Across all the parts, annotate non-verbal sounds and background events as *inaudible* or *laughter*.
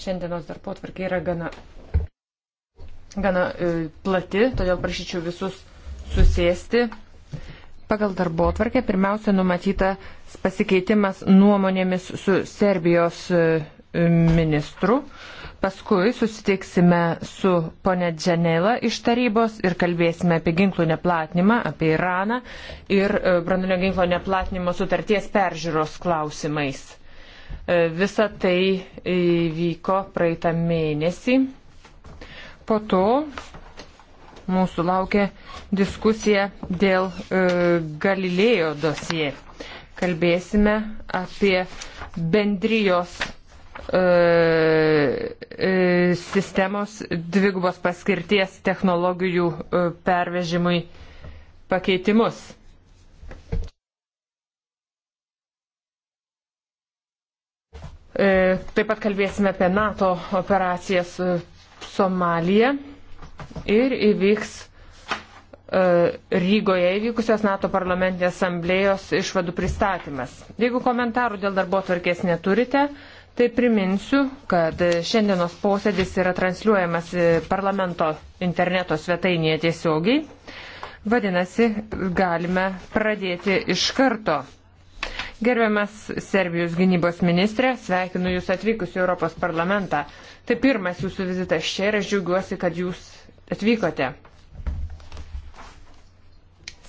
Šiandienos darbo tvarkė yra gana, gana e, plati, todėl prašyčiau visus susėsti. Pagal darbo tvarkę pirmiausia numatyta pasikeitimas nuomonėmis su Serbijos e, ministru. Paskui susitiksime su ponė Džanela iš tarybos ir kalbėsime apie ginklų neplatinimą, apie Iraną ir e, branduolinio ginklo neplatinimo sutarties peržiūros klausimais. E, visa tai vyko praeitą mėnesį. Po to mūsų laukia diskusija dėl e, Galilėjo dosie. Kalbėsime apie bendrijos e, e, sistemos dvigubos paskirties technologijų e, pervežimui pakeitimus. E, taip pat kalbėsime apie NATO operacijas e, Somalija ir įvyks e, Rygoje įvykusios NATO parlamentinės asamblėjos išvadų pristatymas. Jeigu komentarų dėl darbo tvarkės neturite, tai priminsiu, kad šiandienos posėdis yra transliuojamas parlamento interneto svetainėje tiesiogiai. Vadinasi, galime pradėti iš karto. Gerbiamas Serbijos gynybos ministrė, sveikinu Jūs atvykus į Europos parlamentą. Tai pirmas Jūsų vizitas čia ir aš džiaugiuosi, kad Jūs atvykote.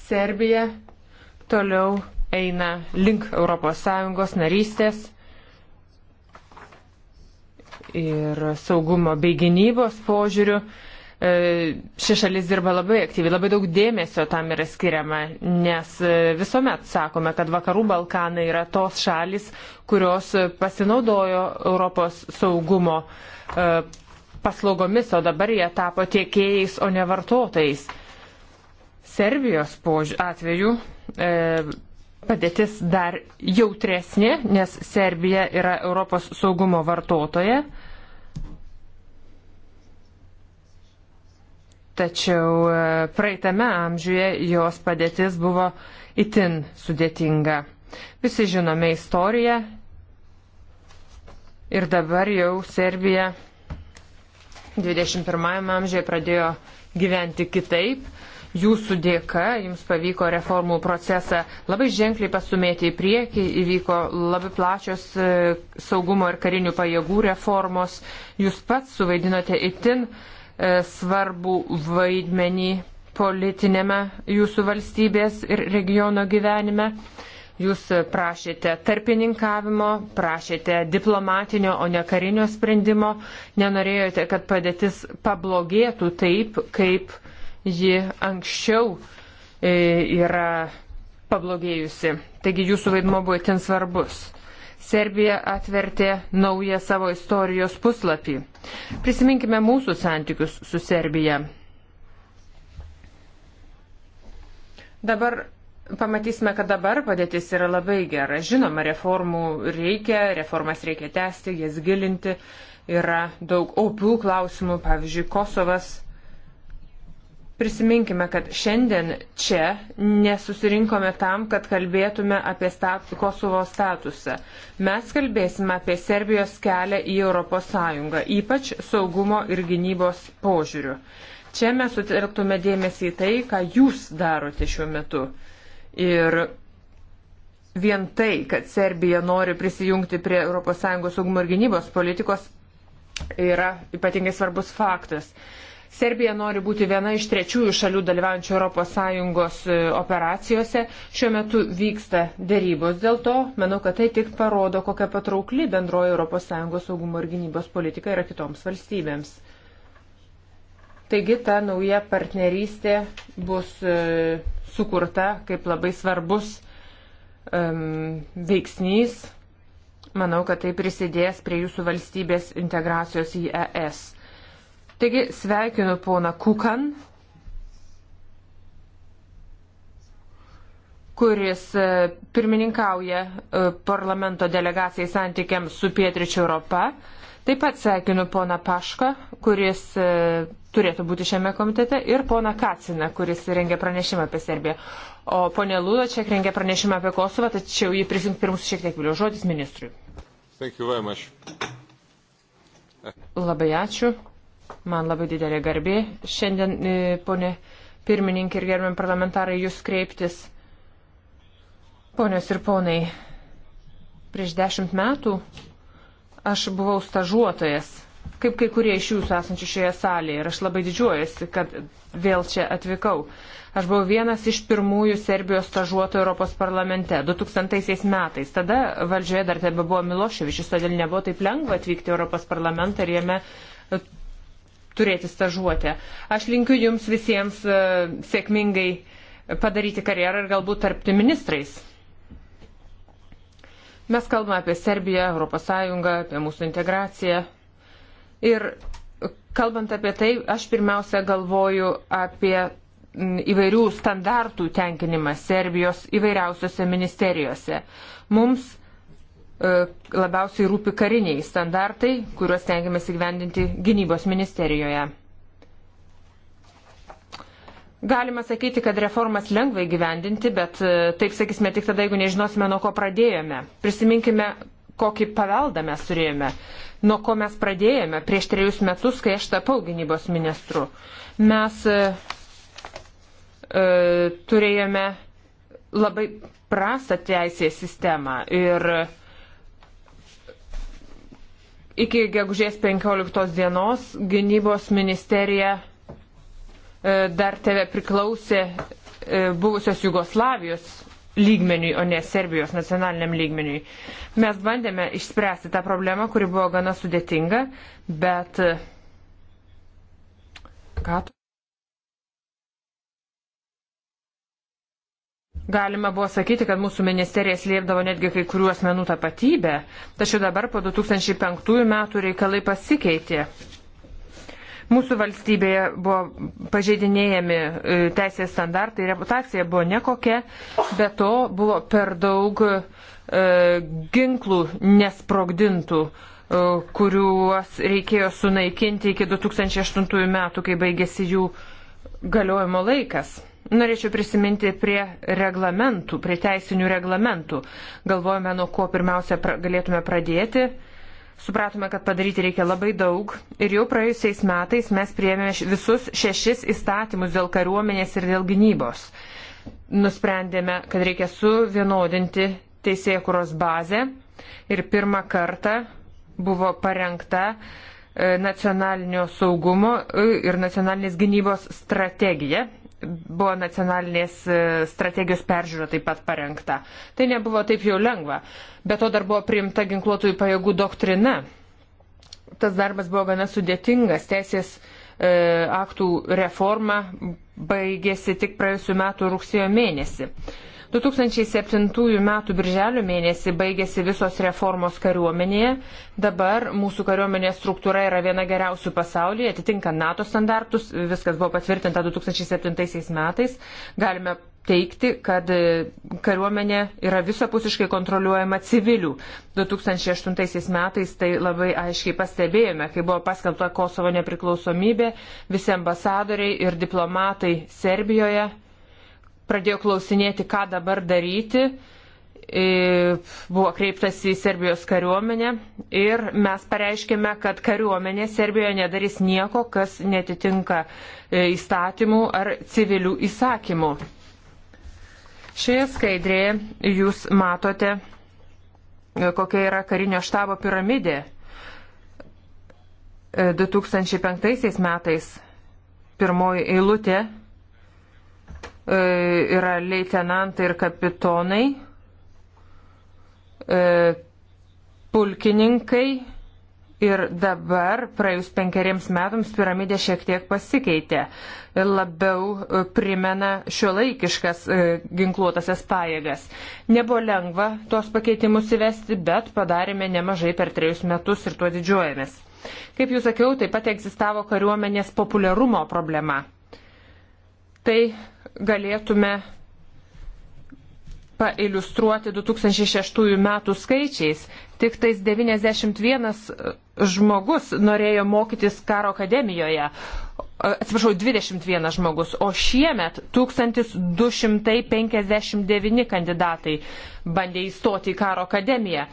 Serbija toliau eina link ES narystės ir saugumo bei gynybos požiūrių E, ši šalis dirba labai aktyviai, labai daug dėmesio tam yra skiriama, nes e, visuomet sakome, kad Vakarų Balkanai yra tos šalis, kurios pasinaudojo Europos saugumo e, paslaugomis, o dabar jie tapo tiekėjais, o ne vartotojais. Serbijos atveju e, padėtis dar jautresnė, nes Serbija yra Europos saugumo vartotoja. E, tačiau e, praeitame amžiuje jos padėtis buvo itin sudėtinga. Visi žinome istoriją ir dabar jau Serbija 21 amžiuje pradėjo gyventi kitaip. Jūsų dėka jums pavyko reformų procesą labai ženkliai pasumėti į priekį, įvyko labai plačios e, saugumo ir karinių pajėgų reformos, jūs pats suvaidinote itin uh, E, svarbų vaidmenį politinėme jūsų valstybės ir regiono gyvenime. Jūs prašėte tarpininkavimo, prašėte diplomatinio, o ne karinio sprendimo, nenorėjote, kad padėtis pablogėtų taip, kaip ji anksčiau e, yra pablogėjusi. Taigi jūsų vaidmo buvo itin svarbus. Serbija atvertė naują savo istorijos puslapį. Prisiminkime mūsų santykius su Serbija. Dabar pamatysime, kad dabar padėtis yra labai gera. Žinoma, reformų reikia, reformas reikia tęsti, jas gilinti. Yra daug opių klausimų, pavyzdžiui, Kosovas Prisiminkime, kad šiandien čia nesusirinkome tam, kad kalbėtume apie stat Kosovo statusą. Mes kalbėsime apie Serbijos kelią į ES, ypač saugumo ir gynybos požiūrių. Čia mes sutelktume dėmesį į tai, ką jūs darote šiuo metu. Ir vien tai, kad Serbija nori prisijungti prie ES saugumo ir gynybos politikos, yra ypatingai svarbus faktas. Serbija nori būti viena iš trečiųjų šalių dalyvaujančių ES e, operacijose. Šiuo metu vyksta dėrybos dėl to. Manau, kad tai tik parodo, kokia patraukli bendroji ES saugumo ir gynybos politika yra kitoms valstybėms. Taigi ta nauja partnerystė bus e, sukurta kaip labai svarbus um, veiksnys. Manau, kad tai prisidės prie jūsų valstybės integracijos į ES. Taigi sveikinu poną Kukan, kuris e, pirmininkauja e, parlamento delegacijai santykiams su Pietričio Europa. Taip pat sveikinu poną Pašką, kuris e, turėtų būti šiame komitete, ir poną Kaciną, kuris rengia pranešimą apie Serbiją. O ponė Ludočiak rengia pranešimą apie Kosovą, tačiau jį prisijungs prie mūsų šiek tiek vėliau. Žodis ministrui. Labai ačiū. Man labai didelė garbė šiandien, e, ponė pirmininkė ir gerbiam parlamentarai, jūs kreiptis. Ponios ir ponai, prieš dešimt metų aš buvau stažuotojas, kaip kai kurie iš jūsų esančių šioje salėje, ir aš labai didžiuojasi, kad vėl čia atvykau. Aš buvau vienas iš pirmųjų Serbijos stažuotojų Europos parlamente 2000 metais. Tada valdžioje dar tebe buvo Miloševičius, todėl nebuvo taip lengva atvykti Europos parlamentą ir jame turėti stažuotę. Aš linkiu jums visiems e, sėkmingai padaryti karjerą ir galbūt tarpti ministrais. Mes kalbame apie Serbiją, ES, apie mūsų integraciją. Ir kalbant apie tai, aš pirmiausia galvoju apie įvairių standartų tenkinimą Serbijos įvairiausiose ministerijose. Mums E, labiausiai rūpi kariniai standartai, kuriuos tengiamės įgyvendinti gynybos ministerijoje. Galima sakyti, kad reformas lengvai gyvendinti, bet e, taip sakysime tik tada, jeigu nežinosime, nuo ko pradėjome. Prisiminkime, kokį paveldą mes turėjome, nuo ko mes pradėjome prieš trejus metus, kai aš tapau gynybos ministru. Mes e, e turėjome labai prastą teisės sistemą ir e, Iki gegužės 15 dienos gynybos ministerija e, dar tebe priklausė e, buvusios Jugoslavijos lygmeniui, o ne Serbijos nacionaliniam lygmeniui. Mes bandėme išspręsti tą problemą, kuri buvo gana sudėtinga, bet. E, ką tu? Galima buvo sakyti, kad mūsų ministerija slėpdavo netgi kai kurių asmenų tapatybę, tačiau dabar po 2005 metų reikalai pasikeitė. Mūsų valstybėje buvo pažeidinėjami e, teisės standartai, reputacija buvo nekokia, be to buvo per daug e, ginklų nesprogdintų, e, kuriuos reikėjo sunaikinti iki 2008 metų, kai baigėsi jų galiojimo laikas. Norėčiau prisiminti prie reglamentų, prie teisinių reglamentų. Galvojame, nuo ko pirmiausia pra galėtume pradėti. Supratome, kad padaryti reikia labai daug ir jau praėjusiais metais mes priėmėme visus šešis įstatymus dėl kariuomenės ir dėl gynybos. Nusprendėme, kad reikia suvienodinti teisėkuros bazę ir pirmą kartą buvo parengta e, nacionalinio saugumo e, ir nacionalinės gynybos strategija buvo nacionalinės e, strategijos peržiūra taip pat parengta. Tai nebuvo taip jau lengva. Be to dar buvo priimta ginkluotųjų pajėgų doktrina. Tas darbas buvo gana sudėtingas. Teisės e, aktų reforma baigėsi tik praėjusiu metu rugsėjo mėnesį. E, 2007 m. birželio mėnesį baigėsi visos reformos kariuomenėje. Dabar mūsų kariuomenės struktūra yra viena geriausių pasaulyje, atitinka NATO standartus, viskas buvo patvirtinta 2007 metais. Galime teikti, kad e, kariuomenė yra visapusiškai kontroliuojama civilių. 2008 metais tai labai aiškiai pastebėjome, kai buvo paskelbta Kosovo nepriklausomybė, visi ambasadoriai ir diplomatai Serbijoje pradėjo klausinėti, ką dabar daryti. E, buvo kreiptas į Serbijos kariuomenę ir mes pareiškėme, kad kariuomenė Serbijoje nedarys nieko, kas netitinka e, įstatymų ar civilių įsakymų. Šioje skaidrėje jūs matote, e, kokia yra karinio štabo piramidė. 2005 metais pirmoji eilutė E, yra leitenantai ir kapitonai, e, pulkininkai ir dabar, praėjus penkeriems metams, piramidė šiek tiek pasikeitė ir labiau e, primena šiuolaikiškas ginkluotasias pajėgas. Nebuvo lengva tuos pakeitimus įvesti, bet padarėme nemažai per trejus metus ir tuo didžiuojamės. Kaip jūs sakiau, taip pat egzistavo kariuomenės populiarumo problema. Tai galėtume pailustruoti 2006 metų skaičiais. Tik tais 91 e, žmogus norėjo mokytis karo akademijoje, e, atsiprašau, 21 žmogus, o šiemet 1259 kandidatai bandė įstoti į karo akademiją.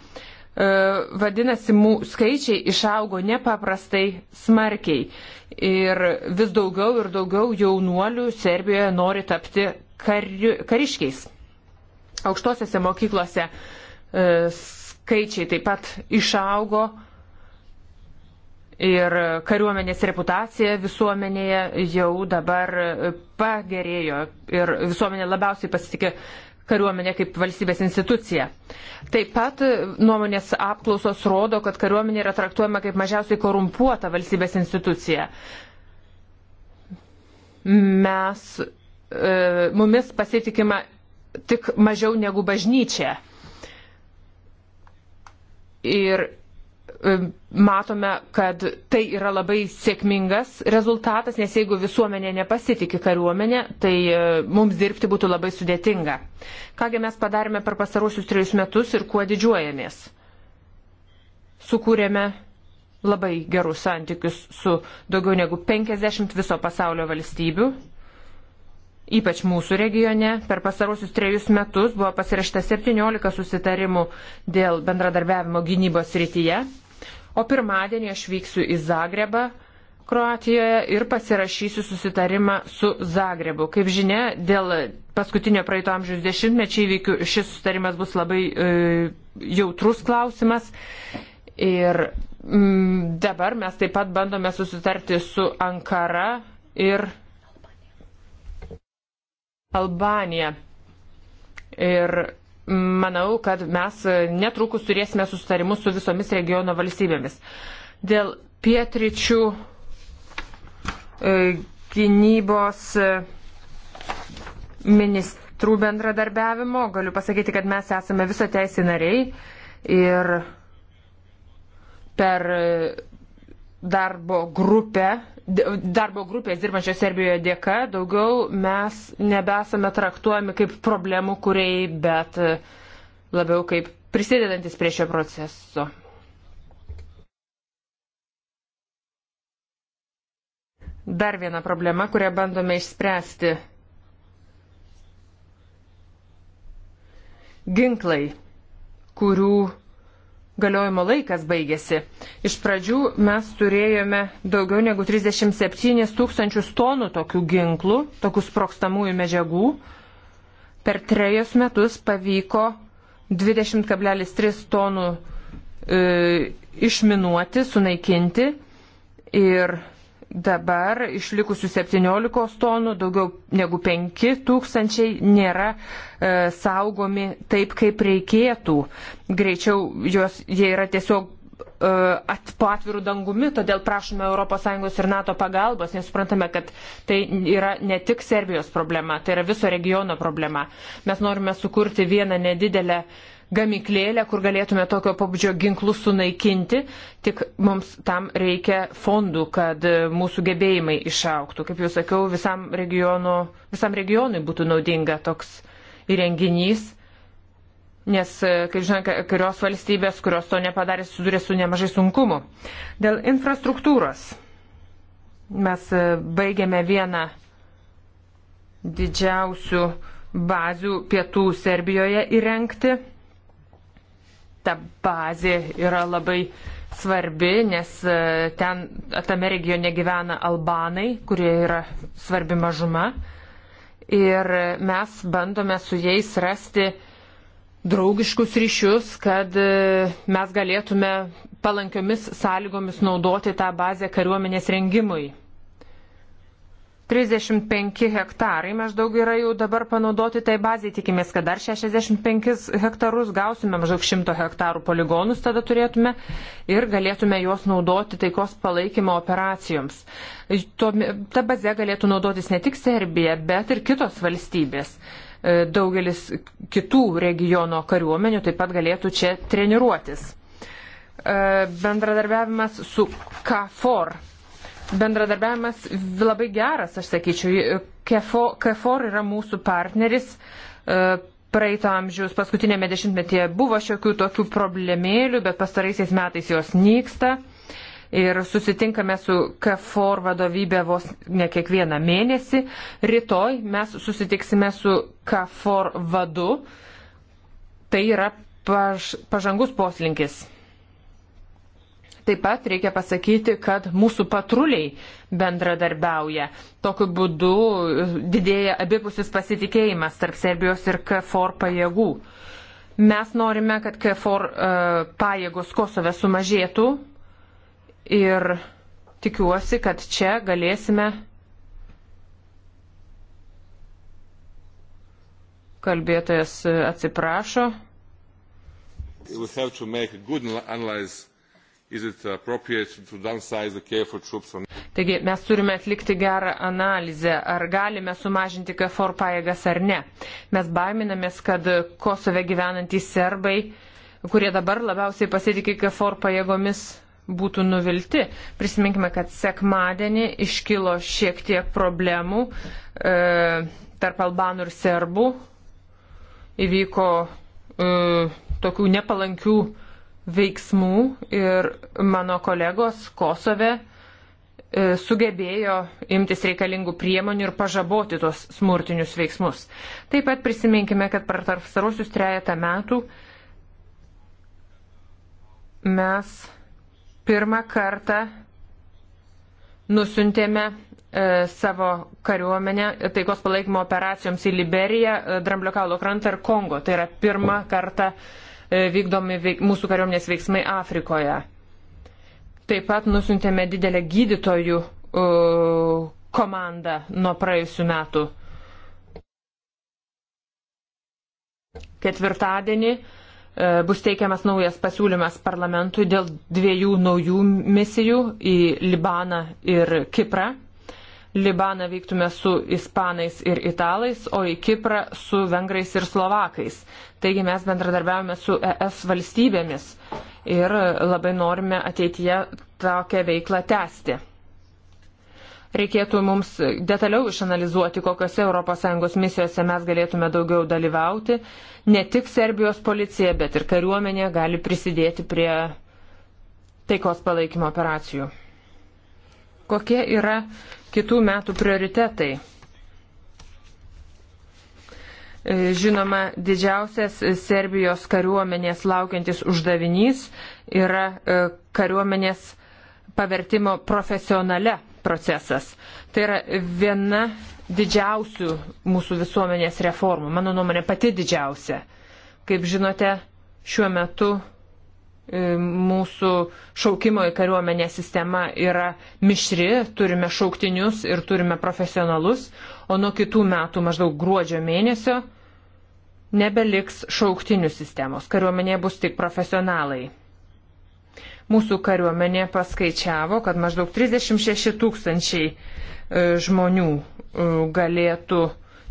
E, vadinasi, mū, skaičiai išaugo nepaprastai smarkiai ir vis daugiau ir daugiau jaunuolių Serbijoje nori tapti kari, kariškiais. Aukštosiose mokyklose e, skaičiai taip pat išaugo ir kariuomenės reputacija visuomenėje jau dabar pagerėjo ir visuomenė labiausiai pasitikė kariuomenė kaip valstybės institucija. Taip pat e, nuomonės apklausos rodo, kad kariuomenė yra traktuojama kaip mažiausiai korumpuota valstybės institucija. Mes, e, mumis pasitikima tik mažiau negu bažnyčia. Ir E, matome, kad tai yra labai sėkmingas rezultatas, nes jeigu visuomenė nepasitikė kariuomenė, tai e, mums dirbti būtų labai sudėtinga. Kągi mes padarėme per pastarusius trejus metus ir kuo didžiuojamės? Sukūrėme labai gerus santykius su daugiau negu 50 viso pasaulio valstybių. Ypač mūsų regione per pasarosius trejus metus buvo pasirašta 17 susitarimų dėl bendradarbiavimo gynybos rytyje. O pirmadienį aš vyksiu į Zagrebą, Kroatijoje ir pasirašysiu susitarimą su Zagrebu. Kaip žinia, dėl paskutinio praeito amžiaus dešimtmečio įvykių šis susitarimas bus labai e, jautrus klausimas. Ir mm, dabar mes taip pat bandome susitarti su Ankara ir Albanija. Ir manau, kad mes e, netrukus turėsime sustarimus su visomis regiono valstybėmis. Dėl pietričių e, gynybos e, ministrų bendradarbiavimo galiu pasakyti, kad mes esame viso teisė nariai ir per darbo grupę, darbo grupės dirbančios Serbijoje dėka, daugiau mes nebesame traktuojami kaip problemų kuriai, bet e, labiau kaip prisidedantis prie šio proceso. Dar viena problema, kurią bandome išspręsti. Ginklai, kurių galiojimo laikas baigėsi. Iš pradžių mes turėjome daugiau negu 37 tūkstančius tonų tokių ginklų, tokių sprokstamųjų medžiagų. Per trejus metus pavyko 20,3 tonų e, išminuoti, sunaikinti ir dabar išlikusių 17 tonų, daugiau negu 5 tūkstančiai nėra e, saugomi taip, kaip reikėtų. Greičiau jos, jie yra tiesiog e, at, po atvirų dangumi, todėl prašome ES ir NATO pagalbos, nes suprantame, kad tai yra ne tik Serbijos problema, tai yra viso regiono problema. Mes norime sukurti vieną nedidelę e, gamiklėlę, kur galėtume tokio pabudžio ginklus sunaikinti, tik mums tam reikia fondų, kad mūsų gebėjimai išauktų. Kaip jau sakiau, visam, regionu, visam regionui būtų naudinga toks įrenginys, nes, kaip žinai, kurios valstybės, kurios to nepadarė, susidūrė su nemažai sunkumu. Dėl infrastruktūros mes e, baigėme vieną didžiausių bazių pietų Serbijoje įrengti ta bazė yra labai svarbi, nes e, ten, tame regione gyvena albanai, kurie yra svarbi mažuma. Ir e, mes bandome su jais rasti draugiškus ryšius, kad e, mes galėtume palankiomis sąlygomis naudoti tą bazę kariuomenės rengimui. 35 hektarai maždaug yra jau dabar panaudoti tai bazai, tikimės, kad dar 65 hektarus gausime, maždaug 100 hektarų poligonus tada turėtume ir galėtume juos naudoti taikos palaikymo operacijoms. Ta bazė galėtų naudotis ne tik Serbija, bet ir kitos valstybės. E, daugelis kitų regiono kariuomenių taip pat galėtų čia treniruotis. E, bendradarbiavimas su KFOR bendradarbiavimas labai geras, aš sakyčiau. Kefor, Kefor yra mūsų partneris. E, praeito amžiaus paskutinėme dešimtmetyje buvo šiokių tokių problemėlių, bet pastaraisiais metais jos nyksta. Ir susitinkame su KFOR vadovybė vos ne kiekvieną mėnesį. Rytoj mes susitiksime su KFOR vadu. Tai yra paž, pažangus poslinkis. Taip pat reikia pasakyti, kad mūsų patruliai bendradarbiauja. Tokiu būdu e, didėja abipusis pasitikėjimas tarp Serbijos ir KFOR pajėgų. Mes norime, kad KFOR uh, e, pajėgos Kosove sumažėtų ir tikiuosi, kad čia galėsime kalbėtojas e, atsiprašo. We'll have to make a good analysis Taigi mes turime atlikti gerą analizę, ar galime sumažinti KFOR pajėgas ar ne. Mes baiminamės, kad Kosove gyvenantys serbai, kurie dabar labiausiai pasitikė KFOR pajėgomis, būtų nuvilti. Prisiminkime, kad sekmadienį iškilo šiek tiek problemų e, tarp albanų ir serbų. Įvyko e, tokių nepalankių veiksmų ir mano kolegos Kosove e, sugebėjo imtis reikalingų priemonių ir pažaboti tos smurtinius veiksmus. Taip pat prisiminkime, kad per tarpsarosius trejata metų mes pirmą kartą nusintėme e, savo kariuomenę taikos palaikymo operacijoms į Liberiją, e, Dramblio kaulo krantą ir Kongo. Tai yra pirmą kartą e, E, vykdomi veik, mūsų kariuomenės veiksmai Afrikoje. Taip pat nusintėme didelę gydytojų e, komandą nuo praėjusių metų. Ketvirtadienį e, bus teikiamas naujas pasiūlymas parlamentui dėl dviejų naujų misijų į Libaną ir Kiprą. Libaną vyktume su ispanais ir italais, o į Kiprą su vengrais ir slovakais. Taigi mes bendradarbiavome su ES valstybėmis ir labai norime ateityje tokią veiklą tęsti. Reikėtų mums detaliau išanalizuoti, kokiuose ES misijose mes galėtume daugiau dalyvauti. Ne tik Serbijos policija, bet ir kariuomenė gali prisidėti prie taikos palaikymo operacijų. Kokie yra kitų metų prioritetai? E, žinoma, didžiausias Serbijos kariuomenės laukiantis uždavinys yra e, kariuomenės pavertimo profesionale procesas. Tai yra viena didžiausių mūsų visuomenės reformų, mano nuomonė pati didžiausia. Kaip žinote, šiuo metu E, mūsų šaukimo į kariuomenę sistema yra mišri, turime šauktinius ir turime profesionalus, o nuo kitų metų maždaug gruodžio mėnesio nebeliks šauktinių sistemos, kariuomenė bus tik profesionalai. Mūsų kariuomenė paskaičiavo, kad maždaug 36 tūkstančiai e, žmonių e, galėtų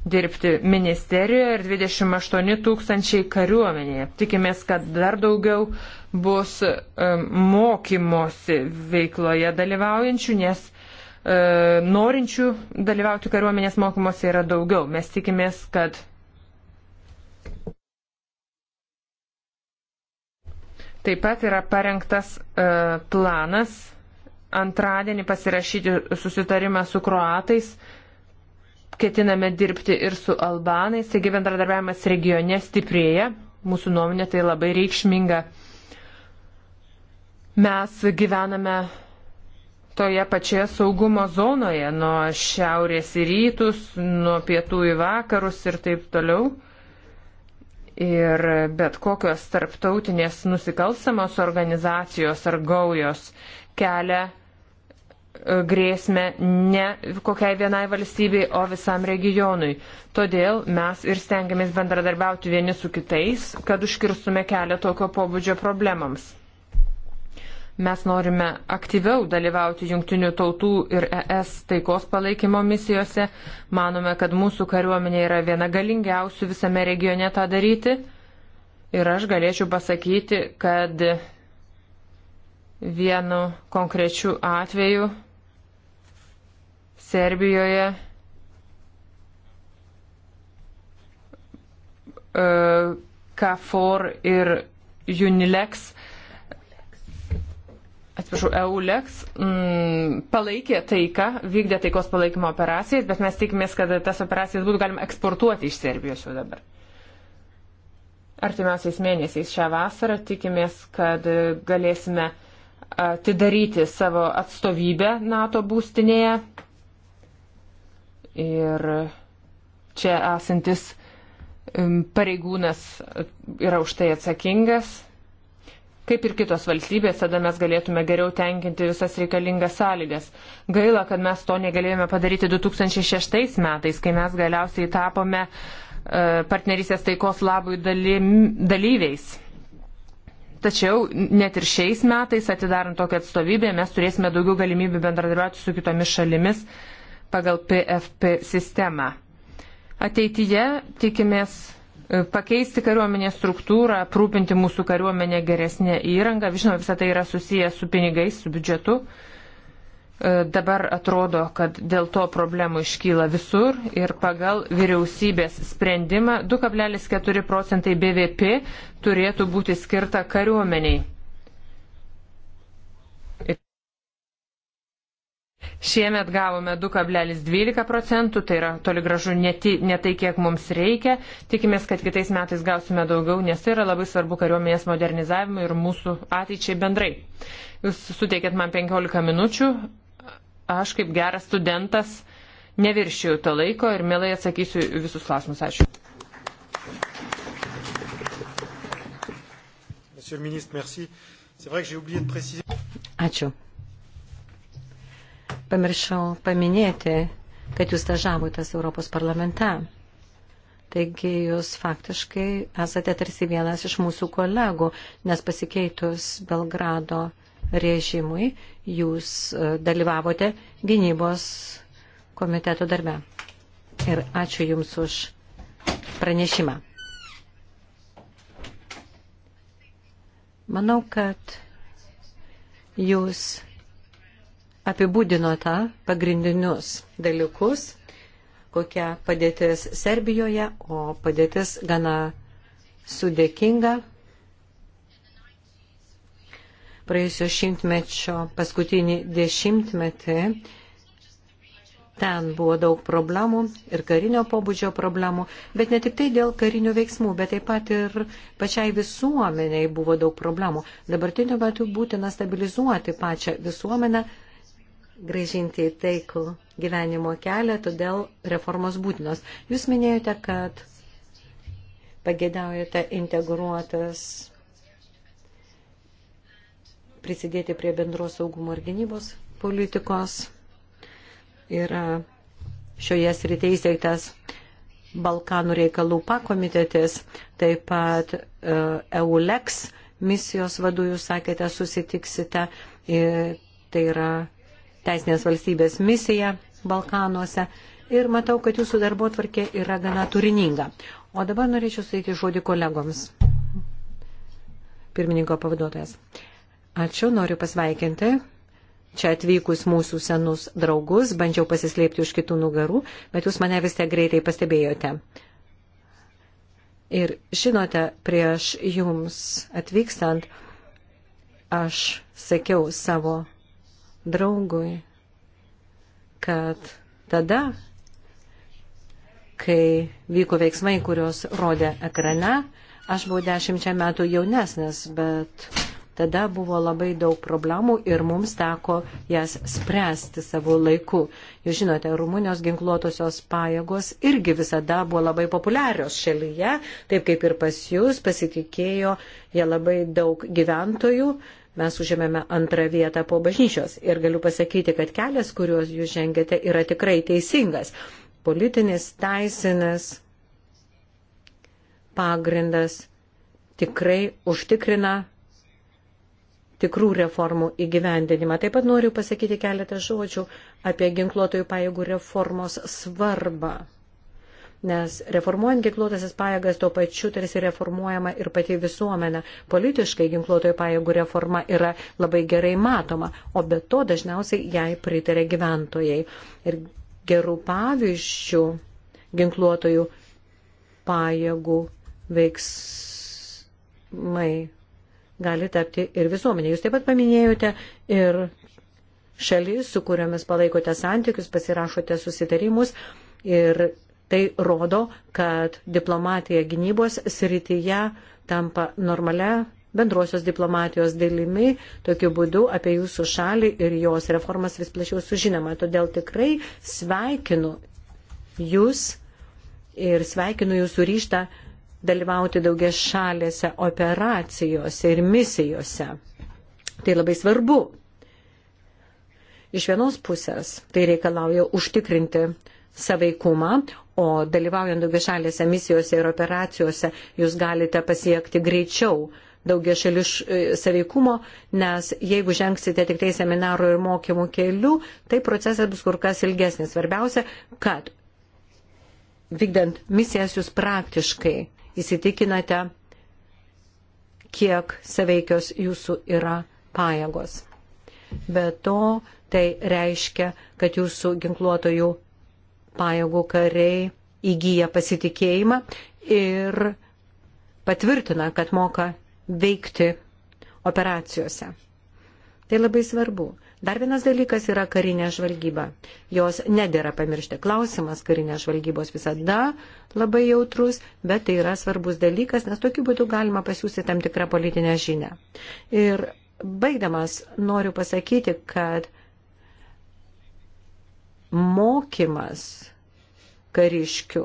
dirbti ministerijoje ir 28 tūkstančiai kariuomenėje. Tikimės, kad dar daugiau bus mokymosi veikloje dalyvaujančių, nes e, norinčių dalyvauti kariuomenės mokymosi yra daugiau. Mes tikimės, kad Taip pat yra parengtas e, planas antradienį pasirašyti susitarimą su kroatais ketiname dirbti ir su Albanais, taigi bendradarbiavimas regione stiprėja, mūsų nuomonė tai labai reikšminga. Mes gyvename toje pačioje saugumo zonoje, nuo šiaurės į rytus, nuo pietų į vakarus ir taip toliau. Ir bet kokios tarptautinės nusikalstamos organizacijos ar gaujos kelia grėsmę ne kokiai vienai valstybei, o visam regionui. Todėl mes ir stengiamės bendradarbiauti vieni su kitais, kad užkirstume kelią tokio pobūdžio problemams. Mes norime aktyviau dalyvauti jungtinių tautų ir ES taikos palaikymo misijose. Manome, kad mūsų kariuomenė yra viena galingiausių visame regione tą daryti. Ir aš galėčiau pasakyti, kad vienu konkrečiu atveju Serbijoje e, KFOR ir Unilex, atsiprašau, EULEX m, mm, palaikė taiką, vykdė taikos palaikymo operacijas, bet mes tikimės, kad tas operacijas būtų galima eksportuoti iš Serbijos jau dabar. Artimiausiais mėnesiais šią vasarą tikimės, kad galėsime atidaryti savo atstovybę NATO būstinėje Ir čia esantis pareigūnas yra už tai atsakingas. Kaip ir kitos valstybės, tada mes galėtume geriau tenkinti visas reikalingas sąlygas. Gaila, kad mes to negalėjome padaryti 2006 metais, kai mes galiausiai tapome e, partnerysės taikos labui dalyviais. Tačiau net ir šiais metais, atidarant tokią atstovybę, mes turėsime daugiau galimybių bendradarbiauti su kitomis šalimis pagal PFP sistemą. Ateityje tikimės e, pakeisti kariuomenės struktūrą, aprūpinti mūsų kariuomenę geresnė įranga. Žinoma, visą tai yra susiję su pinigais, su biudžetu. E, dabar atrodo, kad dėl to problemų iškyla visur ir pagal vyriausybės sprendimą 2,4 procentai BVP turėtų būti skirta kariuomeniai. Šiemet gavome 2,12 procentų, tai yra toli gražu ne, ne tai, kiek mums reikia. Tikimės, kad kitais metais gausime daugiau, nes tai yra labai svarbu kariuomenės modernizavimui ir mūsų ateičiai bendrai. Jūs suteikėt man 15 minučių, aš kaip geras studentas neviršiu to laiko ir mielai atsakysiu visus klausimus. Ačiū. Ačiū pamiršau paminėti, kad jūs stažavotės Europos parlamente. Taigi jūs faktiškai esate tarsi vienas iš mūsų kolegų, nes pasikeitus Belgrado režimui jūs e, dalyvavote gynybos komiteto darbe. Ir ačiū Jums už pranešimą. Manau, kad jūs apibūdinote pagrindinius dalykus, kokia padėtis Serbijoje, o padėtis gana sudėkinga. Praėjusio šimtmečio paskutinį dešimtmetį ten buvo daug problemų ir karinio pobūdžio problemų, bet ne tik tai dėl karinių veiksmų, bet taip pat ir pačiai visuomeniai buvo daug problemų. Dabartiniu metu būtina stabilizuoti pačią visuomenę, grįžinti į taikų gyvenimo kelią, todėl reformos būtinos. Jūs minėjote, kad pagėdaujate integruotas prisidėti prie bendros saugumo ir gynybos politikos. Yra šioje srityje įsteigtas Balkanų reikalų pakomitetis, taip pat e, EULEX misijos vadų jūs sakėte susitiksite. Tai yra teisinės valstybės misiją Balkanuose ir matau, kad jūsų darbo tvarkė yra gana turininga. O dabar norėčiau suteikti žodį kolegoms. Pirmininko pavaduotojas. Ačiū, noriu pasveikinti. Čia atvykus mūsų senus draugus, bandžiau pasislėpti už kitų nugarų, bet jūs mane vis tiek greitai pastebėjote. Ir žinote, prieš jums atvykstant, aš sakiau savo draugui, kad tada, kai vyko veiksmai, kurios rodė ekrane, aš buvau dešimčia metų jaunesnis, bet tada buvo labai daug problemų ir mums teko jas spręsti savo laiku. Jūs žinote, Rumunijos ginkluotosios pajėgos irgi visada buvo labai populiarios šalyje, taip kaip ir pas jūs, pasitikėjo jie labai daug gyventojų mes užėmėme antrą vietą po bažnyčios. Ir galiu pasakyti, kad kelias, kuriuos jūs žengėte, yra tikrai teisingas. Politinis, teisinis pagrindas tikrai užtikrina tikrų reformų įgyvendinimą. Taip pat noriu pasakyti keletą žodžių apie ginkluotojų pajėgų reformos svarbą nes reformuojant ginkluotasias pajėgas tuo pačiu tarsi reformuojama ir pati visuomenė. Politiškai ginkluotojų pajėgų reforma yra labai gerai matoma, o be to dažniausiai jai pritarė gyventojai. Ir gerų pavyzdžių ginkluotojų pajėgų veiksmai gali tapti ir visuomenė. Jūs taip pat paminėjote ir šalis, su kuriomis palaikote santykius, pasirašote susitarimus ir Tai rodo, kad diplomatija gynybos srityje tampa normalia bendruosios diplomatijos dalimi, tokiu būdu apie jūsų šalį ir jos reformas vis plačiau sužinoma. Todėl tikrai sveikinu jūs ir sveikinu jūsų ryštą dalyvauti daugia šalėse operacijose ir misijose. Tai labai svarbu. Iš vienos pusės tai reikalauja užtikrinti saveikumą, o dalyvaujant daugiašalėse misijose ir operacijose jūs galite pasiekti greičiau daugia šalių e, saveikumo, nes jeigu žengsite tik tai seminarų ir mokymų kelių, tai procesas bus kur kas ilgesnis. Svarbiausia, kad vykdant misijas jūs praktiškai įsitikinate, kiek saveikios jūsų yra pajėgos. Be to, tai reiškia, kad jūsų ginkluotojų pajėgų kariai įgyja pasitikėjimą ir patvirtina, kad moka veikti operacijose. Tai labai svarbu. Dar vienas dalykas yra karinė žvalgyba. Jos nedėra pamiršti. Klausimas karinės žvalgybos visada labai jautrus, bet tai yra svarbus dalykas, nes tokiu būdu galima pasiūsti tam tikrą politinę žinę. Ir baigdamas noriu pasakyti, kad mokymas kariškių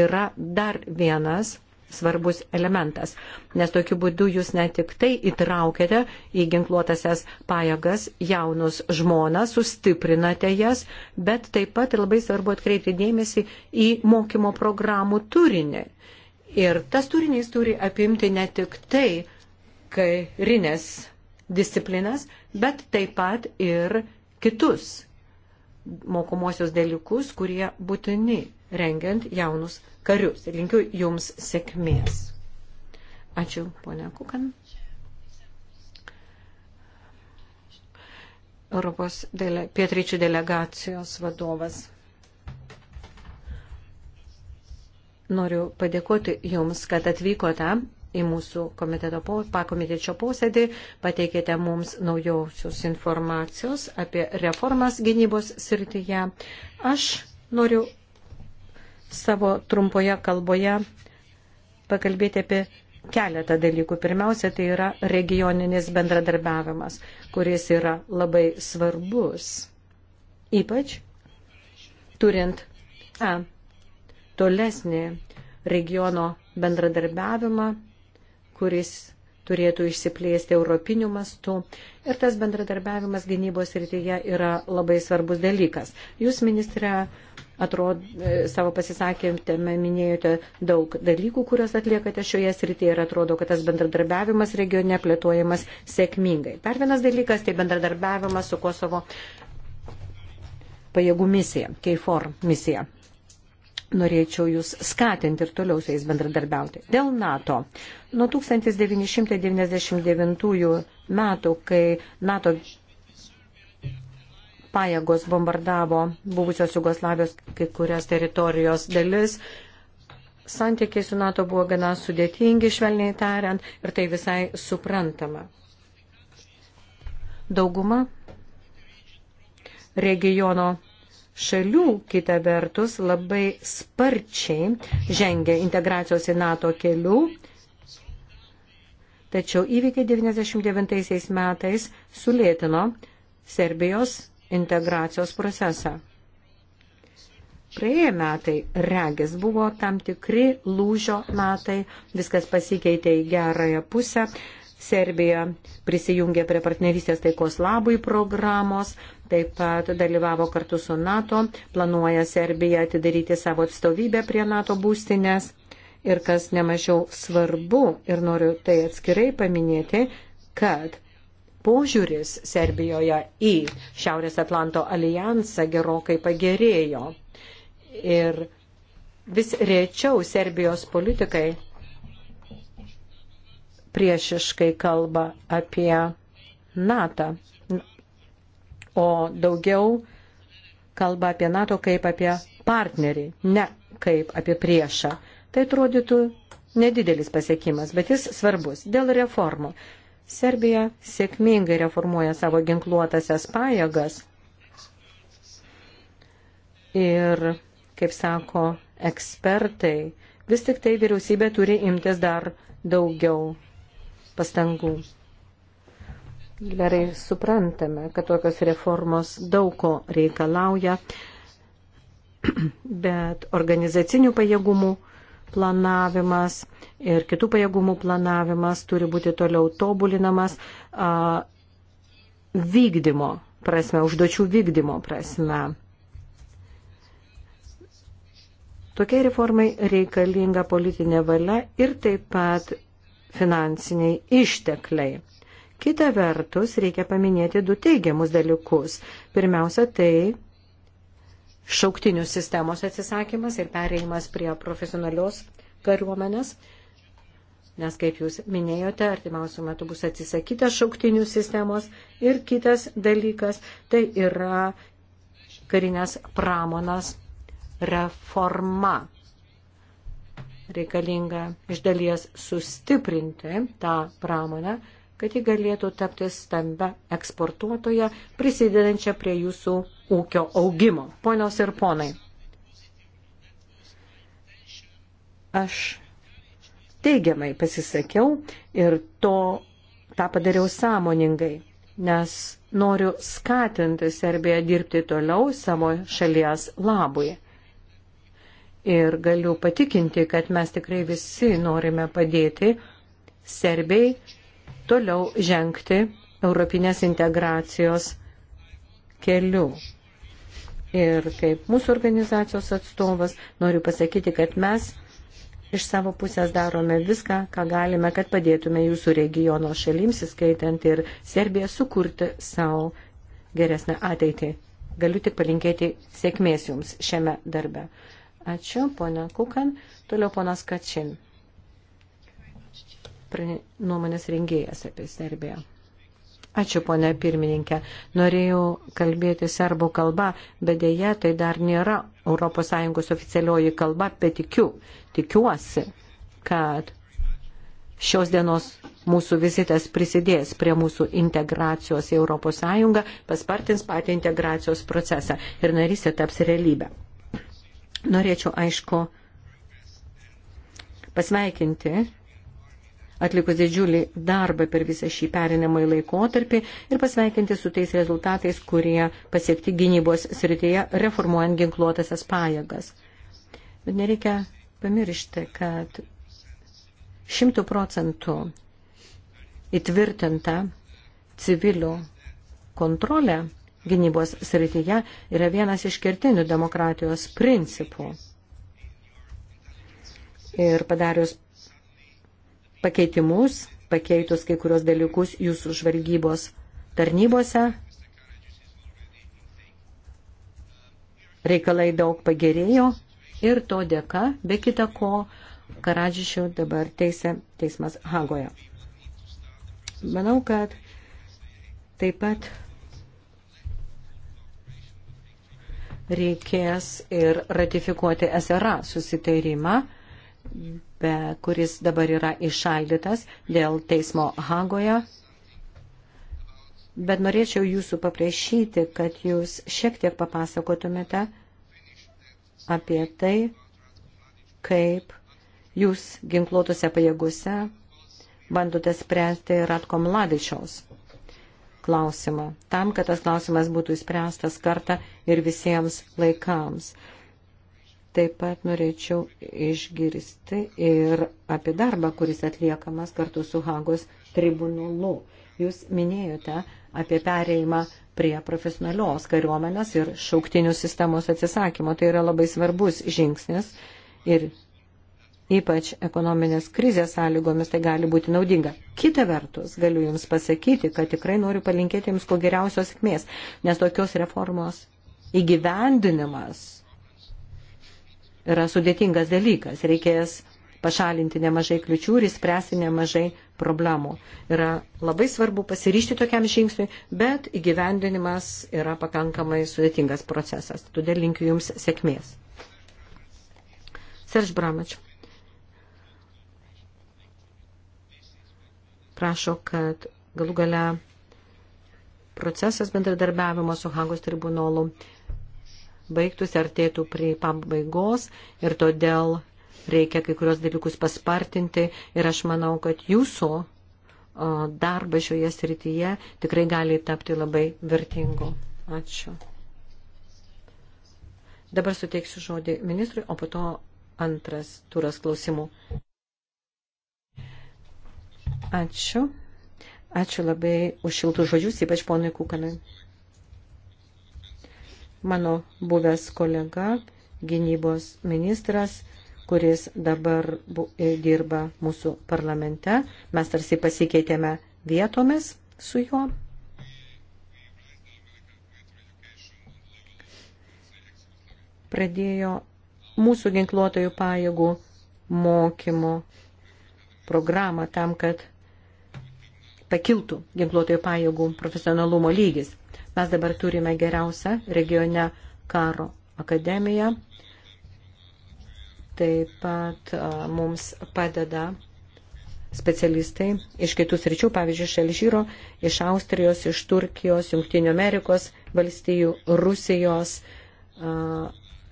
yra dar vienas svarbus elementas, nes tokiu būdu jūs ne tik tai įtraukėte į ginkluotasias pajėgas jaunus žmonas, sustiprinate jas, bet taip pat labai svarbu atkreipti dėmesį į mokymo programų turinį. Ir tas turinys turi apimti ne tik tai karinės disciplinas, bet taip pat ir kitus mokomosios dalykus, kurie būtini rengiant jaunus karius. Ir linkiu Jums sėkmės. Ačiū, ponia Kukan. Europos dele, pietryčių delegacijos vadovas. Noriu padėkoti Jums, kad atvykote į mūsų komiteto, pakomitečio posėdį, pateikėte mums naujausios informacijos apie reformas gynybos srityje. Aš noriu savo trumpoje kalboje pakalbėti apie keletą dalykų. Pirmiausia, tai yra regioninis bendradarbiavimas, kuris yra labai svarbus, ypač turint a, tolesnį regiono bendradarbiavimą kuris turėtų išsiplėsti europiniu mastu. Ir tas bendradarbiavimas gynybos rytyje yra labai svarbus dalykas. Jūs, ministrė, atrod, e, savo pasisakymėme minėjote daug dalykų, kuriuos atliekate šioje srityje ir atrodo, kad tas bendradarbiavimas regione plėtojamas sėkmingai. Dar vienas dalykas - tai bendradarbiavimas su Kosovo pajėgų misija, KFOR misija norėčiau jūs skatinti ir toliau su jais bendradarbiauti. Dėl NATO. Nuo 1999 metų, kai NATO pajėgos bombardavo buvusios Jugoslavijos kai kurias teritorijos dalis, santykiai su NATO buvo gana sudėtingi, švelniai tariant, ir tai visai suprantama. Dauguma regiono šalių, kita vertus, labai sparčiai žengia integracijos į NATO kelių. Tačiau įvykiai 99 metais sulėtino Serbijos integracijos procesą. Praėję metai, regis, buvo tam tikri lūžio metai, viskas pasikeitė į gerąją pusę, Serbija prisijungė prie partnerystės taikos labui programos, taip pat dalyvavo kartu su NATO, planuoja Serbija atidaryti savo atstovybę prie NATO būstinės. Ir kas nemažiau svarbu, ir noriu tai atskirai paminėti, kad požiūris Serbijoje į Šiaurės Atlanto alijansą gerokai pagerėjo. Ir vis rečiau Serbijos politikai priešiškai kalba apie NATO, o daugiau kalba apie NATO kaip apie partnerį, ne kaip apie priešą. Tai atrodytų nedidelis pasiekimas, bet jis svarbus. Dėl reformų. Serbija sėkmingai reformuoja savo ginkluotasias pajėgas ir, kaip sako ekspertai, vis tik tai vyriausybė turi imtis dar daugiau pastangų. Gerai suprantame, kad tokios reformos daug ko reikalauja, *clears throat* bet organizacinių pajėgumų planavimas ir kitų pajėgumų planavimas turi būti toliau tobulinamas a, vykdymo prasme, užduočių vykdymo prasme. Tokiai reformai reikalinga politinė valia ir taip pat finansiniai ištekliai. Kita vertus, reikia paminėti du teigiamus dalykus. Pirmiausia, tai šauktinių sistemos atsisakymas ir pereimas prie profesionalios kariuomenės, nes, kaip jūs minėjote, artimiausių metų bus atsisakyta šauktinių sistemos. Ir kitas dalykas, tai yra karinės pramonas reforma reikalinga iš dalies sustiprinti tą pramonę, kad ji galėtų tapti stambę eksportuotoją, prisidedančią prie jūsų ūkio augimo. Ponios ir ponai, aš teigiamai pasisakiau ir to tą padariau sąmoningai, nes noriu skatinti Serbiją dirbti toliau savo šalies labui. Ir galiu patikinti, kad mes tikrai visi norime padėti Serbijai toliau žengti Europinės integracijos keliu. Ir kaip mūsų organizacijos atstovas noriu pasakyti, kad mes iš savo pusės darome viską, ką galime, kad padėtume jūsų regiono šalims, įskaitant ir Serbiją, sukurti savo geresnę ateitį. Galiu tik palinkėti sėkmės jums šiame darbe. Ačiū, ponia Kukan. Toliau ponas Kačin, nuomonės rengėjas apie Serbiją. Ačiū, ponia pirmininkė. Norėjau kalbėti serbų kalba, bet dėja tai dar nėra ES oficialioji kalba, bet tikiu, tikiuosi, kad šios dienos mūsų vizitas prisidės prie mūsų integracijos į ES, paspartins patį integracijos procesą ir narysė taps realybę. Norėčiau, aišku, pasveikinti atlikus didžiulį darbą per visą šį perinamąjį laikotarpį ir pasveikinti su tais rezultatais, kurie pasiekti gynybos srityje reformuojant ginkluotasias pajėgas. Bet nereikia pamiršti, kad šimtų procentų įtvirtinta civilių kontrolė gynybos srityje yra vienas iš kertinių demokratijos principų. Ir padarius pakeitimus, pakeitus kai kurios dalykus jūsų žvalgybos tarnybose, reikalai daug pagerėjo ir to dėka, be kita ko, Karadžišių dabar teisė teismas Hagoje. Manau, kad taip pat reikės ir ratifikuoti SRA susitarimą, be, kuris dabar yra išaldytas dėl teismo Hagoje. Bet norėčiau jūsų paprašyti, kad jūs šiek tiek papasakotumėte apie tai, kaip jūs ginkluotose pajėgose bandote spręsti Ratko Mladičiaus klausimu, tam, kad tas klausimas būtų įspręstas kartą ir visiems laikams. Taip pat norėčiau išgirsti ir apie darbą, kuris atliekamas kartu su Hagos tribunolu. Jūs minėjote apie pereimą prie profesionalios kariuomenės ir šauktinių sistemos atsisakymo. Tai yra labai svarbus žingsnis ir ypač ekonominės krizės sąlygomis, tai gali būti naudinga. Kita vertus, galiu Jums pasakyti, kad tikrai noriu palinkėti Jums kuo geriausios sėkmės, nes tokios reformos įgyvendinimas yra sudėtingas dalykas. Reikės pašalinti nemažai kliučių ir įspręsti nemažai problemų. Yra labai svarbu pasiryšti tokiam žingsniui, bet įgyvendinimas yra pakankamai sudėtingas procesas. Todėl linkiu Jums sėkmės. Serž Bramačiu. prašo, kad galų gale procesas bendradarbiavimo su Hagos tribunolu baigtųsi, artėtų prie pabaigos ir todėl reikia kai kurios dalykus paspartinti ir aš manau, kad jūsų darbas šioje srityje tikrai gali tapti labai vertingu. Ačiū. Dabar suteiksiu žodį ministrui, o po to antras turas klausimų. Ačiū. Ačiū labai už šiltus žodžius, ypač ponui Kukanui. Mano buvęs kolega, gynybos ministras, kuris dabar e, dirba mūsų parlamente, mes tarsi pasikeitėme vietomis su juo. Pradėjo mūsų ginkluotojų pajėgų mokymo programą tam, kad pakiltų ginkluotojų pajėgų profesionalumo lygis. Mes dabar turime geriausią regione karo akademiją. Taip pat a, mums padeda specialistai iš kitų sričių, pavyzdžiui, iš Elžyro, iš Austrijos, iš Turkijos, Junktinio Amerikos valstijų, Rusijos, a,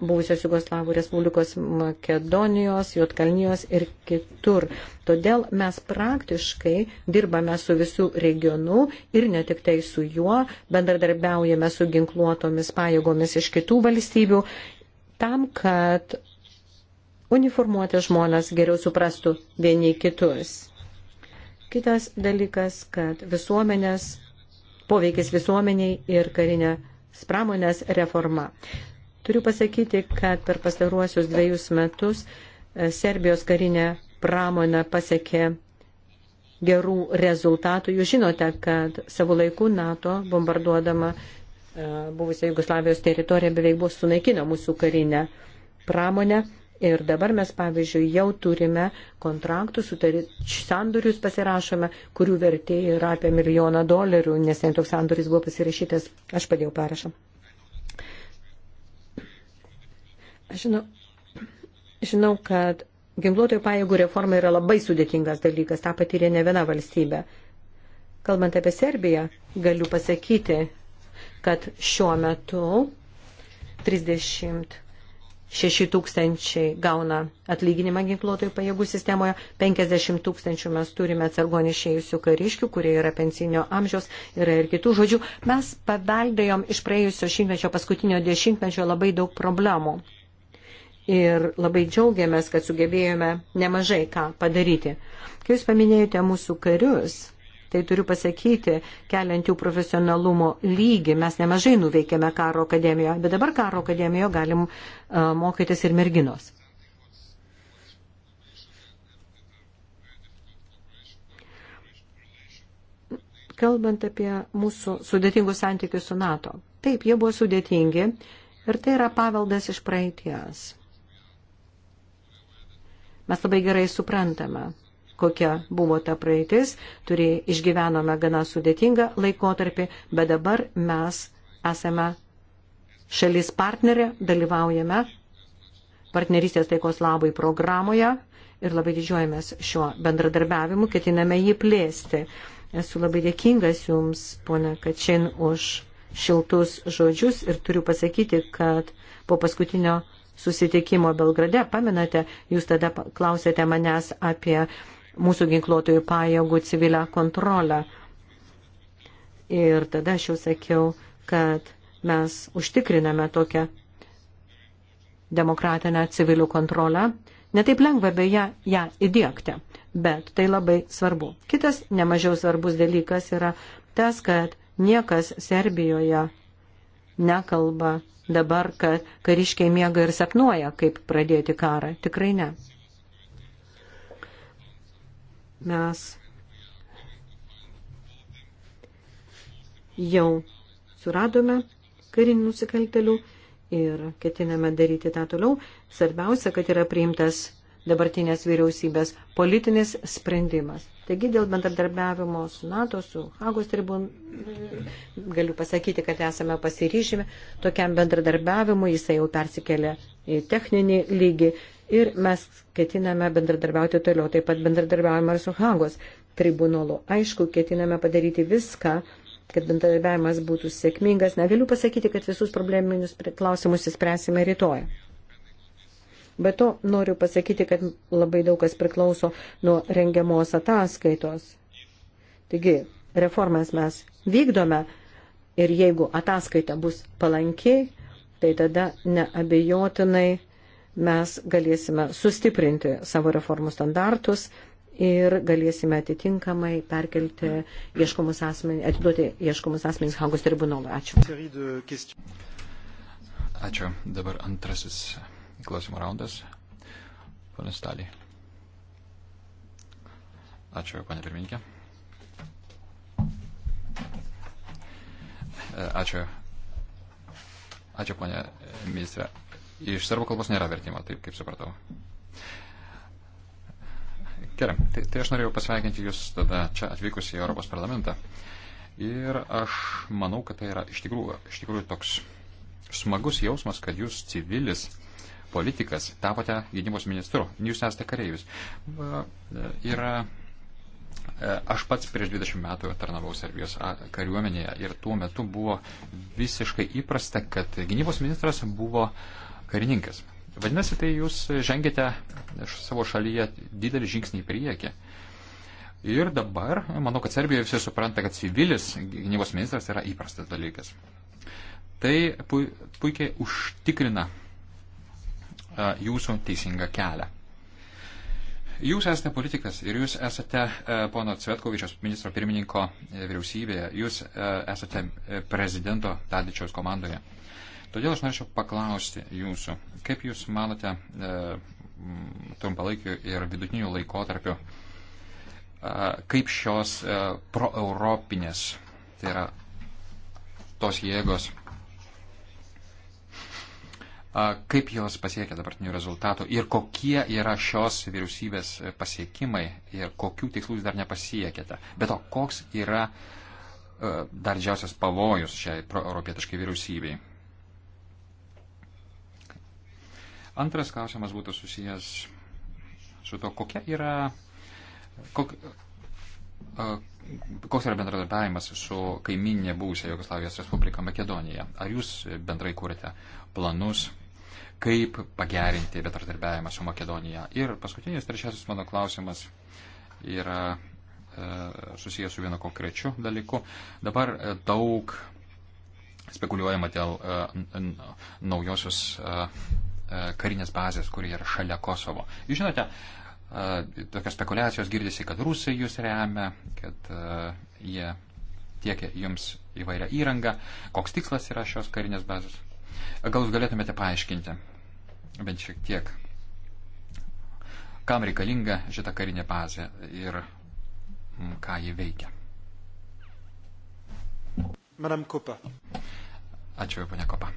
buvusios Jugoslavų Respublikos Makedonijos, Jotkalnijos ir kitur. Todėl mes praktiškai dirbame su visų regionu ir ne tik tai su juo, bendradarbiaujame su ginkluotomis pajėgomis iš kitų valstybių, tam, kad uniformuoti žmonės geriau suprastų vieni kitus. Kitas dalykas, kad visuomenės, poveikis visuomeniai ir karinė pramonės reforma. Turiu pasakyti, kad per pastaruosius dviejus metus e, Serbijos karinė pramonė pasiekė gerų rezultatų. Jūs žinote, kad savo laiku NATO bombarduodama e, buvusią Jugoslavijos teritoriją beveik buvo sunaikino mūsų karinę pramonę. Ir dabar mes, pavyzdžiui, jau turime kontraktus, sandorius pasirašome, kurių vertė yra apie milijoną dolerių, nes ten toks sandoris buvo pasirašytas. Aš padėjau parašą. Žinau, žinau kad ginkluotojų pajėgų reforma yra labai sudėtingas dalykas, tą patyrė ne viena valstybė. Kalbant apie Serbiją, galiu pasakyti, kad šiuo metu 30 6 tūkstančiai gauna atlyginimą ginkluotojų pajėgų sistemoje, 50 tūkstančių mes turime atsargonį išėjusių kariškių, kurie yra pensinio amžiaus, yra ir kitų žodžių. Mes paveldėjom iš praėjusio šimtmečio, paskutinio dešimtmečio labai daug problemų ir labai džiaugiamės, kad sugebėjome nemažai ką padaryti. Kai jūs paminėjote mūsų karius, tai turiu pasakyti, keliant jų profesionalumo lygį, mes nemažai nuveikėme karo akademijoje, bet dabar karo akademijoje galim uh, mokytis ir merginos. Kalbant apie mūsų sudėtingus santykius su NATO. Taip, jie buvo sudėtingi ir tai yra paveldas iš praeities. Mes labai gerai suprantame, kokia buvo ta praeitis, turi išgyvenome gana sudėtingą laikotarpį, bet dabar mes esame šalis partnerė, dalyvaujame partnerystės taikos labai programoje ir labai didžiuojamės šiuo bendradarbiavimu, ketiname jį plėsti. Esu labai dėkingas Jums, ponia Kačin, už šiltus žodžius ir turiu pasakyti, kad po paskutinio susitikimo Belgrade, pamenate, jūs tada klausėte manęs apie mūsų ginkluotojų pajėgų civilę kontrolę. Ir tada aš jau sakiau, kad mes užtikriname tokią demokratinę civilių kontrolę. Netaip lengva beje ją įdėkti, bet tai labai svarbu. Kitas nemažiau svarbus dalykas yra tas, kad niekas Serbijoje nekalba dabar, kad kariškiai miega ir sapnuoja, kaip pradėti karą. Tikrai ne. Mes jau suradome karinių nusikaltelių ir ketiname daryti tą toliau. Svarbiausia, kad yra priimtas dabartinės vyriausybės politinis sprendimas. Taigi dėl bendradarbiavimo su NATO, su Hagos tribun, galiu pasakyti, kad esame pasiryžime tokiam bendradarbiavimui, jisai jau persikėlė į techninį lygį ir mes ketiname bendradarbiauti toliau, taip pat bendradarbiavimą ir su Hagos tribunolu. Aišku, ketiname padaryti viską, kad bendradarbiavimas būtų sėkmingas. Negaliu pasakyti, kad visus probleminius klausimus įspręsime rytoj. Be to noriu pasakyti, kad labai daug kas priklauso nuo rengiamos ataskaitos. Taigi, reformas mes vykdome ir jeigu ataskaita bus palankiai, tai tada neabejotinai mes galėsime sustiprinti savo reformų standartus ir galėsime atitinkamai perkelti ieškomus asmenys, atiduoti ieškomus asmenys Hagos tribunolui. Ačiū. Ačiū. Dabar antrasis klausimų raundas. Pane Stalį. Ačiū, pane pirmininkė. E, ačiū. Ačiū, ponė ministrė. Iš serbų kalbos nėra vertimo, taip kaip supratau. Gerai, tai, tai aš norėjau pasveikinti Jūs tada čia atvykus į Europos parlamentą. Ir aš manau, kad tai yra iš tikrųjų, iš tikrųjų toks smagus jausmas, kad Jūs civilis politikas, tapote gynybos ministru, jūs esate kareivis. Ir e, e, aš pats prieš 20 metų tarnavau Serbijos kariuomenėje ir tuo metu buvo visiškai įprasta, kad gynybos ministras buvo karininkas. Vadinasi, tai jūs žengėte savo šalyje didelį žingsnį į priekį. Ir dabar, manau, kad Serbijoje visi supranta, kad civilis gynybos ministras yra įprastas dalykas. Tai puikiai užtikrina jūsų teisingą kelią. Jūs esate politikas ir jūs esate e, pono Cvetkovičios ministro pirmininko e, vyriausybėje, jūs e, esate prezidento Tadičiaus komandoje. Todėl aš norėčiau paklausti jūsų, kaip jūs manote trumpalaikiu ir vidutiniu laikotarpiu, kaip šios proeuropinės, tai yra tos jėgos kaip jos pasiekia dabartinių rezultatų ir kokie yra šios vyriausybės pasiekimai ir kokių tikslų jūs dar nepasiekėte. Bet o koks yra e, dar didžiausias pavojus šiai proeuropietiškai vyriausybei? Antras klausimas būtų susijęs su to, kokia yra, kok, e, koks yra bendradarbiavimas su kaiminė būsė Jugoslavijos Respublika Makedonija. Ar jūs bendrai kūrėte planus kaip pagerinti bendradarbiavimą su Makedonija. Ir paskutinis, trečiasis mano klausimas yra e, susijęs su vienu konkrečiu dalyku. Dabar e, daug spekuliuojama dėl e, naujosios karinės bazės, kuri yra šalia Kosovo. Jūs žinote, tokios spekulacijos girdisi, kad rusai jūs remia, kad jie tiekia jums įvairią įrangą. Koks tikslas yra šios karinės bazės? Gal jūs galėtumėte paaiškinti, bent šiek tiek, kam reikalinga šita karinė bazė ir mm, ką ji veikia. Madam Kupa. Ačiū, ponia Kopa.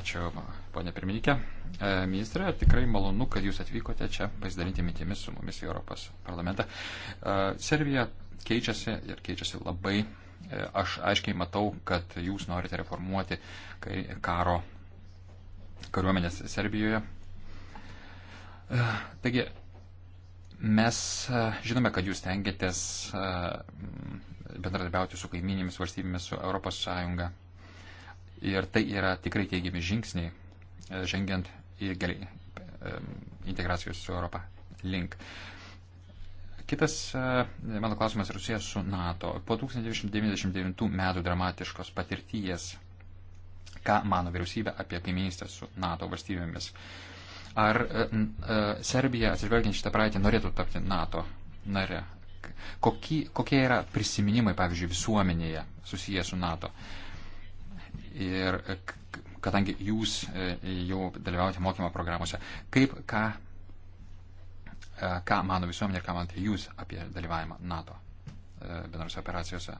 Ačiū, ponia pirmininkė. E, Ministrė, tikrai malonu, kad jūs atvykote čia pasidalinti mintimis su mumis į Europos parlamentą. E, Serbija keičiasi ir keičiasi labai E, aš aiškiai matau, kad jūs norite reformuoti karo kariuomenės Serbijoje. E, taigi, mes e, žinome, kad jūs tengiatės bendradarbiauti su kaiminėmis valstybėmis, su Europos Sąjunga. Ir tai yra tikrai teigiami žingsniai, žengiant į integracijos su Europą link. Uh, Kitas e, mano klausimas yra susijęs su NATO. Po 1999 metų dramatiškos patirties, ką mano vyriausybė apie kaiminystę su NATO valstybėmis? Ar e, e, Serbija, atsižvelgiant šitą praeitį, norėtų tapti NATO nare? Kokie, kokie yra prisiminimai, pavyzdžiui, visuomenėje susiję su NATO? Ir kadangi jūs jau dalyvaujate mokymo programuose, kaip ką E, ką mano visuomenė ir ką manote jūs apie dalyvavimą NATO e, bendrose operacijose.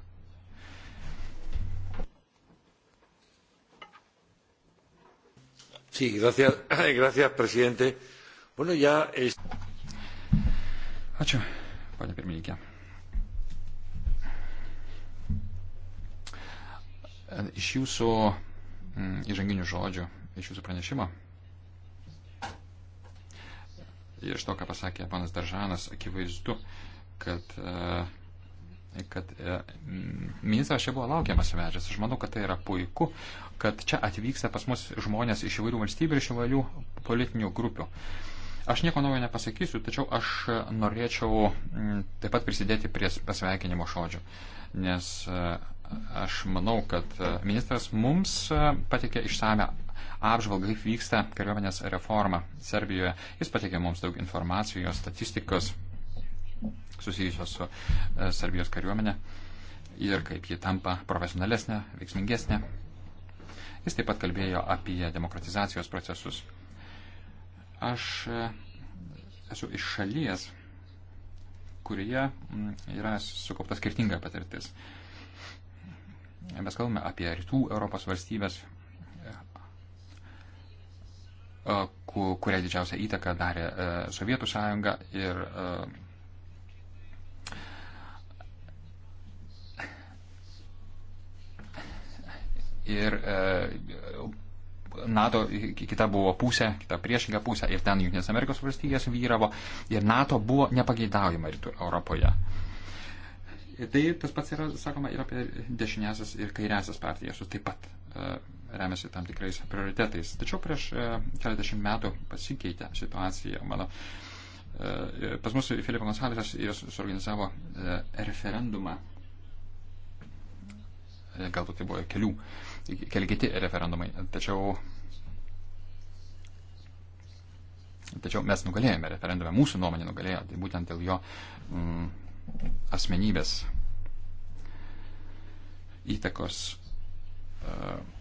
Sí, gracias, *clears throat* gracias, presidente. Bueno, ya es... Ačiū, ponia pirmininkė. E, iš jūsų mm, įžanginių žodžių, iš jūsų pranešimo Ir iš to, ką pasakė panas Daržanas, akivaizdu, kad, e, kad e, ministras čia buvo laukiamas svečias. Aš manau, kad tai yra puiku, kad čia atvyksta pas mus žmonės iš įvairių valstybių ir iš įvairių politinių grupių. Aš nieko naujo nepasakysiu, tačiau aš norėčiau mm, taip pat prisidėti prie pasveikinimo žodžių, nes e, aš manau, kad ministras mums patikė išsame apžvalgą, kaip vyksta kariuomenės reforma Serbijoje. Jis pateikė mums daug informacijos, statistikos susijusios su e, Serbijos kariuomenė ir kaip ji tampa profesionalesnė, veiksmingesnė. Jis taip pat kalbėjo apie demokratizacijos procesus. Aš e, esu iš šalies, kurioje yra sukaupta skirtinga patirtis. Mes kalbame apie rytų Europos valstybės, kuriai didžiausią įtaką darė e, Sovietų sąjunga ir e, ir e, NATO kita buvo pusė, kita priešinga pusė ir ten Junktinės Amerikos valstijos vyravo ir NATO buvo nepageidaujama rytų Europoje. Tai tas pats yra, sakoma, ir apie dešinėsias ir kairiasias partijas taip pat remiasi tam tikrais prioritetais. Tačiau prieš e, keliasdešimt metų pasikeitė situacija. Mano, e, pas mus Filipo Gonsalesas suorganizavo e, referendumą. Galbūt tai buvo kelių, keli kiti referendumai. Tačiau, tačiau mes nugalėjome referendumą, mūsų nuomonė nugalėjo. Tai būtent dėl jo mm, asmenybės įtakos. Uh,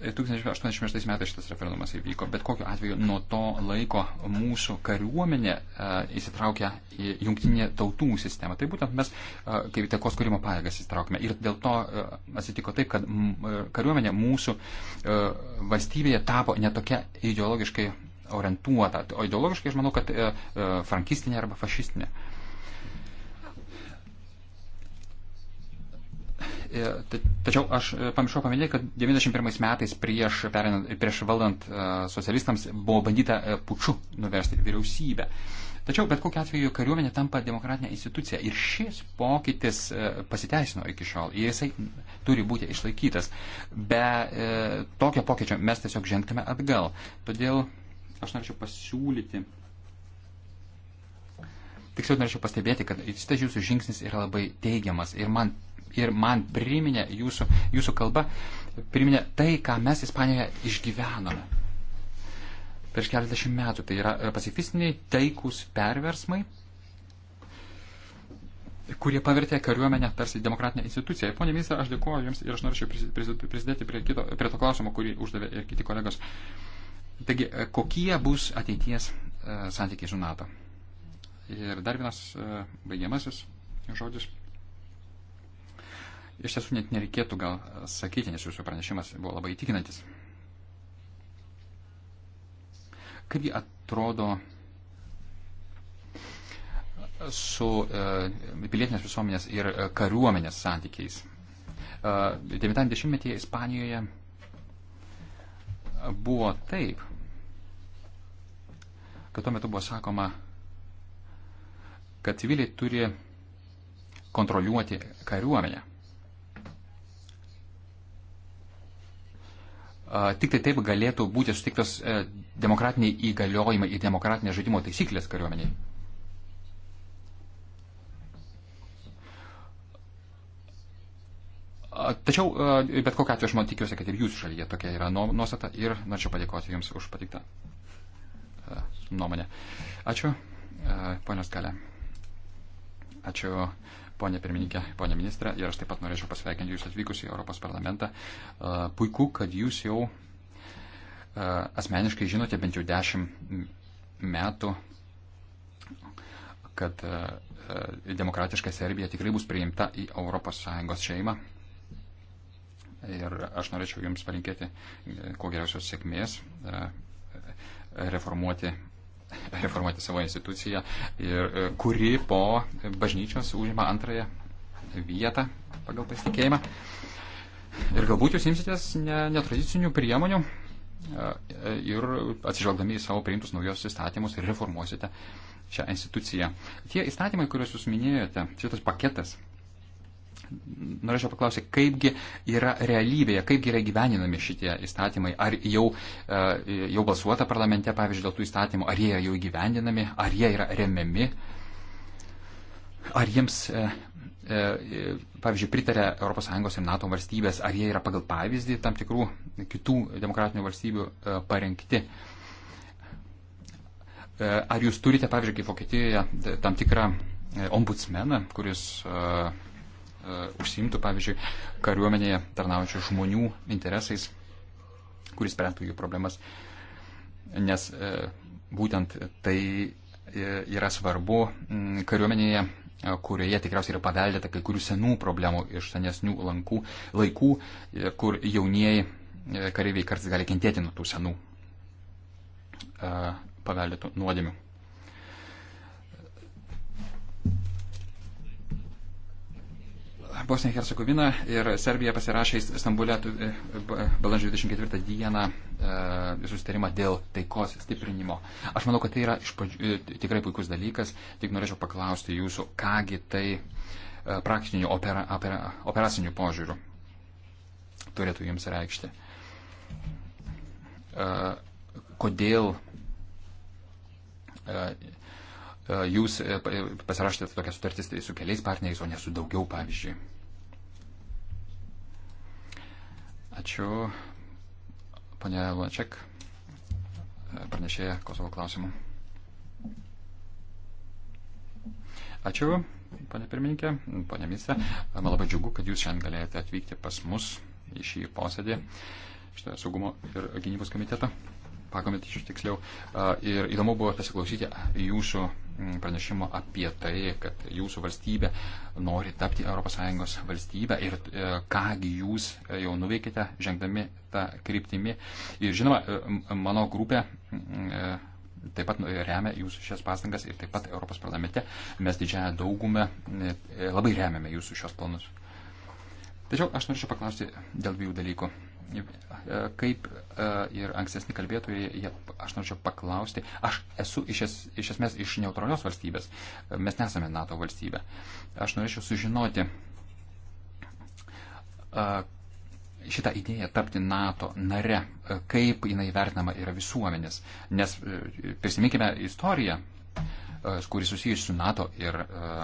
1986 metais šitas referendumas įvyko, bet kokiu atveju nuo to laiko mūsų kariuomenė e, įsitraukia į jungtinį tautų sistemą. Tai būtent mes e, kaip tekos kūrimo pajėgas įsitraukime. Ir dėl to e, atsitiko taip, kad m, e, kariuomenė mūsų e, valstybėje tapo netokia ideologiškai orientuota. O ideologiškai aš manau, kad e, e, frankistinė arba fašistinė. E, E, tačiau aš e, pamiršau paminėti, kad 91 metais prieš, perinant, prieš valdant e, socialistams buvo bandyta pučiu nuversti vyriausybę. Tačiau bet kokiu atveju kariuomenė tampa demokratinė institucija ir šis pokytis pasiteisino iki šiol ir jisai turi būti išlaikytas. Be e, tokio pokyčio mes tiesiog žengtume atgal. Todėl aš norėčiau pasiūlyti. Tiksliau norėčiau pastebėti, kad šitas jūsų žingsnis yra labai teigiamas ir man ir man priminė jūsų, jūsų kalba, priminė tai, ką mes Ispanijoje išgyvenome. Prieš keletąšim metų tai yra e, pacifistiniai taikūs perversmai, kurie pavertė kariuomenę tarsi demokratinę instituciją. Pone ministrė, aš dėkuoju Jums ir aš norėčiau prisidėti prie, kito, prie to klausimo, kurį uždavė ir kiti kolegos. Taigi, e, kokie bus ateities e, santykiai su NATO? Ir dar vienas baigiamasis žodis. Iš tiesų net nereikėtų gal e, sakyti, nes jūsų pranešimas buvo labai įtikinantis. Kaipgi atrodo su e, pilietinės visuomenės ir e, kariuomenės santykiais. 90-metyje Ispanijoje buvo taip, kad tuo metu buvo sakoma, kad civiliai turi kontroliuoti kariuomenę. Tik tai taip galėtų būti suteiktos e, demokratiniai įgaliojimai ir demokratinės žaidimo taisyklės kariuomeniai. Tačiau, e, bet kokia atveju, aš man tikiuosi, kad ir jūsų šalyje tokia yra nuostata ir norėčiau padėkoti Jums už patiktą e, nuomonę. Ačiū, ponios Kalė. Ačiū ponė pirmininkė, ponė ministrė, ir aš taip pat norėčiau pasveikinti Jūs atvykus į Europos parlamentą. Puiku, kad Jūs jau asmeniškai žinote bent jau dešimt metų, kad demokratiška Serbija tikrai bus priimta į ES šeimą. Ir aš norėčiau Jums palinkėti e, kuo geriausios sėkmės reformuoti reformuoti savo instituciją, ir, e, kuri po bažnyčios užima antrąją vietą pagal pasitikėjimą. Ir galbūt jūs imsitės netradicinių priemonių e, e, ir atsižvelgdami į savo priimtus naujos įstatymus reformuosite šią instituciją. Tie įstatymai, kuriuos jūs minėjote, šitas paketas norėčiau paklausyti, kaipgi yra realybėje, kaipgi yra gyveninami šitie įstatymai, ar jau, e, jau balsuota parlamente, pavyzdžiui, dėl tų įstatymų, ar jie jau įgyvendinami, ar jie yra remiami, ar jiems, e, e, pavyzdžiui, pritarė ES ir NATO valstybės, ar jie yra pagal pavyzdį tam tikrų kitų demokratinių valstybių parengti. Ar jūs turite, pavyzdžiui, kaip Vokietijoje, tam tikrą ombudsmeną, kuris uh, E, užsimtų, pavyzdžiui, kariuomenėje tarnaujančių žmonių interesais, kuris spręstų jų problemas. Nes e, būtent tai e, yra svarbu kariuomenėje, kurioje tikriausiai yra paveldėta kai kurių senų problemų iš senesnių lankų, laikų, kur jaunieji kareiviai kartais gali kentėti nuo tų senų paveldėtų nuodėmių. Bosnija Hercegovina ir Serbija pasirašė Stambulė e, balandžio 24 dieną e, susitarimą dėl taikos stiprinimo. Aš manau, kad tai yra pačių, e, tikrai puikus dalykas, tik norėčiau paklausti jūsų, kągi tai e, praktinių opera, opera, operacinių požiūrių turėtų jums reikšti. E, kodėl e, E, jūs e, e, pasirašėte tokią sutartį tai su keliais partneriais, o ne su daugiau, pavyzdžiui. Ačiū, ponė Lunaček, pranešėja Kosovo klausimų. Ačiū, ponė pirmininkė, ponė ministrė. Man labai džiugu, kad jūs šiandien galėjote atvykti pas mus į šį posėdį, šitą saugumo ir gynybos komitetą, pakomitį iš tiksliau. Ir įdomu buvo pasiklausyti jūsų pranešimo apie tai, kad jūsų valstybė nori tapti ES valstybę ir e, kągi jūs jau nuveikite, žengdami tą kryptimį. Ir žinoma, e, mano grupė e, taip pat remia jūsų šias pastangas ir taip pat Europos parlamente mes didžiąją daugumą labai remiame jūsų šios planus. Tačiau aš norėčiau paklausti dėl dviejų dalykų kaip e, ir ankstesni kalbėtojai, aš norėčiau paklausti, aš esu iš, es, iš esmės iš neutralios valstybės, mes nesame NATO valstybė. Aš norėčiau sužinoti e, šitą idėją tapti NATO nare, e, kaip jinai vertinama yra visuomenės. Nes prisiminkime istoriją, kuri susijusi su NATO ir uh,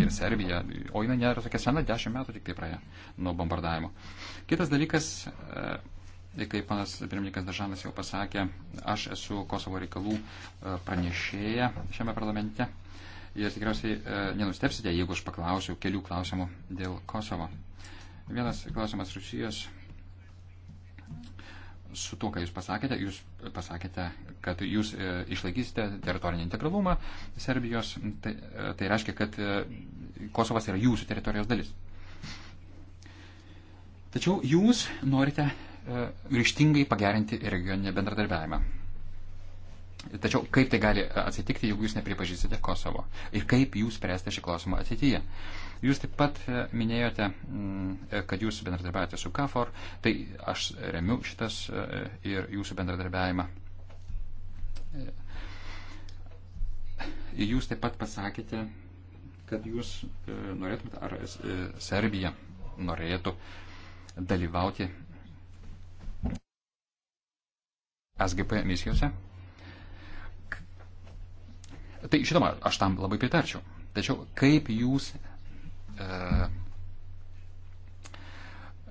ir Serbija, o jinai nėra tokia sena, dešimt metų tik tai praėjo nuo bombardavimo. Kitas dalykas, e, kaip panas pirmininkas Dažanas jau pasakė, aš esu Kosovo reikalų e, pranešėja šiame parlamente ir tikriausiai e, nenustepsite, jeigu aš paklausiu kelių klausimų dėl Kosovo. Vienas klausimas Rusijos su tuo, ką Jūs pasakėte. Jūs pasakėte, kad Jūs e, išlaikysite teritorinį integralumą Serbijos. Tai, e, tai reiškia, kad e, Kosovas yra Jūsų teritorijos dalis. Tačiau Jūs norite ryštingai pagerinti regioninį bendradarbiavimą. Tačiau kaip tai gali atsitikti, jeigu jūs nepripažįstate Kosovo? Ir kaip jūs spręsite šį klausimą ateityje? Uh, Jūs taip pat e, minėjote, mm, e, kad jūs bendradarbiavate su KAFOR, tai aš remiu šitas e, ir jūsų bendradarbiavimą. Jūs taip pat pasakėte, kad jūs norėtumėte, ar Serbija norėtų dalyvauti SGP misijose. Tai žinoma, aš tam labai pritarčiau. Tačiau kaip jūs E,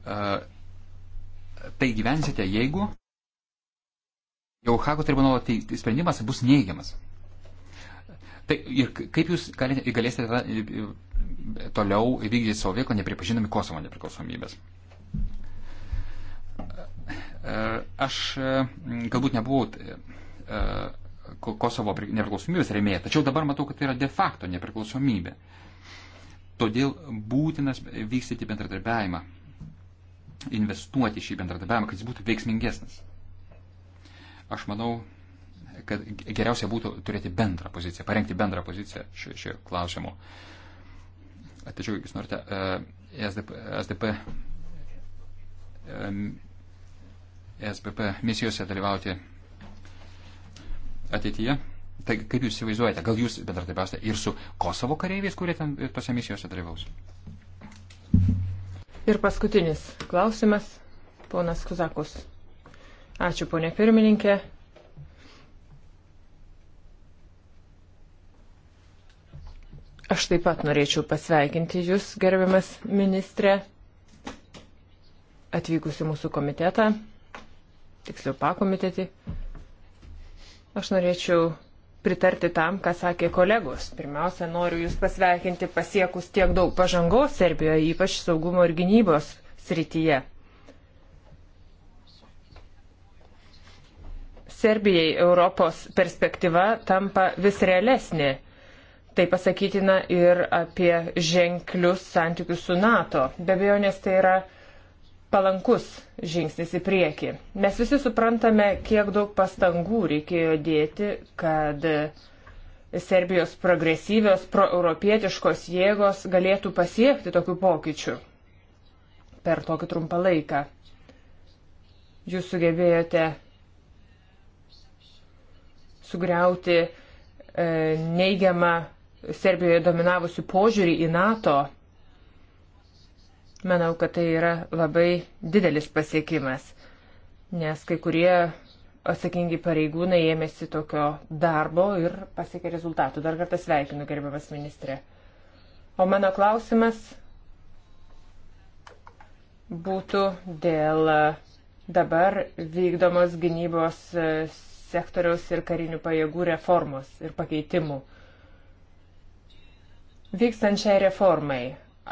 e, tai gyvensite, jeigu jau Hago tribunolo sprendimas bus neigiamas. Tai ir kaip jūs galėsite e, toliau vykdyti savo veiklą, nepripažinami Kosovo nepriklausomybės? Aš galbūt nebuvau Kosovo nepriklausomybės remėja, tačiau dabar matau, kad tai yra de facto nepriklausomybė. Uh, Todėl būtinas vykstyti bendradarbiavimą, investuoti šį bendradarbiavimą, kad jis būtų veiksmingesnis. Aš manau, kad geriausia būtų turėti bendrą poziciją, parengti bendrą poziciją šiuo, šiuo klausimu. Tačiau, jūs norite, e, SDP, SDP, SBP misijose dalyvauti ateityje. Tai kaip jūs įsivaizduojate, gal jūs bendradarbiausite ir su Kosovo kareiviais, kurie ten tose misijose dalyvaus? Ir paskutinis klausimas, ponas Kuzakus. Ačiū, ponė pirmininkė. Aš taip pat norėčiau pasveikinti Jūs, gerbiamas ministrė, atvykusi mūsų komitetą, tiksliau pakomitetį. Aš norėčiau pritarti tam, ką sakė kolegos. Pirmiausia, noriu Jūs pasveikinti pasiekus tiek daug pažangos Serbijoje, ypač saugumo ir gynybos srityje. Serbijai Europos perspektyva tampa vis realesnė. Tai pasakytina ir apie ženklius santykius su NATO. Be abejonės tai yra palankus žingsnis į priekį. Mes visi suprantame, kiek daug pastangų reikėjo dėti, kad Serbijos progresyvios, proeuropietiškos jėgos galėtų pasiekti tokių pokyčių per tokį trumpą laiką. Jūs sugebėjote sugriauti e, neigiamą Serbijoje dominavusių požiūrį į NATO Manau, kad tai yra labai didelis pasiekimas, nes kai kurie atsakingi pareigūnai ėmėsi tokio darbo ir pasiekė rezultatų. Dar kartą sveikinu, gerbiamas ministrė. O mano klausimas būtų dėl dabar vykdomos gynybos sektoriaus ir karinių pajėgų reformos ir pakeitimų. Vykstant šiai reformai,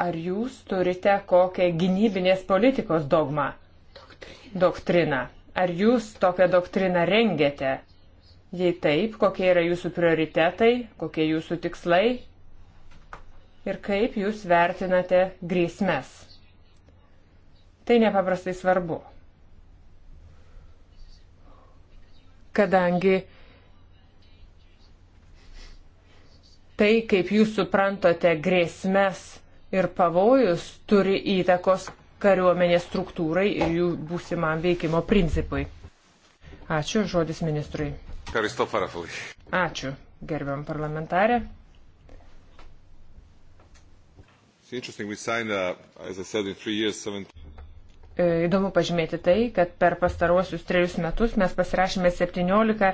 Ar jūs turite kokią gynybinės politikos dogmą? Doktrina. Doktrina. Ar jūs tokią doktriną rengiate? Jei taip, kokie yra jūsų prioritetai, kokie jūsų tikslai ir kaip jūs vertinate grėsmės? Tai nepaprastai svarbu. Kadangi tai, kaip jūs suprantate grėsmės ir pavojus turi įtakos kariuomenės struktūrai ir jų būsimam veikimo principui. Ačiū, žodis ministrui. Karistofarafulai. Ačiū, gerbiam parlamentarė. It's interesting, we signed, uh, as I said, in three years, 17... E, įdomu pažymėti tai, kad per pastaruosius trejus metus mes pasirašėme 17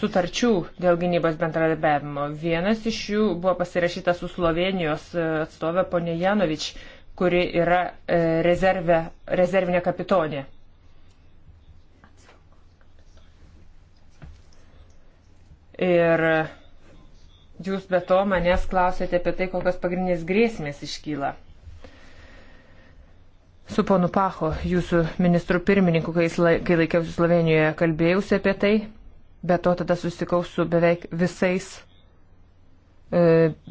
sutarčių dėl gynybos bendradarbiavimo. Vienas iš jų buvo pasirašytas su Slovenijos e, atstovė ponė Janovič, kuri yra e, rezervė, rezervinė kapitonė. Ir jūs be to manęs klausėte apie tai, kokios pagrindinės grėsmės iškyla su ponu Pacho, jūsų ministru pirmininku, kai, kai laikiausi Slovenijoje, kalbėjausi apie tai, bet to tada susikau su beveik visais e,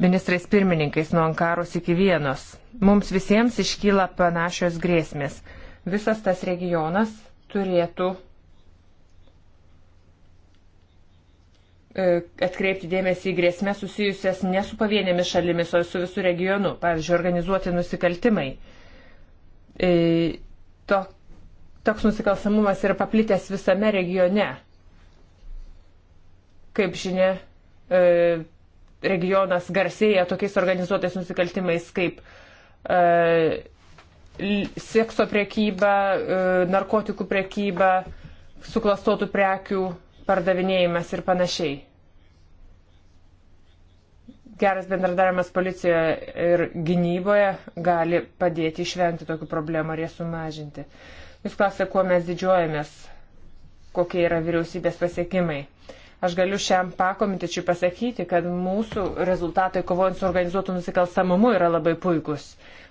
ministrais pirmininkais nuo Ankaros iki Vienos. Mums visiems iškyla panašios grėsmės. Visas tas regionas turėtų e, atkreipti dėmesį į grėsmę susijusias ne su pavienėmis šalimis, o su visų regionu, pavyzdžiui, organizuoti nusikaltimai. E, to, toks nusikalstamumas yra paplitęs visame regione. Kaip žinia, e, regionas garsėja tokiais organizuotais nusikaltimais kaip e, sekso priekyba, narkotikų priekyba, suklastotų prekių pardavinėjimas ir panašiai geras bendradarbiavimas policijoje ir gynyboje gali padėti išvengti tokių problemų ar jas sumažinti. Jūs klausėte, kuo mes didžiuojamės, kokie yra vyriausybės pasiekimai. Aš galiu šiam pakomitečiui pasakyti, kad mūsų rezultatai kovojant su organizuotu nusikalstamumu yra labai puikus.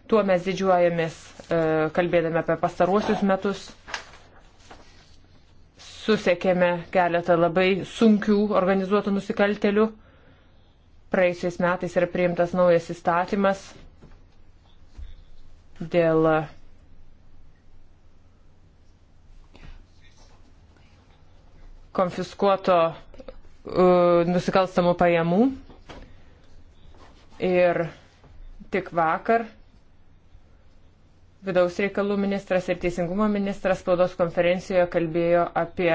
Tuo mes didžiuojamės, e, kalbėdami apie pastaruosius metus. Susekėme keletą labai sunkių organizuotų nusikaltelių Praėjusiais metais yra priimtas naujas įstatymas dėl konfiskuoto uh, nusikalstamų pajamų. Ir tik vakar vidaus reikalų ministras ir teisingumo ministras spaudos konferencijoje kalbėjo apie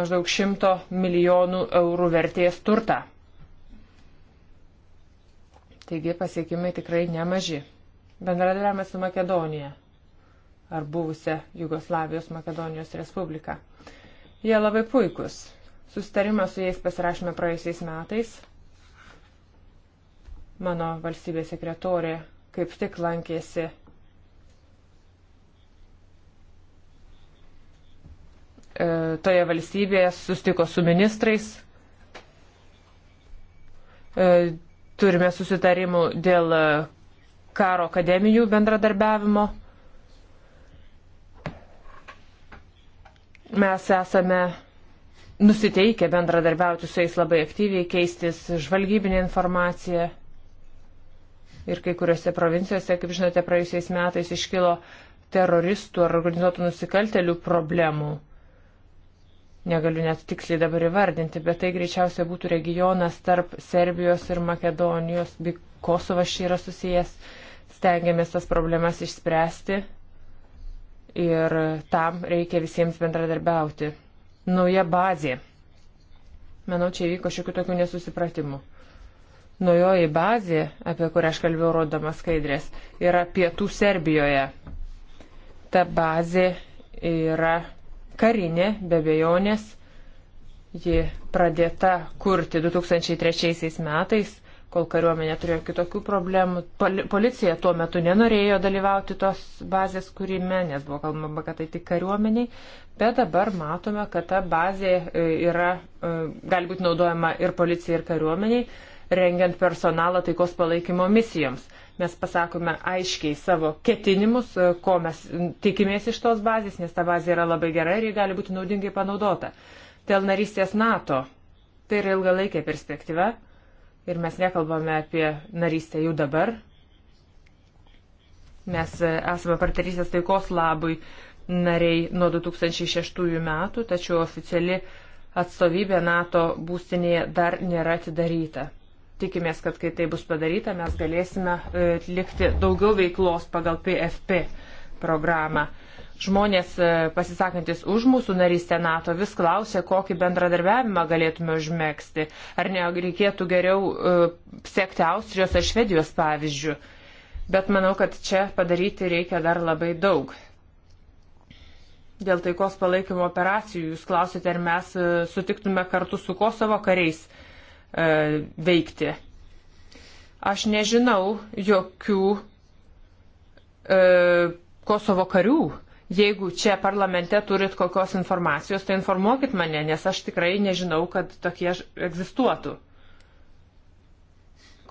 maždaug 100 milijonų eurų vertės turtą. Taigi pasiekimai tikrai nemaži. Bendradarbiavimas su Makedonija ar buvusią Jugoslavijos Makedonijos Respubliką. Jie labai puikus. Sustarimą su jais pasirašėme praėjusiais metais. Mano valstybės sekretorė kaip tik lankėsi e, toje valstybėje, sustiko su ministrais. E, Turime susitarimų dėl karo akademijų bendradarbiavimo. Mes esame nusiteikę bendradarbiauti su jais labai aktyviai, keistis žvalgybinė informacija. Ir kai kuriuose provincijose, kaip žinote, praėjusiais metais iškilo teroristų ar organizuotų nusikaltelių problemų negaliu net tiksliai dabar įvardinti, bet tai greičiausiai būtų regionas tarp Serbijos ir Makedonijos, bei Kosovas čia yra susijęs. Stengiamės tas problemas išspręsti ir tam reikia visiems bendradarbiauti. Nauja bazė. Manau, čia įvyko šiokių tokių nesusipratimų. Naujoji bazė, apie kurią aš kalbėjau rodamas skaidrės, yra pietų Serbijoje. Ta bazė yra karinė, be bejonės, ji pradėta kurti 2003 metais, kol kariuomenė turėjo kitokių problemų. Policija tuo metu nenorėjo dalyvauti tos bazės kūrime, nes buvo kalbama, kad tai tik kariuomeniai, bet dabar matome, kad ta bazė e, yra, e, gali būti naudojama ir policijai, ir kariuomeniai, rengiant personalą taikos palaikymo misijoms. Mes pasakome aiškiai savo ketinimus, e, ko mes tikimės iš tos bazės, nes ta bazė yra labai gera ir ji gali būti naudingai panaudota. Dėl narystės NATO tai yra ilgalaikė perspektyva ir mes nekalbame apie narystę jau dabar. Mes e, esame partnerystės taikos labui nariai nuo 2006 metų, tačiau oficiali atstovybė NATO būstinėje dar nėra atidaryta. Tikimės, kad kai tai bus padaryta, mes galėsime e, atlikti daugiau veiklos pagal PFP programą. Žmonės e, pasisakantis už mūsų narystę NATO vis klausė, kokį bendradarbiavimą galėtume užmėgsti. Ar nereikėtų geriau e, sekti Austrijos ar Švedijos pavyzdžių. Bet manau, kad čia padaryti reikia dar labai daug. Dėl taikos palaikymo operacijų jūs klausite, ar mes sutiktume kartu su Kosovo kariais E, veikti. Aš nežinau jokių e, Kosovo karių. Jeigu čia parlamente turit kokios informacijos, tai informuokit mane, nes aš tikrai nežinau, kad tokie egzistuotų.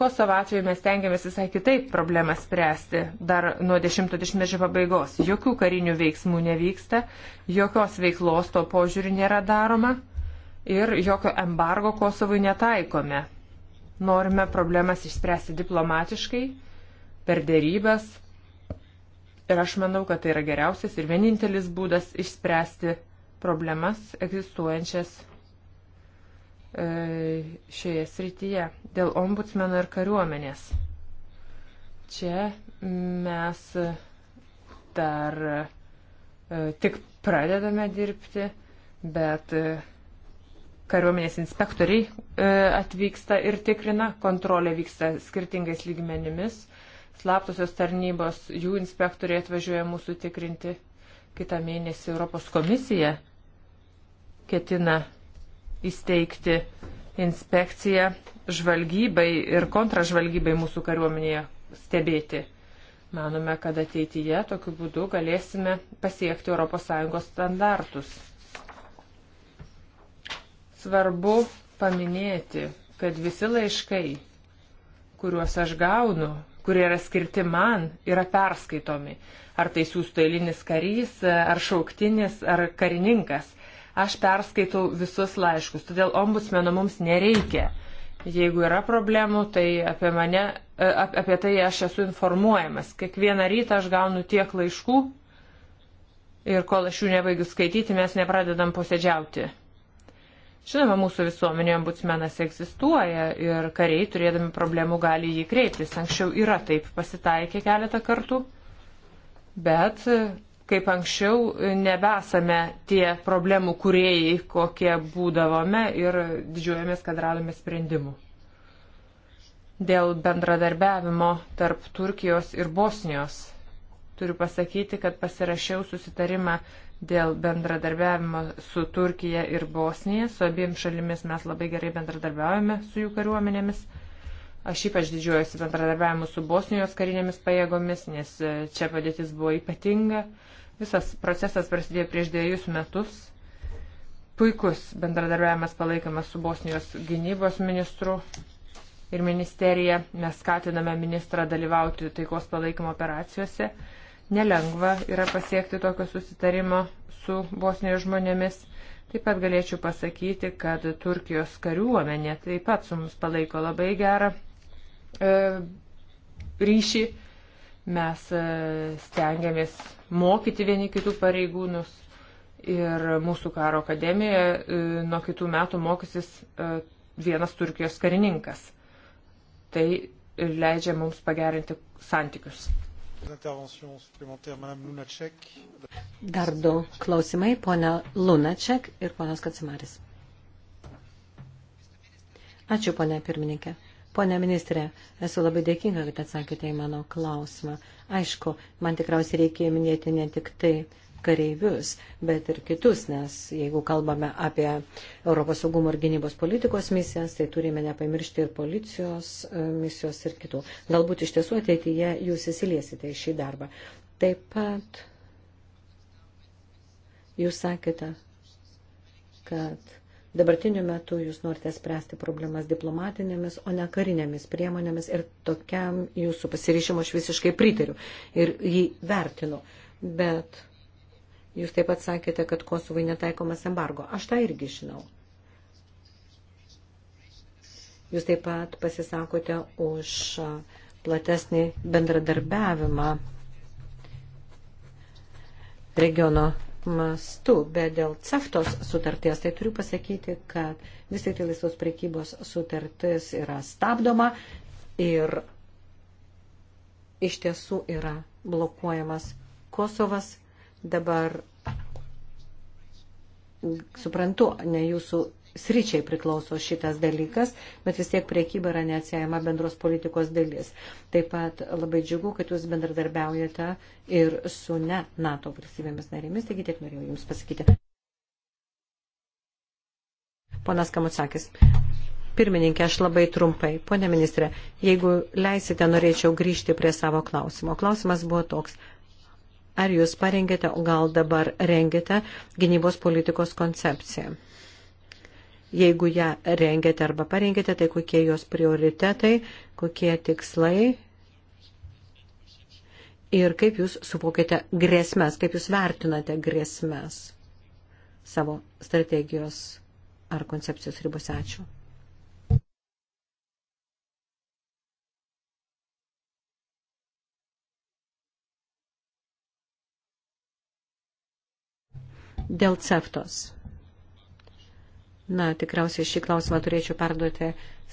Kosovo atveju mes tengiamės visai kitaip problemą spręsti dar nuo 10-20 pabaigos. Jokių karinių veiksmų nevyksta, jokios veiklos to požiūriu nėra daroma ir jokio embargo Kosovui netaikome. Norime problemas išspręsti diplomatiškai, per dėrybas. Ir aš manau, kad tai yra geriausias ir vienintelis būdas išspręsti problemas egzistuojančias e, šioje srityje dėl ombudsmeno ir kariuomenės. Čia mes dar e, tik pradedame dirbti, bet e, kariuomenės inspektoriai e, atvyksta ir tikrina, kontrolė vyksta skirtingais lygmenimis. Slaptosios tarnybos, jų inspektoriai atvažiuoja mūsų tikrinti. Kita mėnesį Europos komisija ketina įsteigti inspekciją žvalgybai ir kontražvalgybai mūsų kariuomenėje stebėti. Manome, kad ateityje tokiu būdu galėsime pasiekti ES standartus. Svarbu paminėti, kad visi laiškai, kuriuos aš gaunu, kurie yra skirti man, yra perskaitomi. Ar tai siūstų eilinis karys, ar šauktinis, ar karininkas. Aš perskaitau visus laiškus, todėl ombudsmeno mums nereikia. Jeigu yra problemų, tai apie, mane, e, apie tai aš esu informuojamas. Kiekvieną rytą aš gaunu tiek laiškų ir kol aš jų nebaigiu skaityti, mes nepradedam posėdžiauti. Žinoma, mūsų visuomenėje ombudsmenas egzistuoja ir kariai, turėdami problemų, gali jį kreiptis. Anksčiau yra taip pasitaikė keletą kartų, bet e, kaip anksčiau e, nebesame tie problemų kuriejai, kokie būdavome ir didžiuojamės, kad radome sprendimų. Dėl bendradarbiavimo tarp Turkijos ir Bosnijos turiu pasakyti, kad pasirašiau susitarimą dėl bendradarbiavimo su Turkija ir Bosnija. Su abiem šalimis mes labai gerai bendradarbiaujame su jų kariuomenėmis. Aš ypač didžiuojuosi bendradarbiavimu su Bosnijos karinėmis pajėgomis, nes e, čia padėtis buvo ypatinga. Visas procesas prasidėjo prieš dviejus metus. Puikus bendradarbiavimas palaikamas su Bosnijos gynybos ministru ir ministerija. Mes skatiname ministrą dalyvauti taikos palaikymo operacijose. Nelengva yra pasiekti tokio susitarimo su Bosnijos žmonėmis. Taip pat galėčiau pasakyti, kad Turkijos kariuomenė taip pat su mums palaiko labai gerą e, ryšį. Mes e, stengiamės mokyti vieni kitų pareigūnus ir mūsų karo akademijoje e, nuo kitų metų mokysis e, vienas Turkijos karininkas. Tai leidžia mums pagerinti santykius. Dar du klausimai, ponia Lunaček ir ponas Kacimaris. Ačiū, ponia pirmininkė. Pone ministrė, esu labai dėkinga, kad atsakėte į mano klausimą. Aišku, man tikriausiai reikėjo minėti ne tik tai, kareivius, bet ir kitus, nes jeigu kalbame apie Europos saugumo ir gynybos politikos misijas, tai turime nepamiršti ir policijos e, misijos ir kitų. Galbūt iš tiesų ateityje jūs įsiliesite į šį darbą. Taip pat jūs sakėte, kad Dabartiniu metu jūs norite spręsti problemas diplomatinėmis, o ne karinėmis priemonėmis ir tokiam jūsų pasirišimo aš visiškai pritariu ir jį vertinu. Bet Jūs taip pat sakėte, kad Kosovai netaikomas embargo. Aš tą irgi žinau. Jūs taip pat pasisakote už platesnį bendradarbiavimą regiono mastu, bet dėl CEFTOS sutarties, tai turiu pasakyti, kad vis tik tai laisvos prekybos sutartis yra stabdoma ir iš tiesų yra blokuojamas Kosovas dabar suprantu, ne jūsų sričiai priklauso šitas dalykas, bet vis tiek priekyba yra neatsiejama bendros politikos dalis. Taip pat labai džiugu, kad jūs bendradarbiaujate ir su ne NATO valstybėmis narėmis, taigi tiek norėjau Jums pasakyti. Ponas Kamutsakis. Pirmininkė, aš labai trumpai. Pone ministrė, jeigu leisite, norėčiau grįžti prie savo klausimo. Klausimas buvo toks. Ar jūs parengėte, o gal dabar rengėte gynybos politikos koncepciją? Jeigu ją rengėte arba parengėte, tai kokie jos prioritetai, kokie tikslai ir kaip jūs suvokėte grėsmės, kaip jūs vertinate grėsmės savo strategijos ar koncepcijos ribose. Ačiū. Dėl ceftos. Na, tikriausiai šį klausimą turėčiau perduoti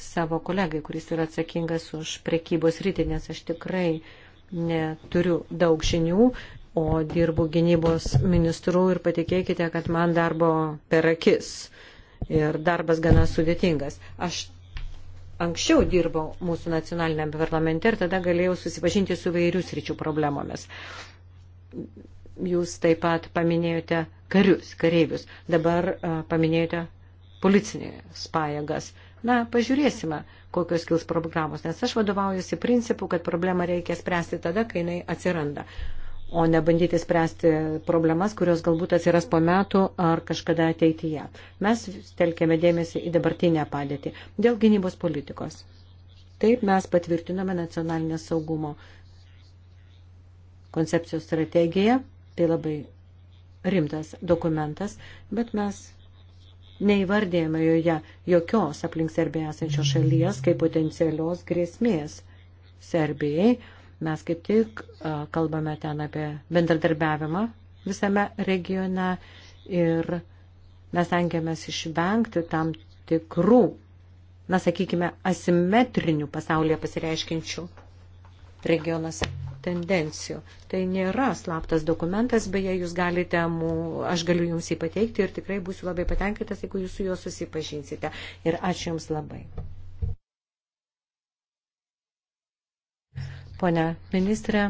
savo kolegai, kuris yra atsakingas už prekybos rytį, nes aš tikrai neturiu daug žinių, o dirbu gynybos ministru ir patikėkite, kad man darbo per akis ir darbas gana sudėtingas. Aš anksčiau dirbau mūsų nacionaliniam parlamente ir tada galėjau susipažinti su vairius ryčių problemomis. Jūs taip pat paminėjote karius, kareivius. Dabar paminėjote policinės pajėgas. Na, pažiūrėsime, kokios kils programos, nes aš vadovaujuosi principu, kad problemą reikia spręsti tada, kai jinai atsiranda, o ne bandyti spręsti problemas, kurios galbūt atsiras po metų ar kažkada ateityje. Mes telkėme dėmesį į dabartinę padėtį dėl gynybos politikos. Taip mes patvirtinome nacionalinę saugumo koncepcijos strategiją, tai labai rimtas dokumentas, bet mes neįvardėjame joje jokios aplink Serbiją esančios šalies kaip potencialios grėsmės Serbijai. Mes kaip tik kalbame ten apie bendradarbiavimą visame regione ir mes tengiamės išvengti tam tikrų, na sakykime, asimetrinių pasaulyje pasireiškinčių regionuose tendencijų. Tai nėra slaptas dokumentas, beje, jūs galite, mū, aš galiu jums jį pateikti ir tikrai būsiu labai patenkintas, jeigu jūs su juo susipažinsite. Ir ačiū jums labai. Pone ministrė,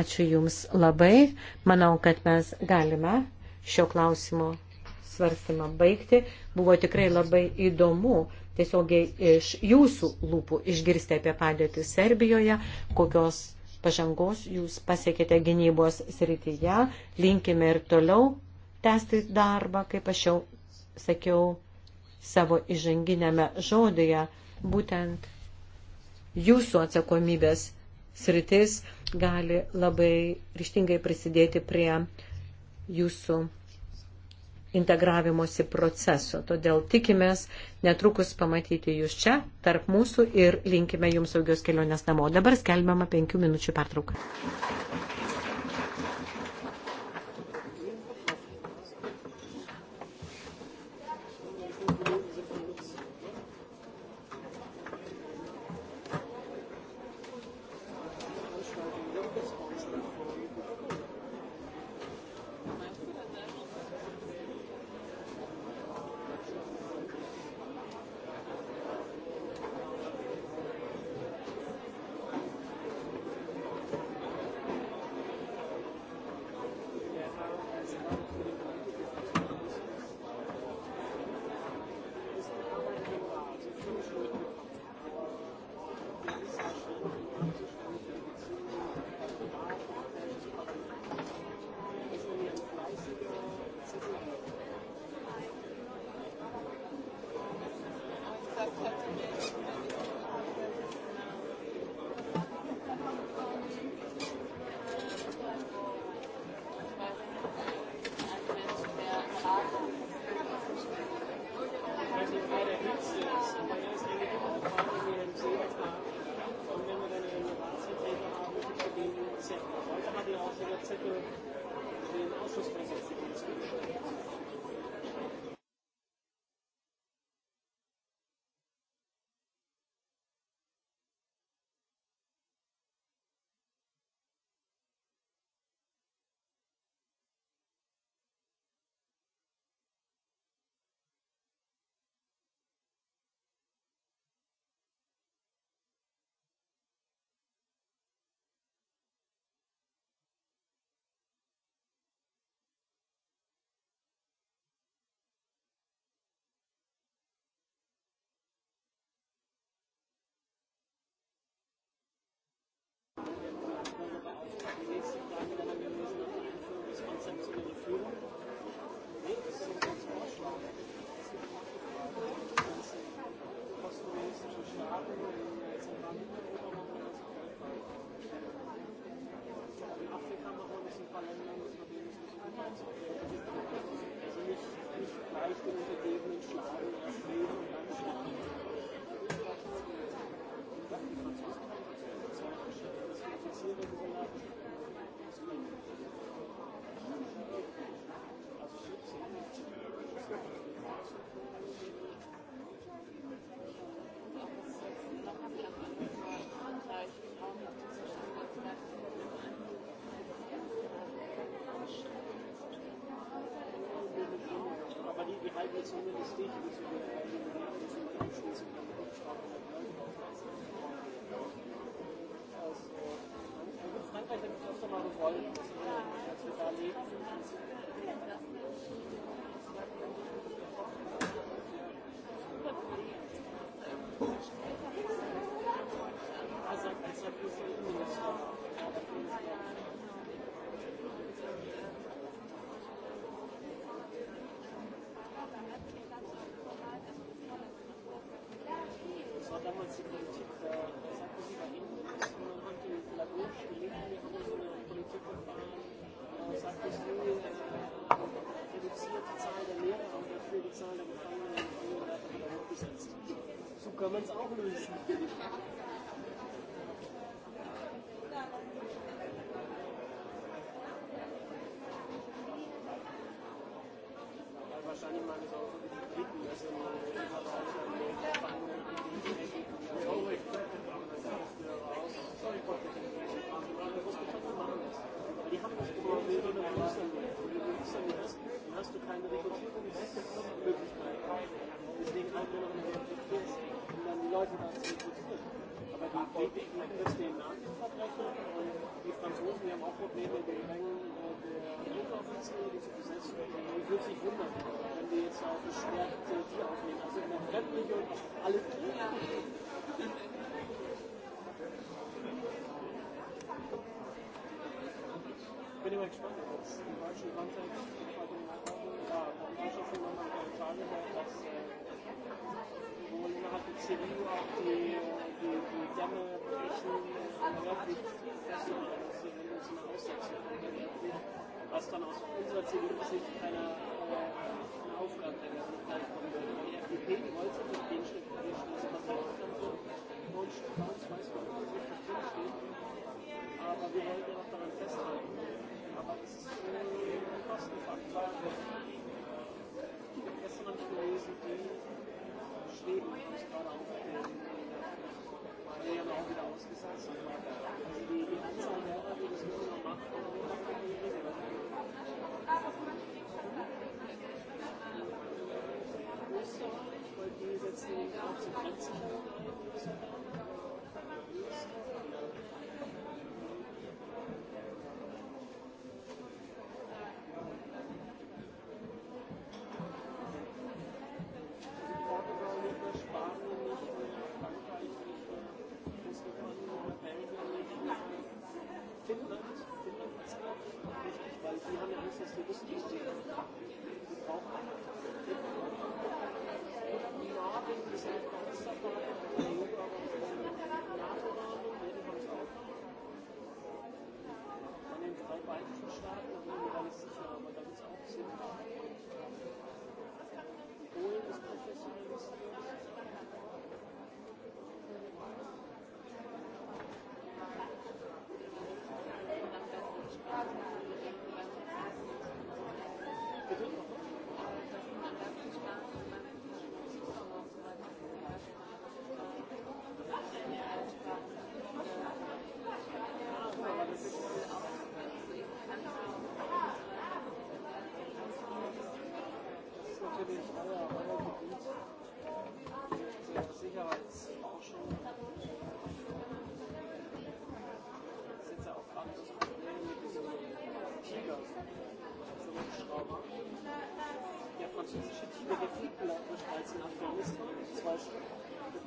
ačiū jums labai. Manau, kad mes galime šio klausimo svarstymą baigti. Buvo tikrai labai įdomu tiesiogiai iš jūsų lūpų išgirsti apie padėtį Serbijoje, kokios pažangos jūs pasiekėte gynybos srityje. Linkime ir toliau tęsti darbą, kaip aš jau sakiau savo įžanginėme žodėje, būtent jūsų atsakomybės sritis gali labai ryštingai prisidėti prie jūsų integravimosi proceso. Todėl tikimės netrukus pamatyti jūs čia, tarp mūsų ir linkime jums saugios kelionės namo. Dabar skelbiama penkių minučių pertrauką. also nicht leichte Untergebenen schlagen, Parlaments auch lösen. Franzosen, die haben auch Probleme, die Mengen der Notaufnahmsstellen, die zu besetzen werden. Man würde sich wundern, wenn wir jetzt auch verstärkt die aufnehmen. Also in der Fremdenregion alle. Ja. bin immer gespannt, ob es im deutschen Kontext bei den ja, Wirtschaftsjemanden in Italien war, dass sowohl innerhalb der CDU auch die, die, die Dämme brechen, relativ fest Grenzen aussetzen. Was dann aus unserer CDU-Sicht keiner äh, Aufgabenlänge gleichkommen würde. Die FDP, die wollte nicht den Schritt, den Schritt, was auch dann so bei uns weiß man, was wirklich drinsteht. Aber wir wollten auch daran festhalten. Aber das ist äh, ein Kostenfaktor. Ich habe gestern noch gelesen, die Schweden, die ich gerade aufgegeben Lehrer auch wieder ausgesetzt. Also die, die Anzahl derer, die das Minimum machen, Österreich, weil die setzen auch zu 40 an.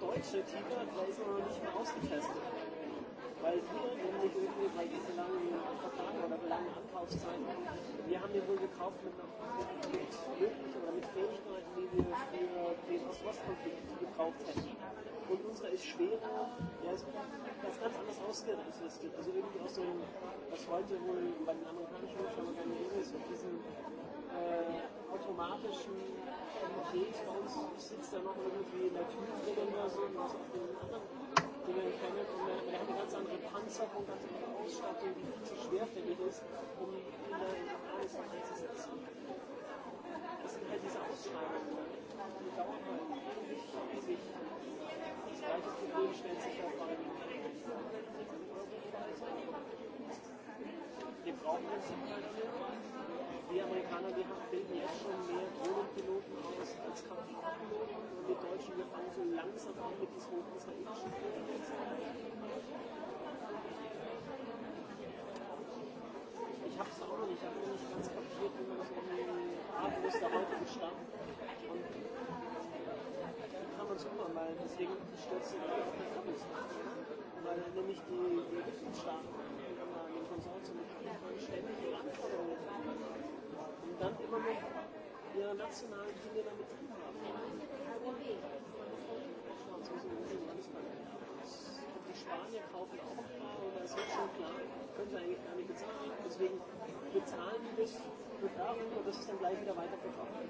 deutsche Tiger gleich mal nicht mehr ausgetestet. Weil wir nämlich irgendwie bei diesen langen Verfahren oder langen Ankaufszeiten, wir haben den wohl gekauft mit, mit, mit möglichen oder mit Fähigkeiten, die wir für den Ost-West-Konflikt gebraucht hätten. Und unsere ist schwerer, ja, ist, ist ganz anders ausgerüstet. Also irgendwie aus so einem, was heute wohl bei den amerikanischen Luftfahrern, bei den Englisch, mit diesem äh, automatischen Ideen bei uns sitzt da noch irgendwie Naturregeln oder so, was auf den anderen Dingen kennen. Und der, der hat eine ganz andere Panzerung, ganz andere Ausstattung, die viel zu schwerfällig ist, um in der Alles einzusetzen. Das sind halt diese Ausschreibungen, die dauern halt ewig. Das gleiche Problem stellt sich ja vor allem wir brauchen jetzt die Amerikaner, die haben, bilden ja schon mehr Drohnenpiloten aus als Kampfpiloten. Und die Deutschen, wir fangen so langsam an mit diesem hochisraelischen Ich habe es auch noch nicht, ich habe noch nicht ganz kapiert, wie man das irgendwie, ah, wo ist der heutige Stand? Und kann man es immer mal, deswegen stürzt sich auf der Kabels weil nämlich die, die Mitgliedstaaten in dem Konsortium ständig Anforderungen haben dann immer noch ihre nationalen Dinge damit drin haben. Die Spanier kaufen auch ein paar und da ist jetzt schon klar, können sie eigentlich gar nicht bezahlen. Deswegen bezahlen die das mit Werbung und das ist dann gleich wieder weiterverkauft.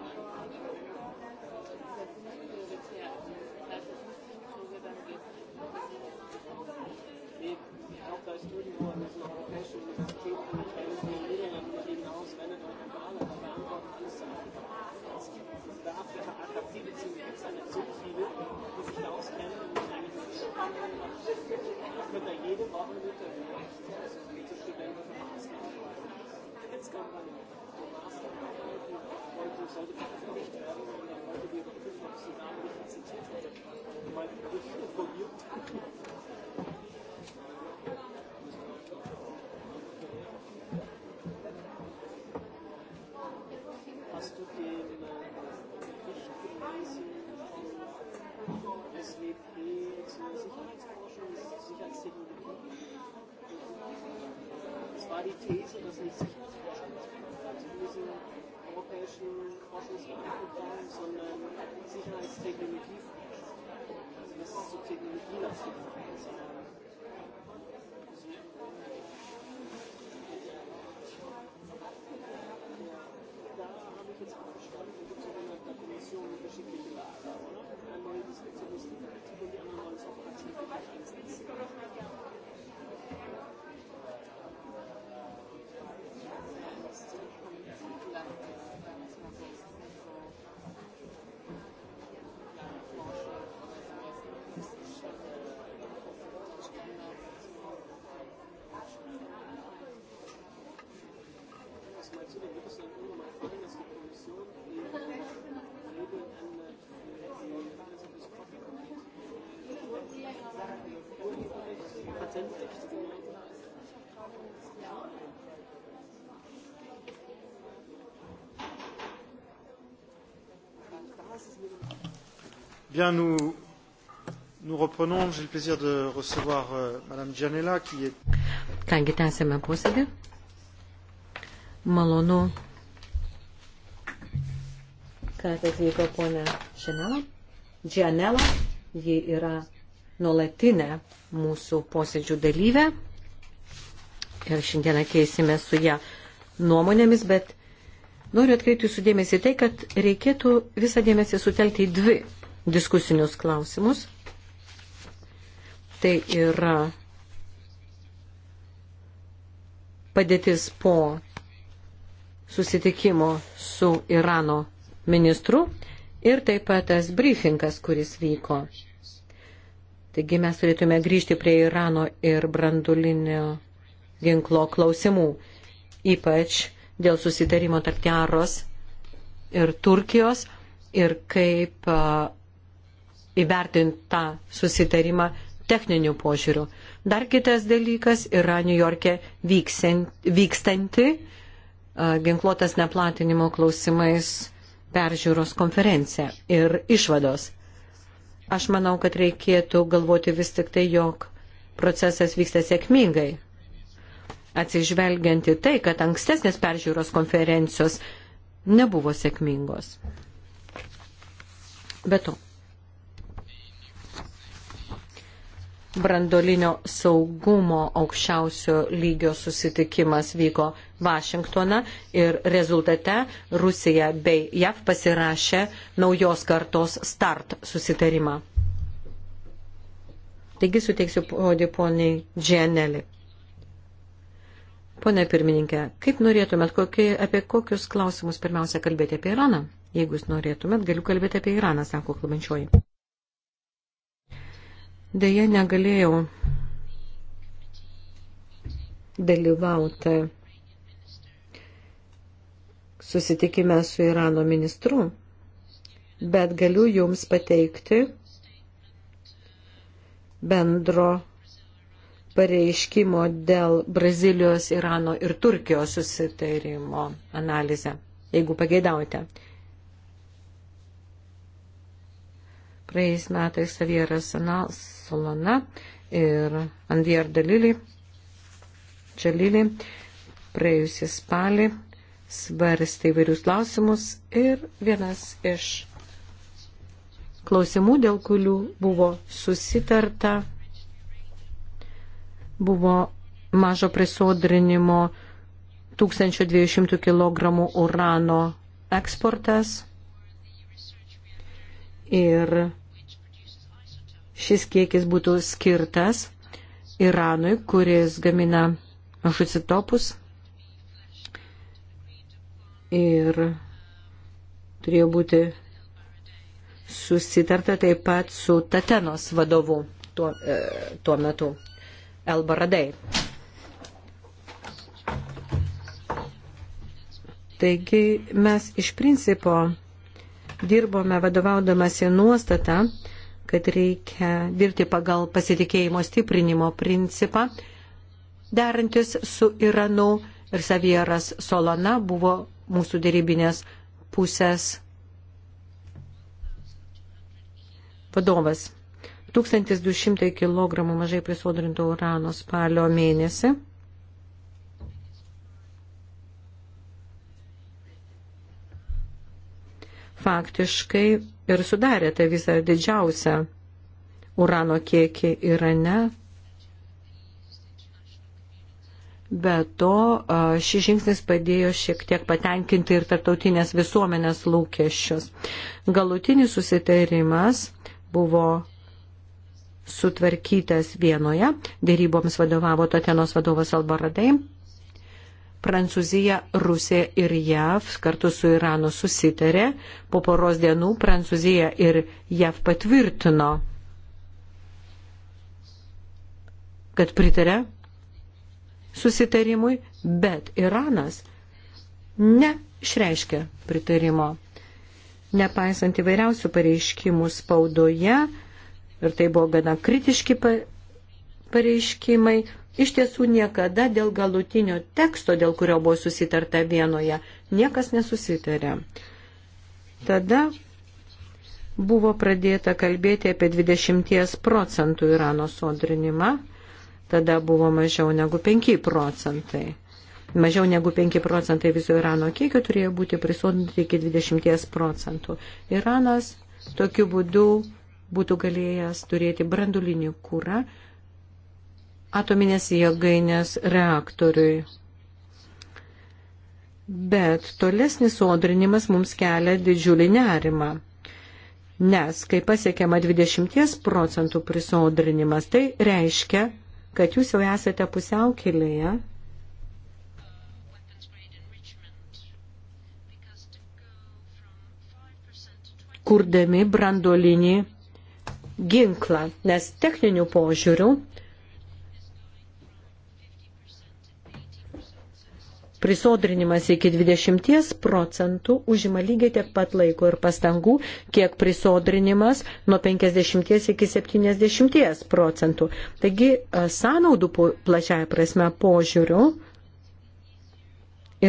dazu, dann wird es dann irgendwann mal fallen, dass die Kommission eben an Patentrechte genau. Bien, nous, nous reprenons. J'ai le plaisir de recevoir euh, Madame Gianella qui est. Ką gi tęsėme posėdį. Malonu, kad atvyko ponia Šinela. Džianela, ji yra nuolatinė mūsų posėdžių dalyvė ir šiandieną keisime su ją nuomonėmis, bet noriu atkreipti jūsų dėmesį tai, kad reikėtų visą dėmesį sutelkti į dvi diskusinius klausimus. Tai yra padėtis po susitikimo su Irano ministru ir taip pat tas briefingas, kuris vyko. Taigi mes turėtume grįžti prie Irano ir brandulinio ginklo klausimų, ypač dėl susitarimo tarp Jaros ir Turkijos ir kaip įvertinti tą susitarimą techninių požiūrių. Dar kitas dalykas yra New York'e vykstanti ginkluotas neplatinimo klausimais peržiūros konferencija ir išvados. Aš manau, kad reikėtų galvoti vis tik tai, jog procesas vyksta sėkmingai. Atsižvelgianti tai, kad ankstesnės peržiūros konferencijos nebuvo sėkmingos. Be to, brandolinio saugumo aukščiausio lygio susitikimas vyko Vašingtona ir rezultate Rusija bei JAV pasirašė naujos kartos start susitarimą. Taigi suteiksiu podį poniai Džianelį. Pone pirmininkė, kaip norėtumėt, kokie, apie kokius klausimus pirmiausia kalbėti apie Iraną? Jeigu jūs norėtumėt, galiu kalbėti apie Iraną, sako kalbančioji. Deja, negalėjau dalyvauti susitikime su Irano ministru, bet galiu jums pateikti bendro pareiškimo dėl Brazilijos, Irano ir Turkijos susitarimo analizę, jeigu pageidaujate. Praėjais metais Savieras Anals Solana ir Andier Dalilį, Čalilį, praėjusį spalį svarstė įvairius klausimus ir vienas iš klausimų, dėl kurių buvo susitarta, buvo mažo prisodrinimo 1200 kg urano eksportas ir šis kiekis būtų skirtas Iranui, kuris gamina mašusitopus ir turėjo būti susitarta taip pat su Tatenos vadovu tuo, e, tuo metu, Elbaradai. Taigi mes iš principo dirbome vadovaudamasi nuostatą, kad reikia dirbti pagal pasitikėjimo stiprinimo principą. Derantis su Iranu ir Savieras Solana buvo mūsų dėrybinės pusės vadovas. 1200 kg mažai prisodrinto urano spalio mėnesį. faktiškai ir sudarė tą visą didžiausią urano kiekį Irane. Be to, šis žingsnis padėjo šiek tiek patenkinti ir tarptautinės visuomenės lūkesčius. Galutinis susitarimas buvo sutvarkytas vienoje, dėryboms vadovavo Tatenos vadovas Albaradai, Prancūzija, Rusija ir JAV kartu su Iranu susitarė. Po poros dienų Prancūzija ir JAV patvirtino, kad pritarė susitarimui, bet Iranas neišreiškė pritarimo. Nepaisant įvairiausių pareiškimų spaudoje, ir tai buvo gana kritiški pareiškimai, Iš tiesų niekada dėl galutinio teksto, dėl kurio buvo susitarta vienoje, niekas nesusitarė. Tada buvo pradėta kalbėti apie 20 procentų Irano sodrinimą, tada buvo mažiau negu 5 procentai. Mažiau negu 5 procentai viso Irano kiekio turėjo būti prisodinti iki 20 procentų. Iranas tokiu būdu būtų galėjęs turėti brandulinį kūrą atominės jėgainės reaktoriui. Bet tolesnis sodrinimas mums kelia didžiulį nerimą, nes kai pasiekiama 20 procentų prisodrinimas, tai reiškia, kad jūs jau esate pusiaukelėje kurdami brandolinį ginklą, nes techninių požiūrių Prisodrinimas iki 20 procentų užima lygiai tiek pat laiko ir pastangų, kiek prisodrinimas nuo 50 iki 70 procentų. Taigi e, sąnaudų plačiaja prasme požiūrių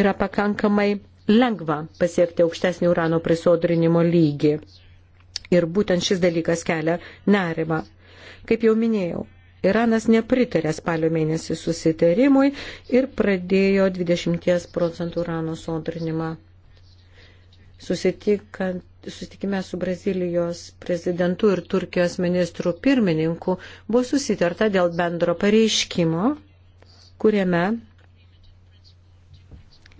yra pakankamai lengva pasiekti aukštesnį urano prisodrinimo lygį. Ir būtent šis dalykas kelia nerimą. Kaip jau minėjau, Iranas nepritarė spalio mėnesį susitarimui ir pradėjo 20 procentų urano sodrinimą. Susitikant, susitikime su Brazilijos prezidentu ir Turkijos ministrų pirmininku buvo susitarta dėl bendro pareiškimo, kuriame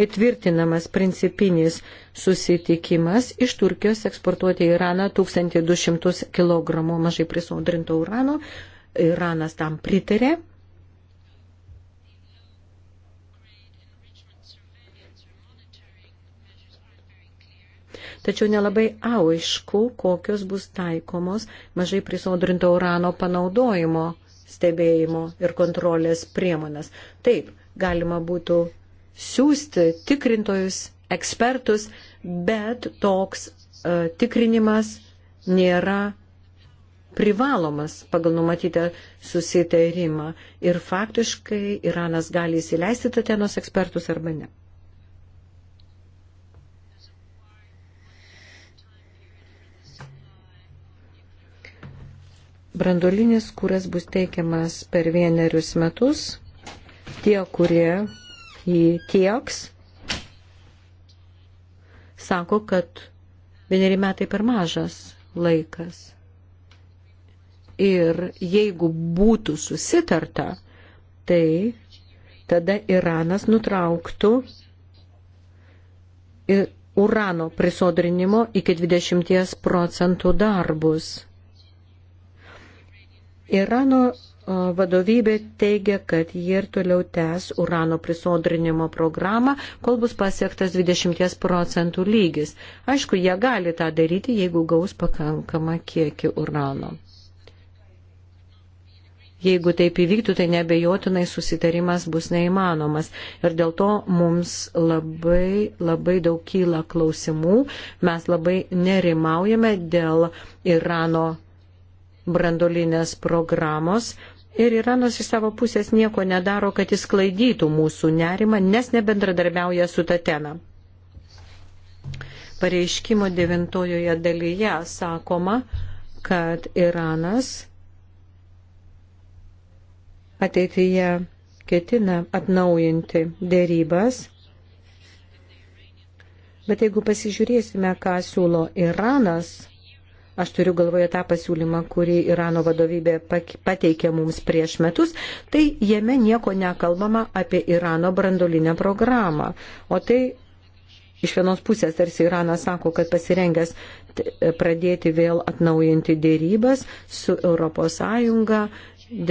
įtvirtinamas principinis susitikimas iš Turkijos eksportuoti į Iraną 1200 kg mažai prisaudrinto urano, Iranas tam pritarė. Tačiau nelabai aišku, kokios bus taikomos mažai prisodrinto urano panaudojimo stebėjimo ir kontrolės priemonės. Taip, galima būtų siūsti tikrintojus, ekspertus, bet toks uh, tikrinimas nėra privalomas pagal numatytą susitarimą ir faktiškai Iranas gali įsileisti Tatenos ekspertus arba ne. Brandolinis kūras bus teikiamas per vienerius metus. Tie, kurie jį tieks, sako, kad vieneri metai per mažas laikas. Ir jeigu būtų susitarta, tai tada Iranas nutrauktų urano prisodrinimo iki 20 procentų darbus. Irano vadovybė teigia, kad jie ir toliau tęs urano prisodrinimo programą, kol bus pasiektas 20 procentų lygis. Aišku, jie gali tą daryti, jeigu gaus pakankamą kiekį urano. Jeigu taip įvyktų, tai nebejotinai susitarimas bus neįmanomas. Ir dėl to mums labai, labai daug kyla klausimų. Mes labai nerimaujame dėl Irano brandolinės programos. Ir Iranas iš savo pusės nieko nedaro, kad jis klaidytų mūsų nerimą, nes nebendradarbiauja su Tatena. Pareiškimo devintojoje dalyje sakoma, kad Iranas ateityje ketina atnaujinti dėrybas. Bet jeigu pasižiūrėsime, ką siūlo Iranas, aš turiu galvoje tą pasiūlymą, kurį Irano vadovybė pateikė mums prieš metus, tai jame nieko nekalbama apie Irano brandolinę programą. O tai iš vienos pusės tarsi Iranas sako, kad pasirengęs pradėti vėl atnaujinti dėrybas su ES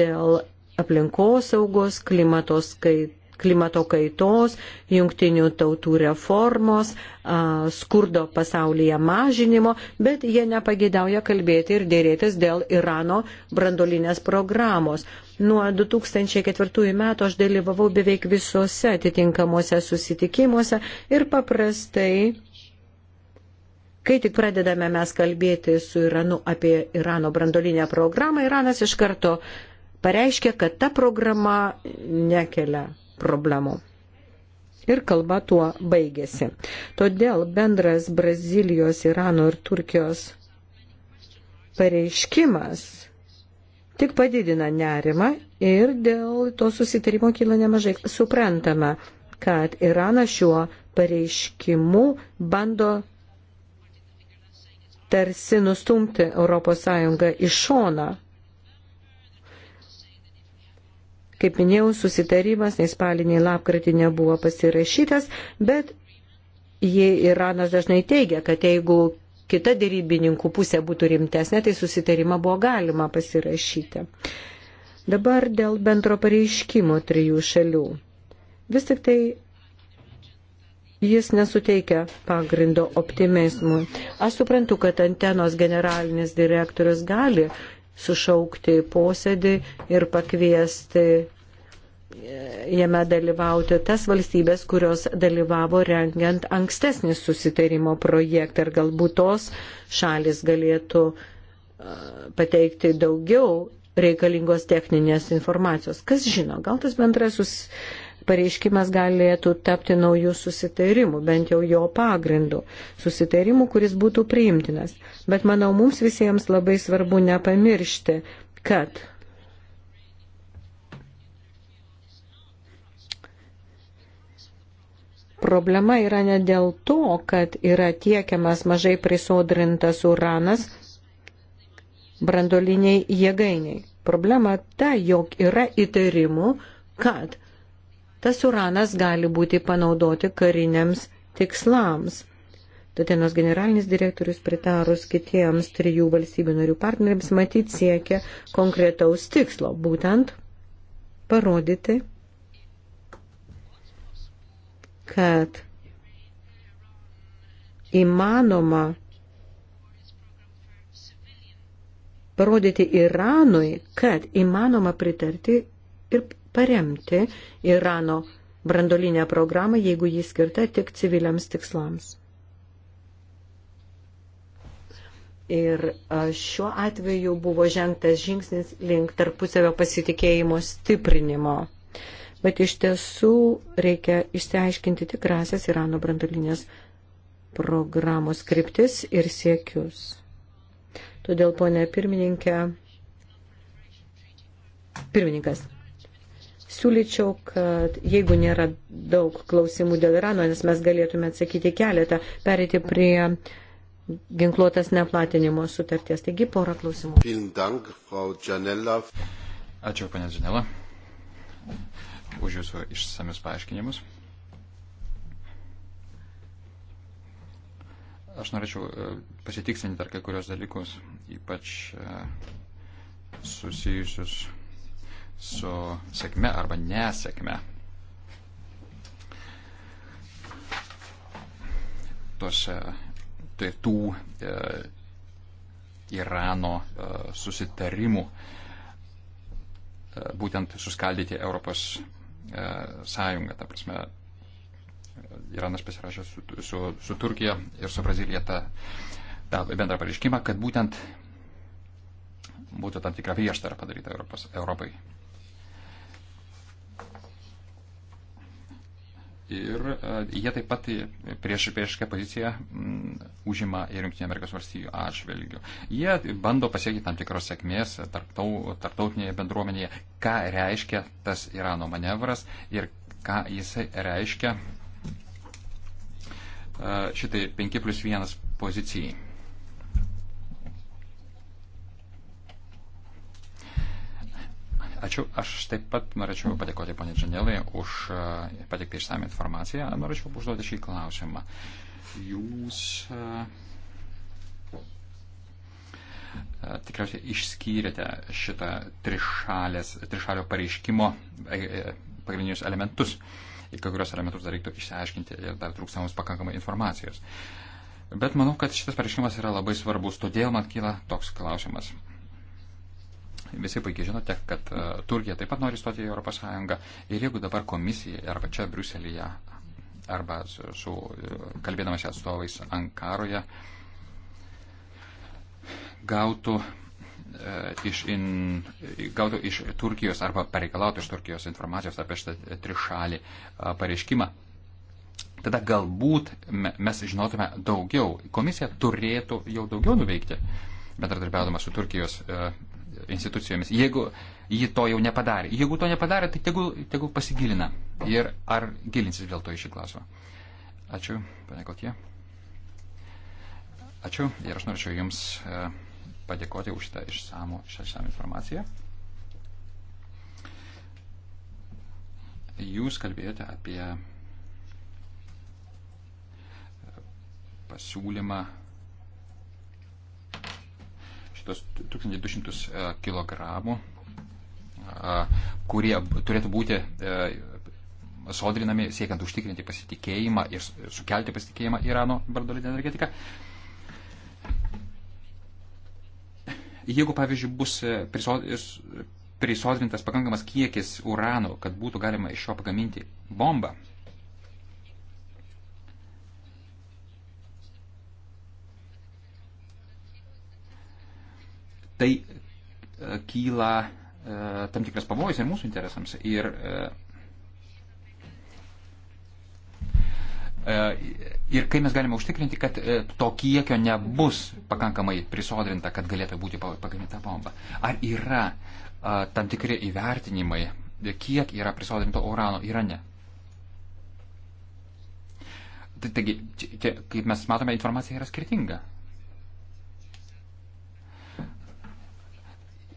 dėl aplinkosaugos, klimatos kaitos klimato kaitos, jungtinių tautų reformos, skurdo pasaulyje mažinimo, bet jie nepagėdauja kalbėti ir dėrėtis dėl Irano brandolinės programos. Nuo 2004 metų aš dalyvavau beveik visose atitinkamuose susitikimuose ir paprastai. Kai tik pradedame mes kalbėti su Iranu apie Irano brandolinę programą, Iranas iš karto uh, pareiškė, kad ta programa nekelia problemų. Ir kalba tuo baigėsi. Todėl bendras Brazilijos, Irano ir Turkijos pareiškimas tik padidina nerimą ir dėl to susitarimo kyla nemažai. Suprantama, kad Iranas šiuo pareiškimu bando tarsi nustumti ES į šoną Kaip minėjau, susitarimas nei spalį, nei lapkritį nebuvo pasirašytas, bet jie Iranas dažnai teigia, kad jeigu kita dėrybininkų pusė būtų rimtesnė, tai susitarimą buvo galima pasirašyti. Dabar dėl bendro pareiškimo trijų šalių. Vis tik tai jis nesuteikia pagrindo optimizmui. Aš suprantu, kad antenos generalinis direktorius gali sušaukti posėdį ir pakviesti e, jame dalyvauti tas valstybės, kurios dalyvavo rengiant ankstesnį susitarimo projektą ir galbūt tos šalis galėtų e, pateikti daugiau reikalingos techninės informacijos. Kas žino, gal tas bendrasis pareiškimas galėtų tapti naujų susitarimų, bent jau jo pagrindu, susitarimų, kuris būtų priimtinas. Bet manau, mums visiems labai svarbu nepamiršti, kad Problema yra ne dėl to, kad yra tiekiamas mažai prisodrintas uranas brandoliniai jėgainiai. Problema ta, jog yra įtarimų, kad tas uranas gali būti panaudoti kariniams tikslams. Tatenos generalinis direktorius pritarus kitiems trijų valstybių narių partneriams matyt siekia konkretaus tikslo, būtent parodyti, kad įmanoma parodyti Iranui, kad įmanoma pritarti ir paremti Irano brandolinę programą, jeigu jį skirta tik civiliams tikslams. Ir šiuo atveju buvo žengtas žingsnis link tarpusavio pasitikėjimo stiprinimo. Bet iš tiesų reikia išsiaiškinti tikrasias Irano brandolinės programos kryptis ir siekius. Todėl, ponė pirmininkė, pirmininkas, siūlyčiau, kad jeigu nėra daug klausimų dėl Irano, nes mes galėtume atsakyti keletą, perėti prie ginkluotas neplatinimo sutarties. Taigi porą klausimų. Ačiū, panė Džanela, už jūsų išsamius paaiškinimus. Aš norėčiau e, pasitiksinti dar kai kurios dalykus, ypač e, susijusius su sėkme arba nesėkme. Tuose, tai tų e, Irano e, susitarimų e, būtent suskaldyti Europos e, sąjungą. Ta prasme, Iranas pasirašė su, su, su Turkija ir su Brazilija tą, tą bendrą pareiškimą, kad būtent būtų tam tikra prieštara padaryta Europos, Europai. ir e, jie taip pat prieš priešišką poziciją mm, užima ir Junktinė Amerikos valstybių atžvilgių. Jie bando pasiekti tam tikros sėkmės tarptau, tarptautinėje bendruomenėje, ką reiškia tas Irano manevras ir ką jisai reiškia e, šitai 5 plus 1 pozicijai. Ačiū. Aš taip pat norėčiau padėkoti ponė Džanėlai už e, pateiktą išsame informaciją. Norėčiau užduoti šį klausimą. Jūs e, e, tikriausiai išskyrėte šitą trišalės, trišalio pareiškimo pagrindinius elementus. Į kai kurios elementus dar reiktų išsiaiškinti ir dar trūksta mums pakankamai informacijos. Bet manau, kad šitas pareiškimas yra labai svarbus, todėl man kyla toks klausimas. Visi puikiai žinote, kad e, Turkija taip pat nori stoti į ES ir jeigu dabar komisija arba čia Briuselėje arba su, su kalbėdamas atstovais Ankaroje gautų e, iš, in, gautų iš Turkijos arba pareikalautų iš Turkijos informacijos apie šitą trišalį e, pareiškimą. Tada galbūt mes žinotume daugiau. Komisija turėtų jau daugiau nuveikti, bendradarbiaudama su Turkijos institucijomis, jeigu ji to jau nepadarė. Jeigu to nepadarė, tai tegul, tegul pasigilina. Ir ar gilinsis dėl to į šį klausimą. Ačiū, pane Kokie. Ačiū ir aš norėčiau Jums e, padėkoti už šitą išsamų, išsamų informaciją. Jūs kalbėjote apie e, pasiūlymą šitos 1200 e, kg, kurie turėtų būti e, sodrinami siekiant užtikrinti pasitikėjimą ir sukelti pasitikėjimą Irano branduolinę energetiką. Jeigu, pavyzdžiui, bus e, prisodrintas pakankamas kiekis urano, kad būtų galima iš jo pagaminti bombą, tai e, kyla e, tam tikras pavojus ir mūsų interesams. Ir, e, ir kai mes galime užtikrinti, kad to kiekio nebus pakankamai prisodrinta, kad galėtų būti pagaminta bomba. Ar yra tam tikri įvertinimai, kiek yra prisodrinto urano Irane? Tai, taigi, čia, kaip mes matome, informacija yra skirtinga.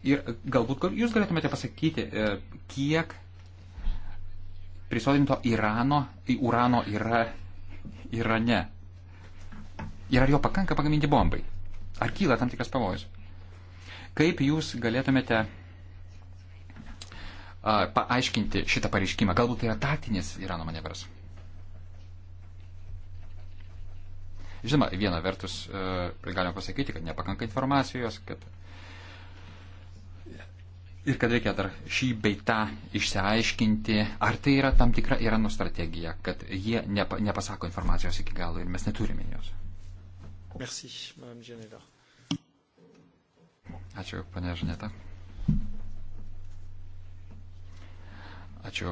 Ir galbūt jūs galėtumėte pasakyti, e, kiek prisodinto Irano, urano yra Irane. Ir ar jo pakanka pagaminti bombai? Ar kyla tam tikras pavojus? Kaip jūs galėtumėte a, paaiškinti šitą pareiškimą? Galbūt tai yra taktinis Irano manevras? Žinoma, viena vertus e, galima pasakyti, kad nepakanka informacijos, kad ir kad reikia dar šį beitą išsiaiškinti, ar tai yra tam tikra Irano strategija, kad jie nepa, nepasako informacijos iki galo ir mes neturime jos. Merci, Ačiū, panė Žaneta. Ačiū,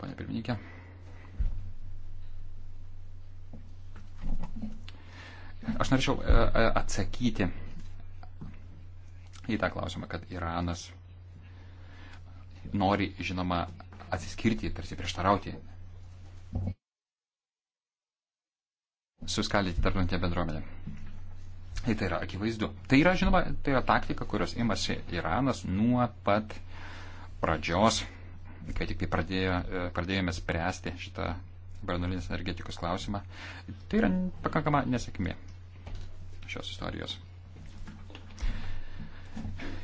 panė pirmininkė. Aš norėčiau e, e, atsakyti į tą klausimą, kad Iranas nori, žinoma, atsiskirti, tarsi prieštarauti. Suskaldyti tarptautinę bendruomenę. Ir tai, tai yra akivaizdu. Tai yra, žinoma, tai yra taktika, kurios imasi Iranas nuo pat pradžios, kai tik tai pradėjo, e, pradėjome spręsti šitą branduolinės energetikos klausimą. Tai yra pakankama nesėkmė šios istorijos.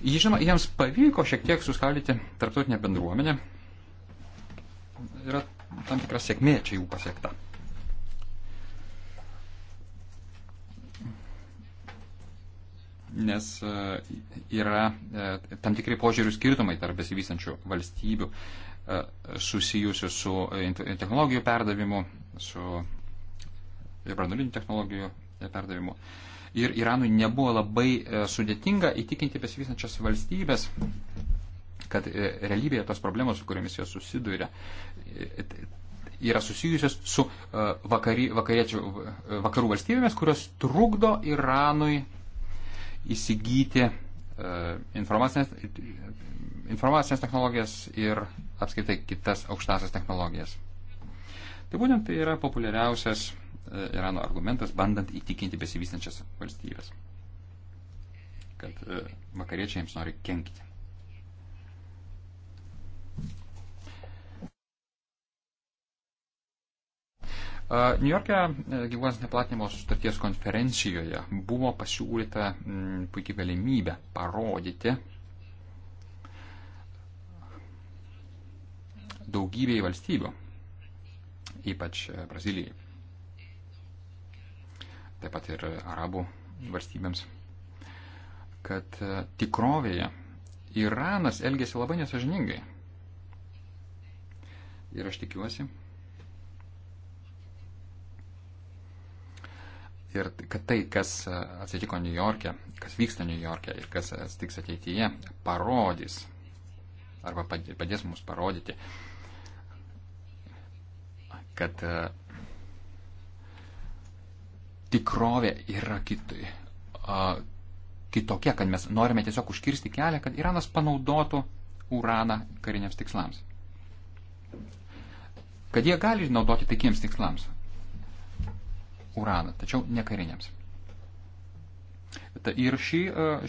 Žinoma, jiems pavyko šiek tiek suskaldyti tarptautinę bendruomenę. Yra tam tikra sėkmė čia jų pasiekta. Nes e, yra e, tam tikrai požiūrių skirtumai tarp besivystančių valstybių e, susijusių su technologijų perdavimu, su ir branduolinių technologijų perdavimu. Uh, ir Iranui nebuvo labai e, sudėtinga įtikinti besivystančias valstybės, kad e, realybėje tos problemos, su kuriamis jos susiduria, e, yra susijusios su vakari, vakarų valstybėmis, kurios trukdo Iranui įsigyti informacinės, informacinės technologijas ir apskritai kitas aukštasias technologijas. Tai būtent tai yra populiariausias E, Irano argumentas, bandant įtikinti besivystančias valstybės, kad e, vakariečiai jiems nori kenkti. E, New York'e gyvūnės neplatinimo sutarties konferencijoje buvo pasiūlyta puikiai galimybė parodyti daugybėj valstybių, ypač Brazilijai, taip pat ir arabų valstybėms, kad e, tikrovėje Iranas elgėsi labai nesažiningai. Ir aš tikiuosi, ir kad tai, kas e, atsitiko New York'e, kas vyksta New York'e ir kas atsitiks ateityje, parodys arba padės mums parodyti, kad e, tikrovė yra kit, a, kitokia, kad mes norime tiesiog užkirsti kelią, kad Iranas panaudotų uraną kariniams tikslams. Kad jie gali naudoti taikiems tikslams uraną, tačiau ne kariniams. Ir šį,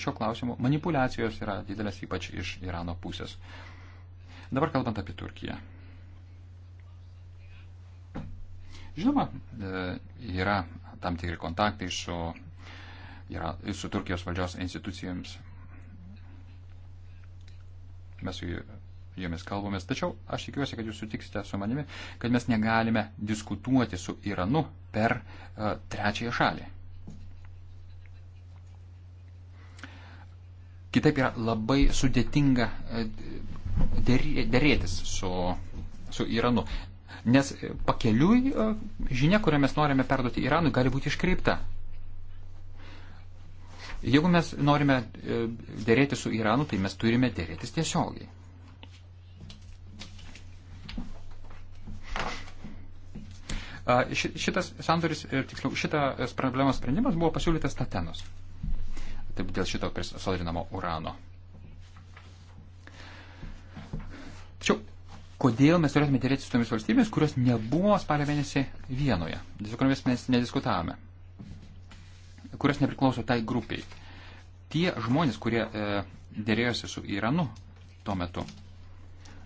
šio klausimo manipulacijos yra didelės ypač iš Irano pusės. Dabar kalbant apie Turkiją. Žinoma, e, yra tam tikri kontaktai su, yra, su Turkijos valdžios institucijoms. Mes su jomis kalbamės. Tačiau aš tikiuosi, kad jūs sutiksite su manimi, kad mes negalime diskutuoti su Iranu per uh, trečiąją šalį. Kitaip yra labai sudėtinga e, dėrėtis su, su Iranu. Nes pakeliui e, žinia, kurią mes norime perduoti Iranui, gali būti iškreipta. Jeigu mes norime e, dėrėti su Iranu, tai mes turime dėrėtis tiesiogiai. Šitas sandoris, e, tiksliau, šitas problemos sprendimas buvo pasiūlytas Tatenos. Taip dėl šito prisodrinamo urano. Tačiau kodėl mes turėtume dėrėti su tomis valstybėmis, kurios nebuvo spalio mėnesį vienoje, su kuriomis mes nediskutavome, kurios nepriklauso tai grupiai. Tie žmonės, kurie e, dėrėjosi su Iranu tuo metu,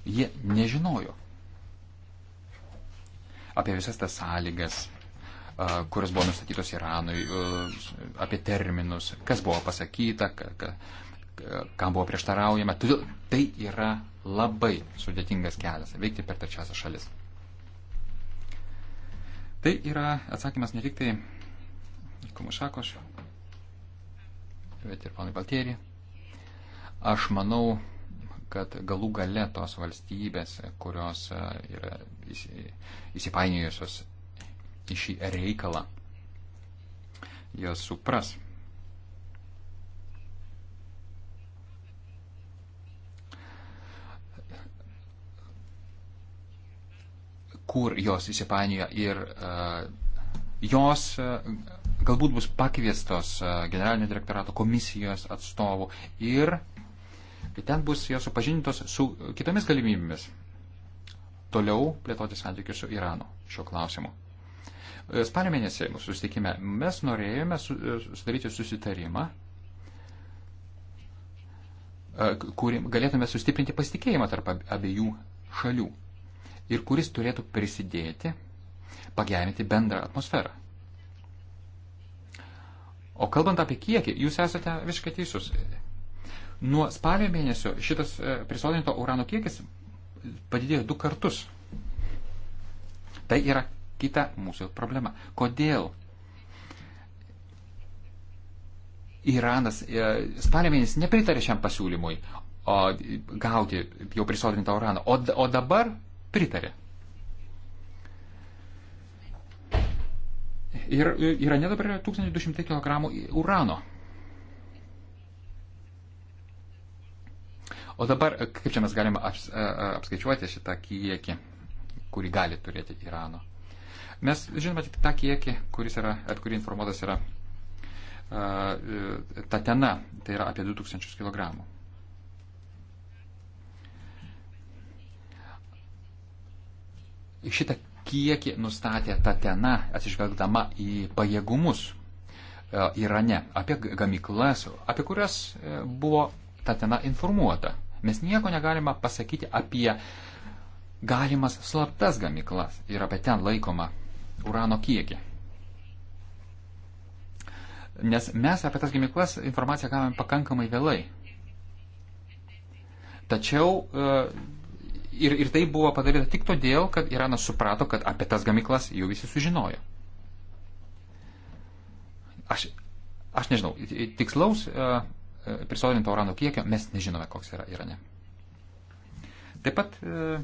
jie nežinojo apie visas tas sąlygas, e, kurios buvo nustatytos Iranui, e, apie terminus, kas buvo pasakyta, ka, ka, kam buvo prieštaraujama. Todėl tai yra labai sudėtingas kelias veikti per trečiasias šalis. Tai yra atsakymas ne tik tai Kumušakoš, bet ir ponai Baltėri. Aš manau, kad galų gale tos valstybės, kurios e, yra įsipainiojusios į šį reikalą, jos supras, kur jos įsipainioja ir e, jos e, galbūt bus pakviestos e, generalinio direktorato komisijos atstovų ir ten bus jos supažintos su kitomis galimybėmis toliau plėtoti santykius su Iranu šiuo klausimu. Spalio mėnesį mūsų susitikime mes norėjome sudaryti susitarimą, kurį galėtume sustiprinti pasitikėjimą tarp abiejų šalių ir kuris turėtų prisidėti pagerinti bendrą atmosferą. O kalbant apie kiekį, jūs esate visiškai teisus. Nuo spalio mėnesio šitas e, prisodinto urano kiekis padidėjo du kartus. Tai yra kita mūsų problema. Kodėl Iranas e, spalio mėnesį nepritarė šiam pasiūlymui o, gauti jau prisodintą uraną, o, o dabar pritarė. Ir Irane dabar yra 1200 kg urano. O dabar, kaip čia mes galime aps, apskaičiuoti šitą kiekį, kurį gali turėti Irano? Mes žinome tik tą kiekį, kuris yra, apie kurį informuotas yra uh, Tatena, tai yra apie 2000 kg. šitą kiekį nustatė Tatena, atsižvelgdama į pajėgumus e, Irane, apie gamyklas, apie kurias e, buvo Tatena informuota. Mes nieko negalime pasakyti apie galimas slaptas gamyklas ir apie ten laikomą urano kiekį. Nes mes apie tas gamyklas informaciją gavome pakankamai vėlai. Tačiau e, ir, ir tai buvo padaryta tik todėl, kad Iranas suprato, kad apie tas gamyklas jau visi sužinojo. Aš, aš nežinau, tikslaus uh, e, e, prisotinto urano kiekio mes nežinome, koks yra Irane. Taip pat uh,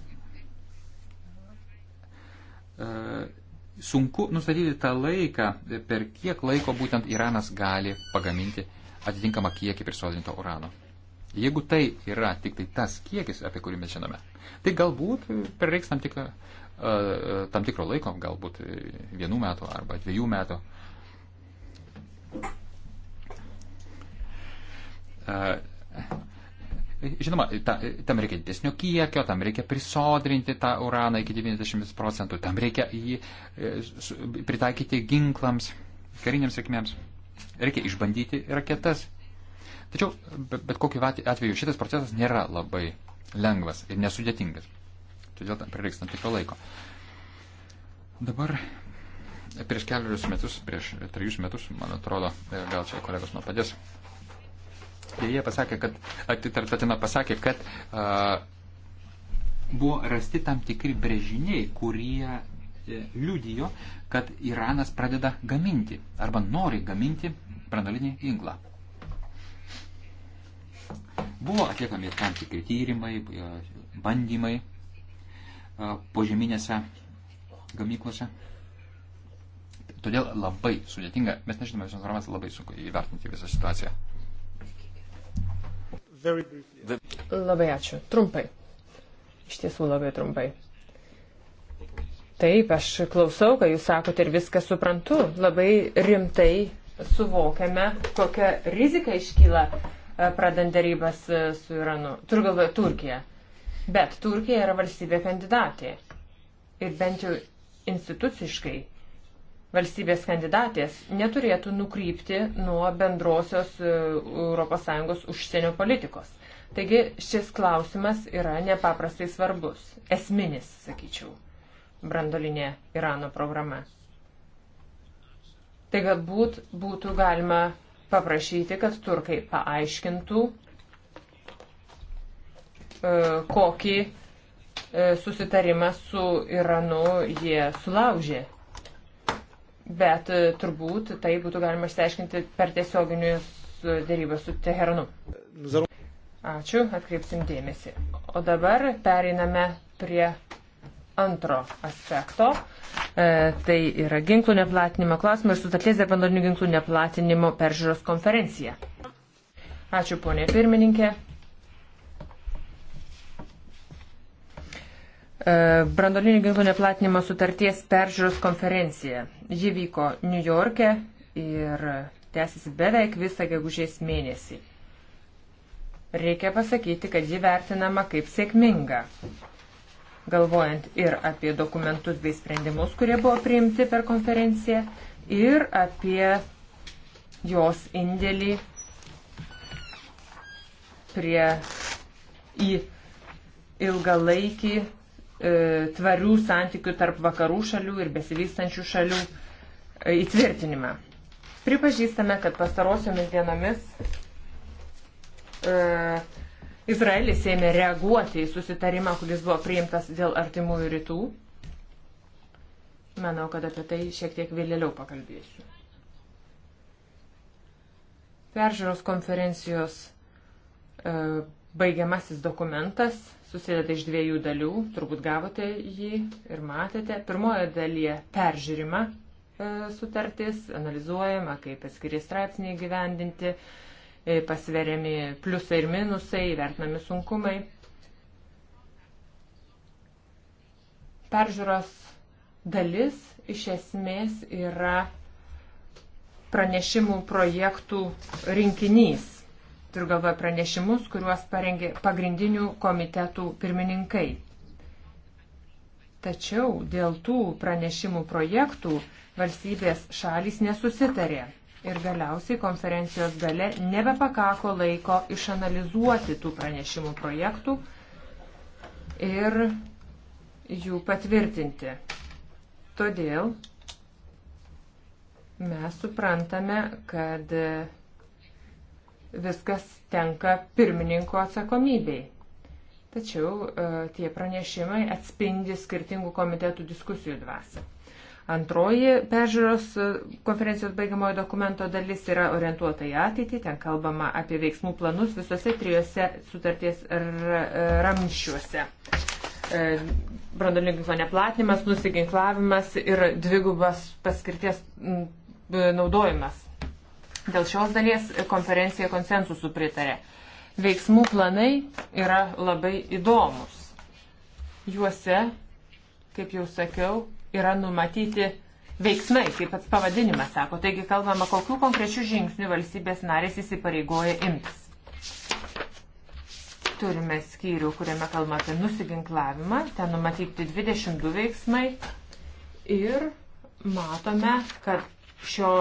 uh, sunku nustatyti tą laiką, per kiek laiko būtent Iranas gali pagaminti atitinkamą kiekį prisotinto urano. Jeigu tai yra tik tai tas kiekis, apie kurį mes žinome, Tai galbūt prireiks tam, tikrą, e, e, tam tikro laiko, galbūt vienų metų arba dviejų metų. E, žinoma, ta, tam reikia didesnio kiekio, tam reikia prisodrinti tą uraną iki 90 procentų, tam reikia jį pritaikyti ginklams, kariniams reikmėms, reikia išbandyti raketas. Tačiau, bet, bet kokiu atveju, šitas procesas nėra labai lengvas ir nesudėtingas. Todėl prireiks tam tikro laiko. Dabar prieš keliarius metus, prieš trejus metus, man atrodo, e, gal čia kolegos man padės, jie pasakė, kad, atitartatina pasakė, kad a, buvo rasti tam tikri brėžiniai, kurie e, liudijo, kad Iranas pradeda gaminti arba nori gaminti brandolinį ginklą. Buvo atliekami ir tam tikri tyrimai, e, bandymai e, požeminėse gamyklose. Todėl labai sudėtinga, mes nežinome visos informacijos, labai sunku įvertinti visą situaciją. Labai ačiū. Trumpai. Iš tiesų labai trumpai. Taip, aš klausau, ką jūs sakote ir viską suprantu. Labai rimtai suvokiame, kokia rizika iškyla E, pradant darybas e, su Iranu. Turiu galvoje Turkiją. Bet Turkija yra valstybė kandidatė. Ir bent jau instituciškai valstybės kandidatės neturėtų nukrypti nuo bendrosios ES užsienio politikos. Taigi šis klausimas yra nepaprastai svarbus, esminis, sakyčiau, brandolinė Irano programa. Tai galbūt būtų galima paprašyti, kad turkai paaiškintų, e, kokį e, susitarimą su Iranu jie sulaužė. Bet e, turbūt tai būtų galima išsiaiškinti per tiesioginius dėrybas su Teheranu. Ačiū, atkreipsim dėmesį. O dabar pereiname prie antro aspekto. E, tai yra ginklų neplatinimo klausimai ir sutarties dėl bandoninių ginklų neplatinimo peržiūros konferencija. Ačiū ponė pirmininkė. E, brandolinių ginklų neplatinimo sutarties peržiūros konferencija. Ji vyko New York'e ir tęsiasi beveik visą gegužės mėnesį. Reikia pasakyti, kad ji vertinama kaip sėkminga galvojant ir apie dokumentus bei sprendimus, kurie buvo priimti per konferenciją, ir apie jos indėlį prie į ilgalaikį e, tvarių santykių tarp vakarų šalių ir besivystančių šalių e, įtvirtinimą. Pripažįstame, kad pastarosiomis dienomis e, Izraelis ėmė reaguoti į susitarimą, kuris buvo priimtas dėl artimųjų rytų. Manau, kad apie tai šiek tiek vėliau pakalbėsiu. Peržiūros konferencijos e, baigiamasis dokumentas susideda iš dviejų dalių, turbūt gavote jį ir matėte. Pirmoje dalyje peržiūrima e, sutartis, analizuojama, kaip atskiri straipsniai gyvendinti, e, E, pasveriami pliusai ir minusai, vertinami sunkumai. Peržiūros dalis iš esmės yra pranešimų projektų rinkinys. Turiu galvoje pranešimus, kuriuos parengė pagrindinių komitetų pirmininkai. Tačiau dėl tų pranešimų projektų valstybės šalys nesusitarė. Ir galiausiai konferencijos gale nebepakako laiko išanalizuoti tų pranešimų projektų ir jų patvirtinti. Todėl mes suprantame, kad viskas tenka pirmininko atsakomybei. Tačiau e, tie pranešimai atspindi skirtingų komitetų diskusijų dvasę. Antroji peržiūros e, konferencijos baigiamojo dokumento dalis yra orientuota į ateitį, ten kalbama apie veiksmų planus visose trijose sutarties e, ramščiuose. E, Brandolinio ginklo neplatinimas, nusiginklavimas ir dvigubas paskirties naudojimas. Dėl šios dalies konferencija konsensusų pritarė. Veiksmų planai yra labai įdomus. Juose, kaip jau sakiau, yra numatyti veiksmai, kaip pats pavadinimas sako. Taigi kalbama, kokiu konkrečiu žingsniu valstybės narės įsipareigoja imtis. Turime skyrių, kuriame kalbama apie nusiginklavimą, ten numatyti 22 veiksmai ir matome, kad šio,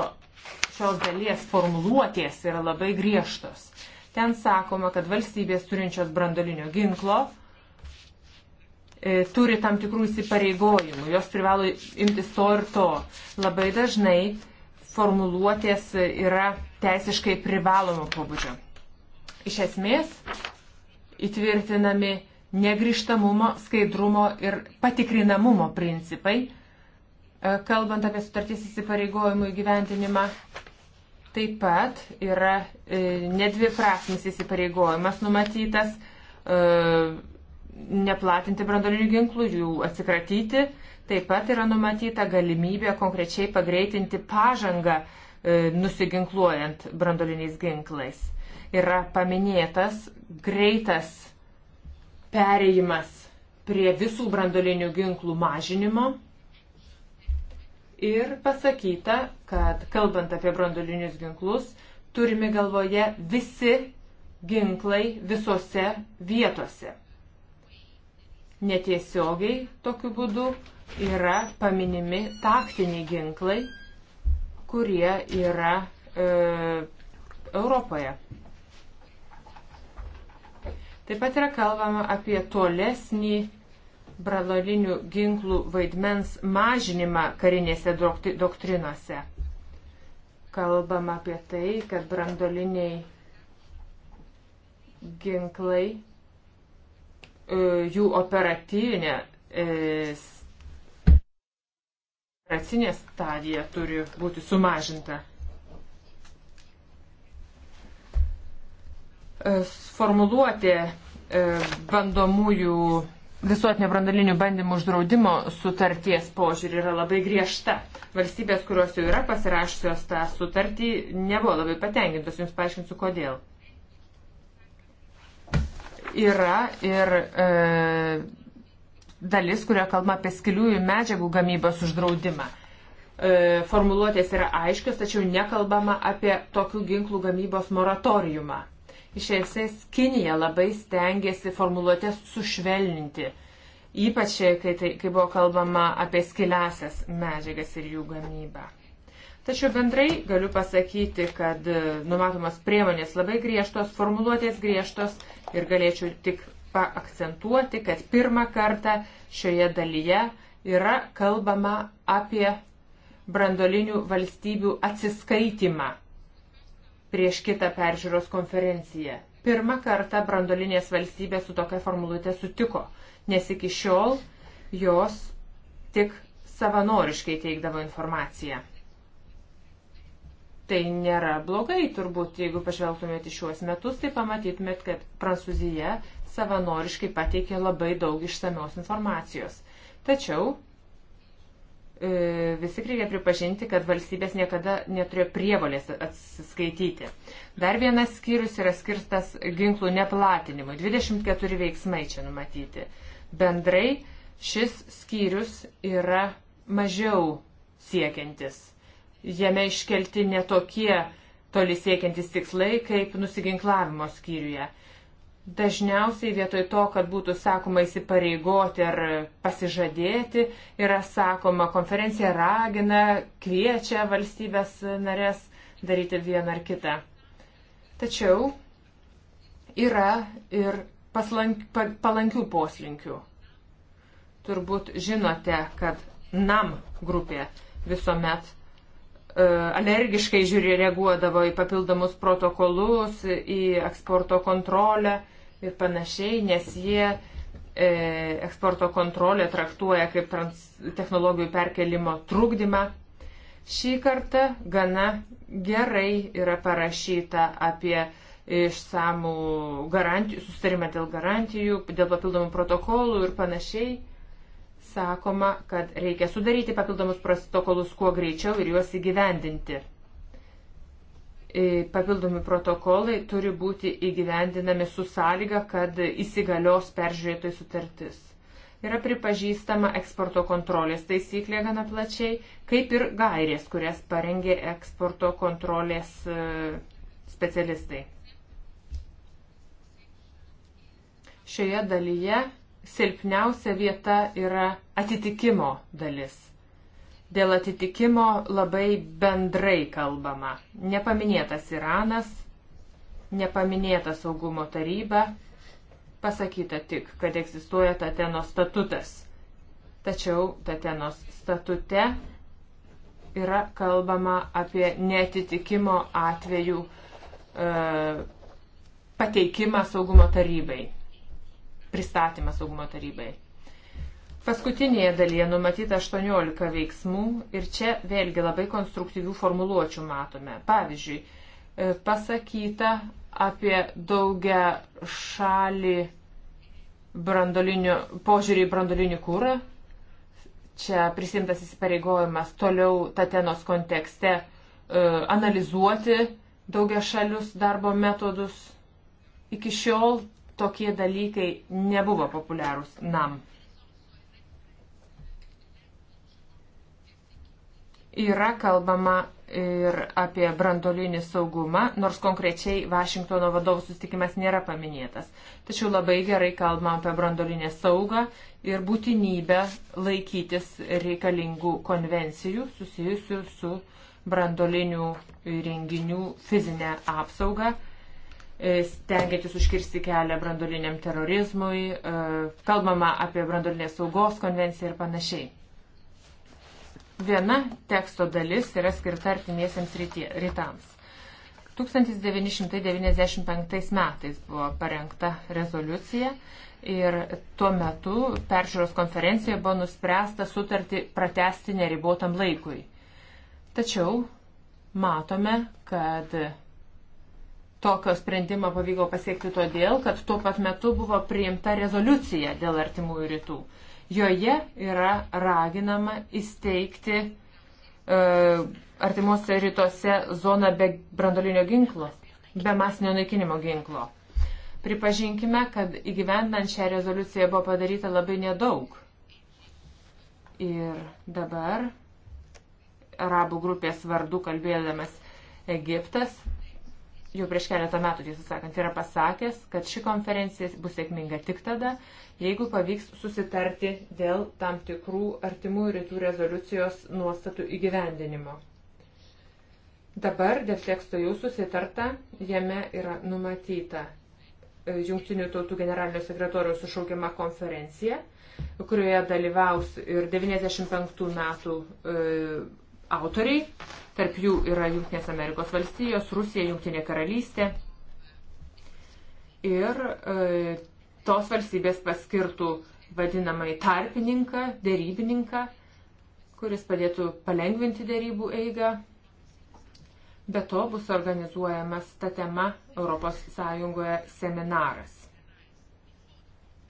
šios dalies formuluotės yra labai griežtos. Ten sakoma, kad valstybės turinčios brandolinio ginklo E, turi tam tikrų įsipareigojimų, jos privalo imtis to ir to. Labai dažnai formuluotės yra teisiškai privalomo pobūdžio. Iš esmės įtvirtinami negrižtamumo, skaidrumo ir patikrinamumo principai, e, kalbant apie sutarties įsipareigojimų įgyventinimą. Taip pat yra e, nedviprasmis įsipareigojimas numatytas neplatinti brandolinių ginklų, jų atsikratyti. Taip pat yra numatyta galimybė konkrečiai pagreitinti pažangą e, nusiginkluojant brandoliniais ginklais. Yra paminėtas greitas pereimas prie visų brandolinių ginklų mažinimo. Ir pasakyta, kad kalbant apie brandolinius ginklus, turime galvoje visi ginklai visose vietose netiesiogiai tokiu būdu yra paminimi taktiniai ginklai, kurie yra e, Europoje. Taip pat yra kalbama apie tolesnį bralolinių ginklų vaidmens mažinimą karinėse doktrinose. Kalbama apie tai, kad brandoliniai ginklai E, jų operatyvinė, e, operacinė stadija turi būti sumažinta. E, formuluotė bandomųjų visuotinio brandalinių bandymų uždraudimo sutarties požiūrį yra labai griežta. Valstybės, kurios jau yra pasirašusios tą sutartį, nebuvo labai patenkintos. Jums paaiškinsiu, kodėl yra ir e, dalis, kurioje kalba apie skiliųjų medžiagų gamybos uždraudimą. E, formuluotės yra aiškios, tačiau nekalbama apie tokių ginklų gamybos moratoriumą. Iš esmės, Kinija labai stengiasi formuluotės sušvelninti, ypač kai, tai, kai buvo kalbama apie skiliasias medžiagas ir jų gamybą. Tačiau bendrai galiu pasakyti, kad numatomas priemonės labai griežtos, formuluotės griežtos Ir galėčiau tik paakcentuoti, kad pirmą kartą šioje dalyje yra kalbama apie brandolinių valstybių atsiskaitimą prieš kitą peržiūros konferenciją. Pirmą kartą brandolinės valstybės su tokia formuluotė sutiko, nes iki šiol jos tik savanoriškai teikdavo informaciją. Tai nėra blogai, turbūt, jeigu pažvelgtumėte šiuos metus, tai pamatytumėt, kad Prancūzija savanoriškai pateikė labai daug išsamios informacijos. Tačiau e, vis tik reikia pripažinti, kad valstybės niekada neturėjo prievolės atsiskaityti. Dar vienas skyrius yra skirtas ginklų neplatinimui. 24 veiksmai čia numatyti. Bendrai šis skyrius yra mažiau siekiantis Jame iškelti netokie toli siekiantis tikslai kaip nusiginklavimo skyriuje. Dažniausiai vietoj to, kad būtų sakoma įsipareigoti ar pasižadėti, yra sakoma konferencija ragina, kviečia valstybės narės daryti vieną ar kitą. Tačiau yra ir paslank, pa, palankių poslinkių. Turbūt žinote, kad NAM grupė visuomet E, alergiškai žiūri reaguodavo į papildomus protokolus, į eksporto kontrolę ir panašiai, nes jie e, eksporto kontrolę traktuoja kaip technologijų perkelimo trukdymą. Šį kartą gana gerai yra parašyta apie išsamų garantijų, sustarimą dėl garantijų, dėl papildomų protokolų ir panašiai sakoma, kad reikia sudaryti papildomus protokolus kuo greičiau ir juos įgyvendinti. E, papildomi protokolai turi būti įgyvendinami su sąlyga, kad įsigalios peržiūrėtojų sutartis. Yra pripažįstama eksporto kontrolės taisyklė gana plačiai, kaip ir gairės, kurias parengė eksporto kontrolės e, specialistai. Šioje dalyje silpniausia vieta yra atitikimo dalis. Dėl atitikimo labai bendrai kalbama. Nepaminėtas Iranas, nepaminėta saugumo taryba, pasakyta tik, kad egzistuoja Tateno statutas. Tačiau Tatenos statute yra kalbama apie netitikimo atvejų e, pateikimą saugumo tarybai pristatymą saugumo tarybai. Paskutinėje dalyje numatyta 18 veiksmų ir čia vėlgi labai konstruktyvių formuluočių matome. Pavyzdžiui, e, pasakyta apie daugia šalį požiūrį į brandolinį kūrą. Čia prisimtas įsipareigojimas toliau Tatenos kontekste e, analizuoti daugia šalius darbo metodus. Iki šiol tokie dalykai nebuvo populiarūs nam. Yra kalbama ir apie brandolinį saugumą, nors konkrečiai Vašingtono vadovų sustikimas nėra paminėtas. Tačiau labai gerai kalbama apie brandolinę saugą ir būtinybę laikytis reikalingų konvencijų susijusių su brandolinių įrenginių fizinę apsaugą E, stengiantis užkirsti kelią brandoliniam terorizmui, e, kalbama apie brandolinės saugos konvenciją ir panašiai. Viena teksto dalis yra skirta artimiesiams rytams. 1995 metais buvo parengta rezoliucija ir tuo metu peržiūros konferencijoje buvo nuspręsta sutartį pratesti neribotam laikui. Tačiau matome, kad Tokio sprendimo pavyko pasiekti todėl, kad tuo pat metu buvo priimta rezoliucija dėl artimųjų rytų. Joje yra raginama įsteigti e, artimuose rytuose zoną be brandolinio ginklo, be masinio naikinimo ginklo. Pripažinkime, kad įgyvendant šią rezoliuciją buvo padaryta labai nedaug. Ir dabar arabų grupės vardu kalbėdamas Egiptas jau prieš keletą metų, tiesą sakant, yra pasakęs, kad ši konferencija bus sėkminga tik tada, jeigu pavyks susitarti dėl tam tikrų artimų rytų rezoliucijos nuostatų įgyvendinimo. Dabar dėl teksto jau susitarta, jame yra numatyta e, Junktinių tautų generalinio sekretoriaus sušaukiama konferencija, kurioje dalyvaus ir 95 metų e, autoriai, tarp jų yra Junktinės Amerikos valstijos, Rusija, Junktinė karalystė. Ir e, tos valstybės paskirtų vadinamai tarpininką, dėrybininką, kuris padėtų palengvinti dėrybų eigą. Be to bus organizuojamas ta tema ES seminaras.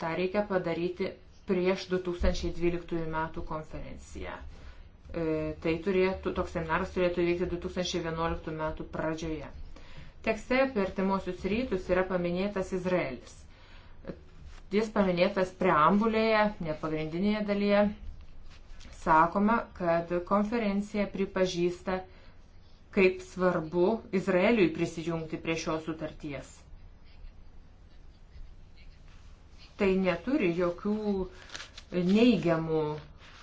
Ta reikia padaryti prieš 2012 m. konferenciją. E, tai turėtų, toks seminaras turėtų įvykti 2011 metų pradžioje. Tekste apie artimuosius rytus yra paminėtas Izraelis. Jis paminėtas preambulėje, nepagrindinėje dalyje. Sakoma, kad konferencija pripažįsta, kaip svarbu Izraeliui prisijungti prie šios sutarties. Tai neturi jokių neigiamų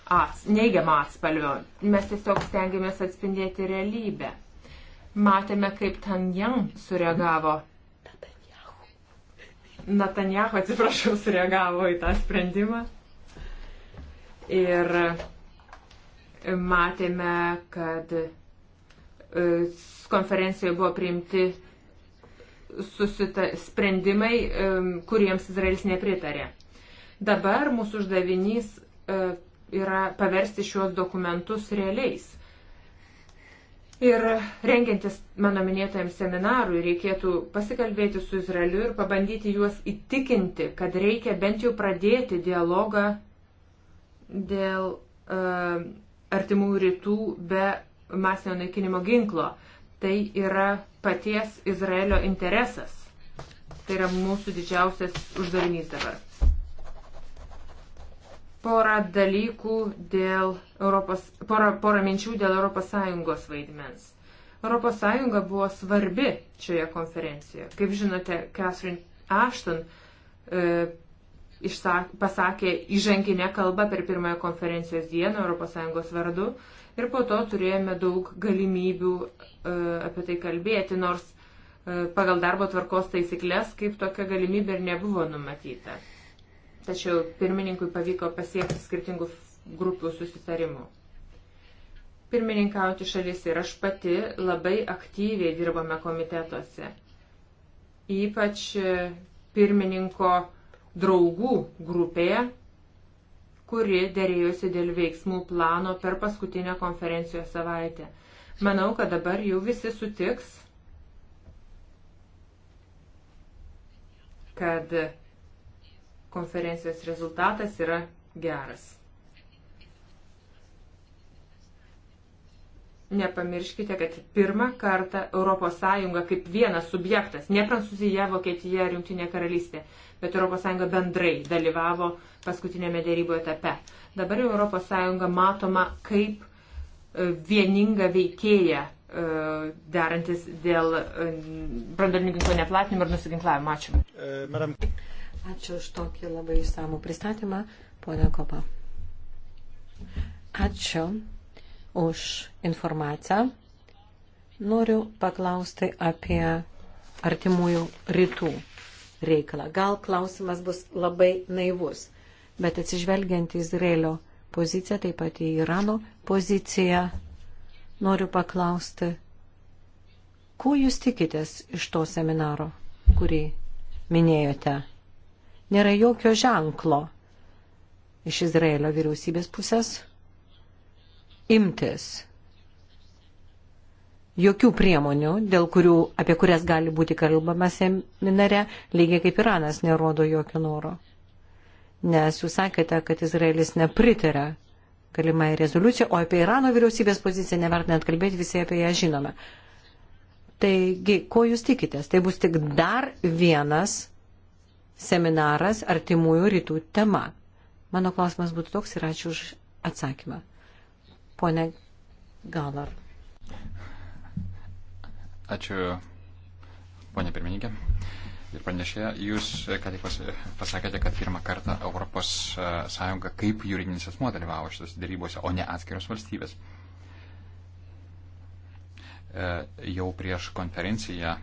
ats, neigiamą atspalvio. Mes tiesiog stengiamės atspindėti realybę. Matėme, kaip Tanjan sureagavo. Netanjahu, atsiprašau, sureagavo į tą sprendimą. Ir e, matėme, kad e, konferencijoje buvo priimti susita, sprendimai, e, kuriems Izraelis nepritarė. Dabar mūsų uždavinys yra paversti šiuos dokumentus realiais. Ir rengiantis mano minėtajam seminarui reikėtų pasikalbėti su Izraeliu ir pabandyti juos įtikinti, kad reikia bent jau pradėti dialogą dėl uh, e, artimų rytų be masinio naikinimo ginklo. Tai yra paties Izraelio interesas. Tai yra mūsų didžiausias uždavinys dabar porą dalykų dėl Europos, porą, porą minčių dėl ES vaidmens. ES buvo svarbi šioje konferencijoje. Kaip žinote, Catherine Ashton e, išsak, pasakė įžanginę kalbą per pirmąją konferencijos dieną ES vardu ir po to turėjome daug galimybių e, apie tai kalbėti, nors e, pagal darbo tvarkos taisyklės kaip tokia galimybė ir nebuvo numatyta tačiau pirmininkui pavyko pasiekti skirtingų grupių susitarimų. Pirmininkauti šalis ir aš pati labai aktyviai dirbame komitetuose, ypač e, pirmininko draugų grupėje, kuri dėrėjosi dėl veiksmų plano per paskutinę konferencijos savaitę. Manau, kad dabar jau visi sutiks, kad konferencijos rezultatas yra geras. Nepamirškite, kad pirmą kartą ES kaip vienas subjektas, ne Prancūzija, Vokietija ar Junktinė karalystė, bet ES bendrai dalyvavo paskutinėme dėrybo etape. Dabar ES matoma kaip e, vieninga veikėja e, derantis dėl e, brandalinių ginklo neplatinimo ir nusiginklavimo. Ačiū. E, Ačiū už tokį labai išsamų pristatymą, ponia Kopa. Ačiū už informaciją. Noriu paklausti apie artimųjų rytų reikalą. Gal klausimas bus labai naivus, bet atsižvelgiant į Izraelio poziciją, taip pat į Irano poziciją, noriu paklausti, ko jūs tikitės iš to seminaro, kurį minėjote? nėra jokio ženklo iš Izraelio vyriausybės pusės imtis jokių priemonių, dėl kurių, apie kurias gali būti kalbama seminare, lygiai kaip Iranas nerodo jokio noro. Nes jūs sakėte, kad Izraelis nepritarė galimai rezoliucijai, o apie Irano vyriausybės poziciją neverta net kalbėti, visi apie ją žinome. Taigi, ko jūs tikitės? Tai bus tik dar vienas seminaras artimųjų rytų tema. Mano klausimas būtų toks ir ačiū už atsakymą. Pone Galar. Ačiū, ponė pirmininkė. Ir pranešėja, jūs e, ką tik pasakėte, kad pirmą kartą ES e, kaip juridinis asmo dalyvavo šitas darybose, o ne atskirios valstybės. E, jau prieš konferenciją,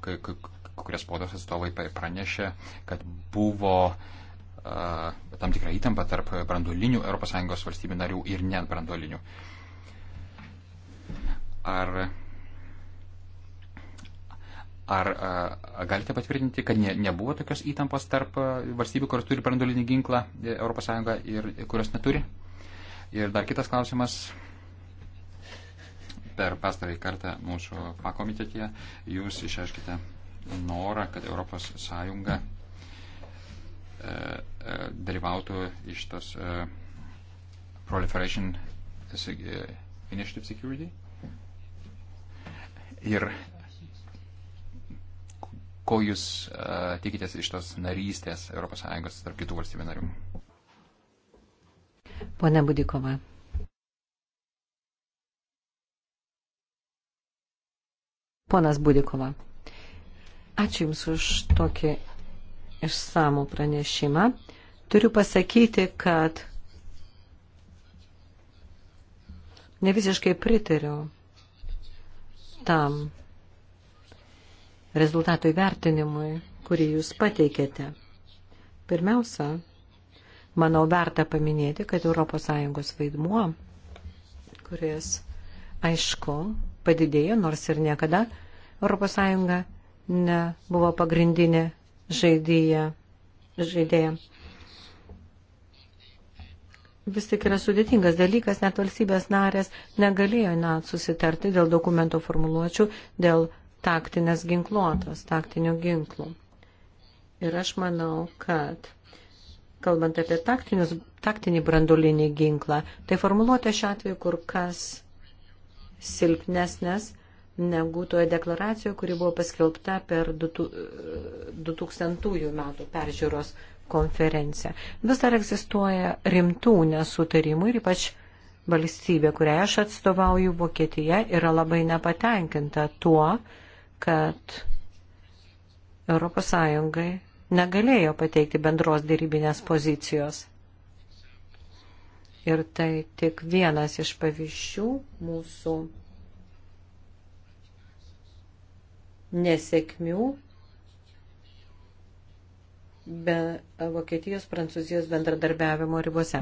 kai, kai, kurie spaudos atstovai pranešė, kad buvo e, tam tikra įtampa tarp brandolinių ES valstybių narių ir net brandolinių. Ar, ar a, e, galite patvirtinti, kad ne, nebuvo tokios įtampos tarp e, valstybių, kurios turi brandolinį ginklą ES ir kurios neturi? Ir dar kitas klausimas. Per pastarąjį kartą mūsų pakomitetėje jūs išaiškite norą, kad ES e, e, dalyvautų iš tos e, Proliferation Initiative Security. Ir ko jūs uh, tikitės iš tos narystės ES tarp kitų valstybių narių? Pone Budikova. Ponas Budikova. Ačiū Jums už tokį išsamų pranešimą. Turiu pasakyti, kad ne visiškai pritariu tam rezultatų įvertinimui, kurį Jūs pateikėte. Pirmiausia, manau, verta paminėti, kad ES vaidmuo, kuris, aišku, padidėjo, nors ir niekada ES nebuvo pagrindinė žaidėja. žaidėja. Vis tik yra sudėtingas dalykas, net valstybės narės negalėjo net susitarti dėl dokumento formuluočių, dėl taktinės ginkluotos, taktinių ginklų. Ir aš manau, kad kalbant apie taktinius, taktinį brandulinį ginklą, tai formuluotė šiuo atveju kur kas silpnesnės negu toje deklaracijoje, kuri buvo paskelbta per 2000 metų peržiūros konferenciją. Vis dar egzistuoja rimtų nesutarimų ir ypač valstybė, kurią aš atstovauju, Vokietija, yra labai nepatenkinta tuo, kad ES negalėjo pateikti bendros dėrybinės pozicijos. Ir tai tik vienas iš pavyzdžių mūsų nesėkmių be Vokietijos, Prancūzijos bendradarbiavimo ribose.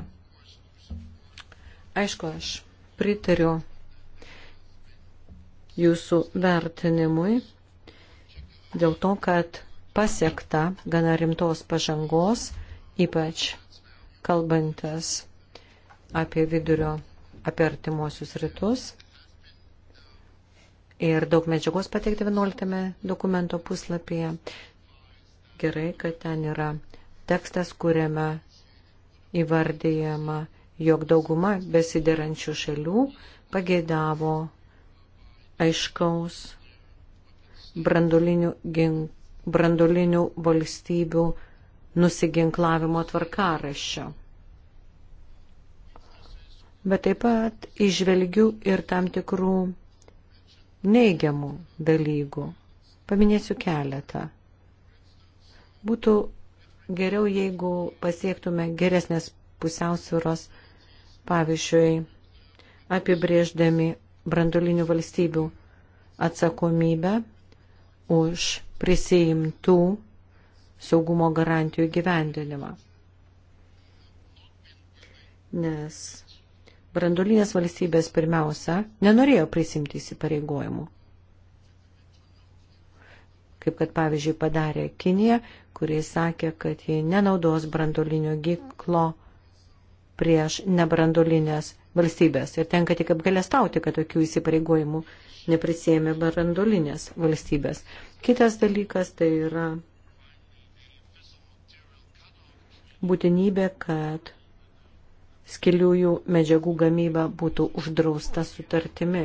Aišku, aš pritariu jūsų vertinimui dėl to, kad pasiekta gana rimtos pažangos, ypač kalbantis apie vidurio, apie artimuosius rytus ir daug medžiagos pateikti 11 dokumento puslapyje. Gerai, kad ten yra tekstas, kuriame įvardyjama, jog dauguma besiderančių šalių pagėdavo aiškaus brandolinių, gink, brandolinių valstybių nusiginklavimo tvarkaraščio. Bet taip pat išvelgiu ir tam tikrų neigiamų dalykų. Paminėsiu keletą. Būtų geriau, jeigu pasiektume geresnės pusiausvyros, pavyzdžiui, apibrėždami brandolinių valstybių atsakomybę už prisijimtų saugumo garantijų gyvendinimą. Nes brandolinės valstybės pirmiausia nenorėjo prisimti įsipareigojimų. Kaip kad pavyzdžiui padarė Kinija, kurie sakė, kad jie nenaudos brandolinio giklo prieš nebrandolinės valstybės. Ir tenka tik apgalėstauti, kad tokių įsipareigojimų neprisėmė brandolinės valstybės. Kitas dalykas tai yra būtinybė, kad skiliųjų medžiagų gamyba būtų uždrausta sutartimi.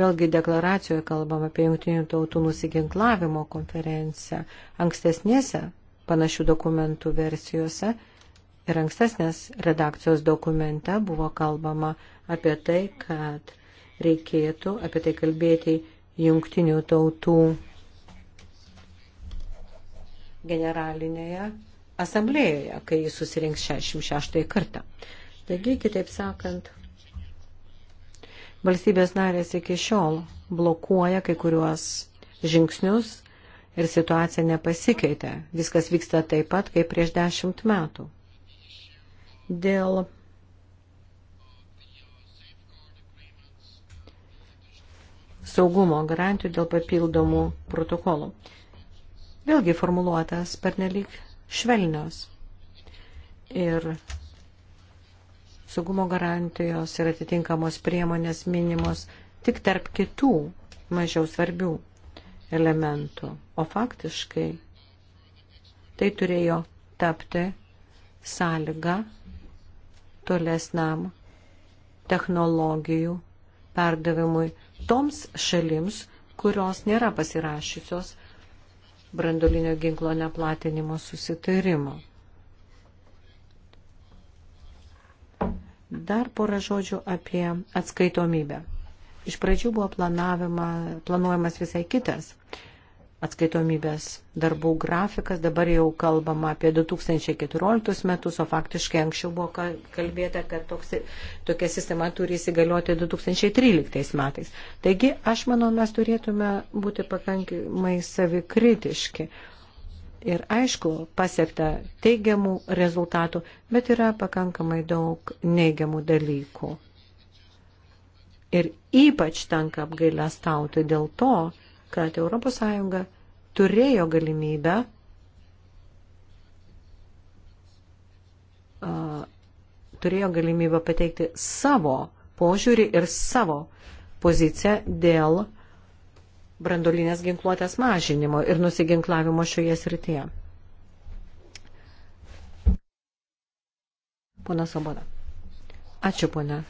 Vėlgi deklaracijoje kalbam apie Junktinių tautų nusiginklavimo konferenciją. Ankstesnėse panašių dokumentų versijose ir ankstesnės redakcijos dokumente buvo kalbama apie tai, kad reikėtų apie tai kalbėti Junktinių tautų generalinėje asamblėjoje, kai jis susirinks 66 kartą. Taigi, kitaip sakant, valstybės narės iki šiol blokuoja kai kuriuos žingsnius ir situacija nepasikeitė. Viskas vyksta taip pat, kaip prieš dešimt metų. Dėl saugumo garantijų dėl papildomų protokolų. Vėlgi formuluotas pernelyg švelnios. Ir saugumo garantijos ir atitinkamos priemonės minimos tik tarp kitų mažiau svarbių elementų. O faktiškai tai turėjo tapti sąlyga tolesnam technologijų perdavimui toms šalims, kurios nėra pasirašysios brandolinio ginklo neplatinimo susitarimo. Dar porą žodžių apie atskaitomybę. Iš pradžių buvo planavimas visai kitas atskaitomybės darbų grafikas. Dabar jau kalbama apie 2014 metus, o faktiškai anksčiau buvo kalbėta, kad toks, tokia sistema turi įsigalioti 2013 metais. Taigi, aš manau, mes turėtume būti pakankamai savikritiški. Ir aišku, pasiekta teigiamų rezultatų, bet yra pakankamai daug neigiamų dalykų. Ir ypač tenka apgailę stauti dėl to, kad ES turėjo galimybę uh, turėjo galimybę pateikti savo požiūrį ir savo poziciją dėl brandolinės ginkluotės mažinimo ir nusiginklavimo šioje srityje. Pana Soboda. Ačiū, pana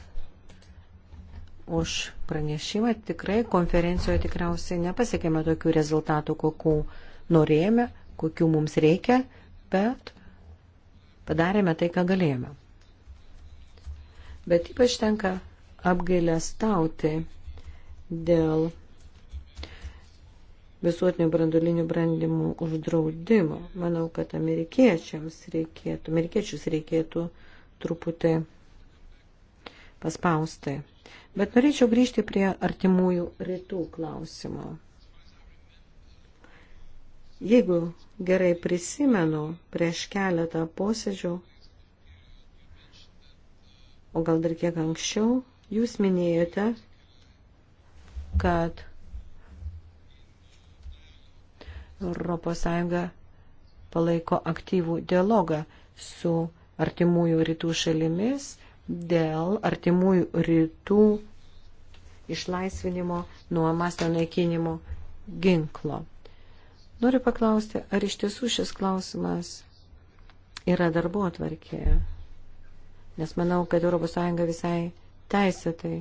už pranešimą. Tikrai konferencijoje tikriausiai nepasiekėme tokių rezultatų, kokių norėjome, kokių mums reikia, bet padarėme tai, ką galėjome. Bet ypač tenka apgailę stauti dėl visuotinių brandolinių brandimų uždraudimo. Manau, kad amerikiečiams reikėtų, amerikiečius reikėtų truputį paspausti. Bet norėčiau grįžti prie artimųjų rytų klausimo. Jeigu gerai prisimenu, prieš keletą posėdžių, o gal dar kiek anksčiau, jūs minėjote, kad ES palaiko aktyvų dialogą su artimųjų rytų šalimis dėl artimųjų rytų išlaisvinimo nuo masinio naikinimo ginklo. Noriu paklausti, ar iš tiesų šis klausimas yra darbo atvarkėje? Nes manau, kad ES visai teisėtai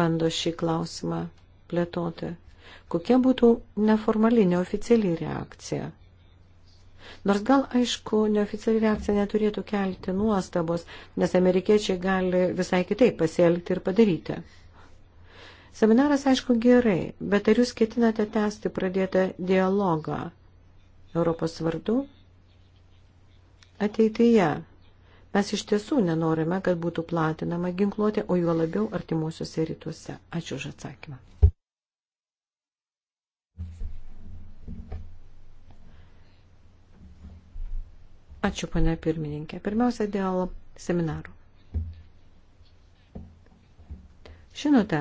bando šį klausimą plėtoti. Kokia būtų neformali, neoficiali reakcija? Nors gal, aišku, neoficiali reakcija neturėtų kelti nuostabos, nes amerikiečiai gali visai kitaip pasielgti ir padaryti. Seminaras, aišku, gerai, bet ar jūs ketinate tęsti pradėtą dialogą Europos vardu? Ateityje. Mes iš tiesų nenorime, kad būtų platinama ginkluotė, o juo labiau artimuosiuose rytuose. Ačiū už atsakymą. Ačiū, pane pirmininkė. Pirmiausia, dėl seminarų. Žinote,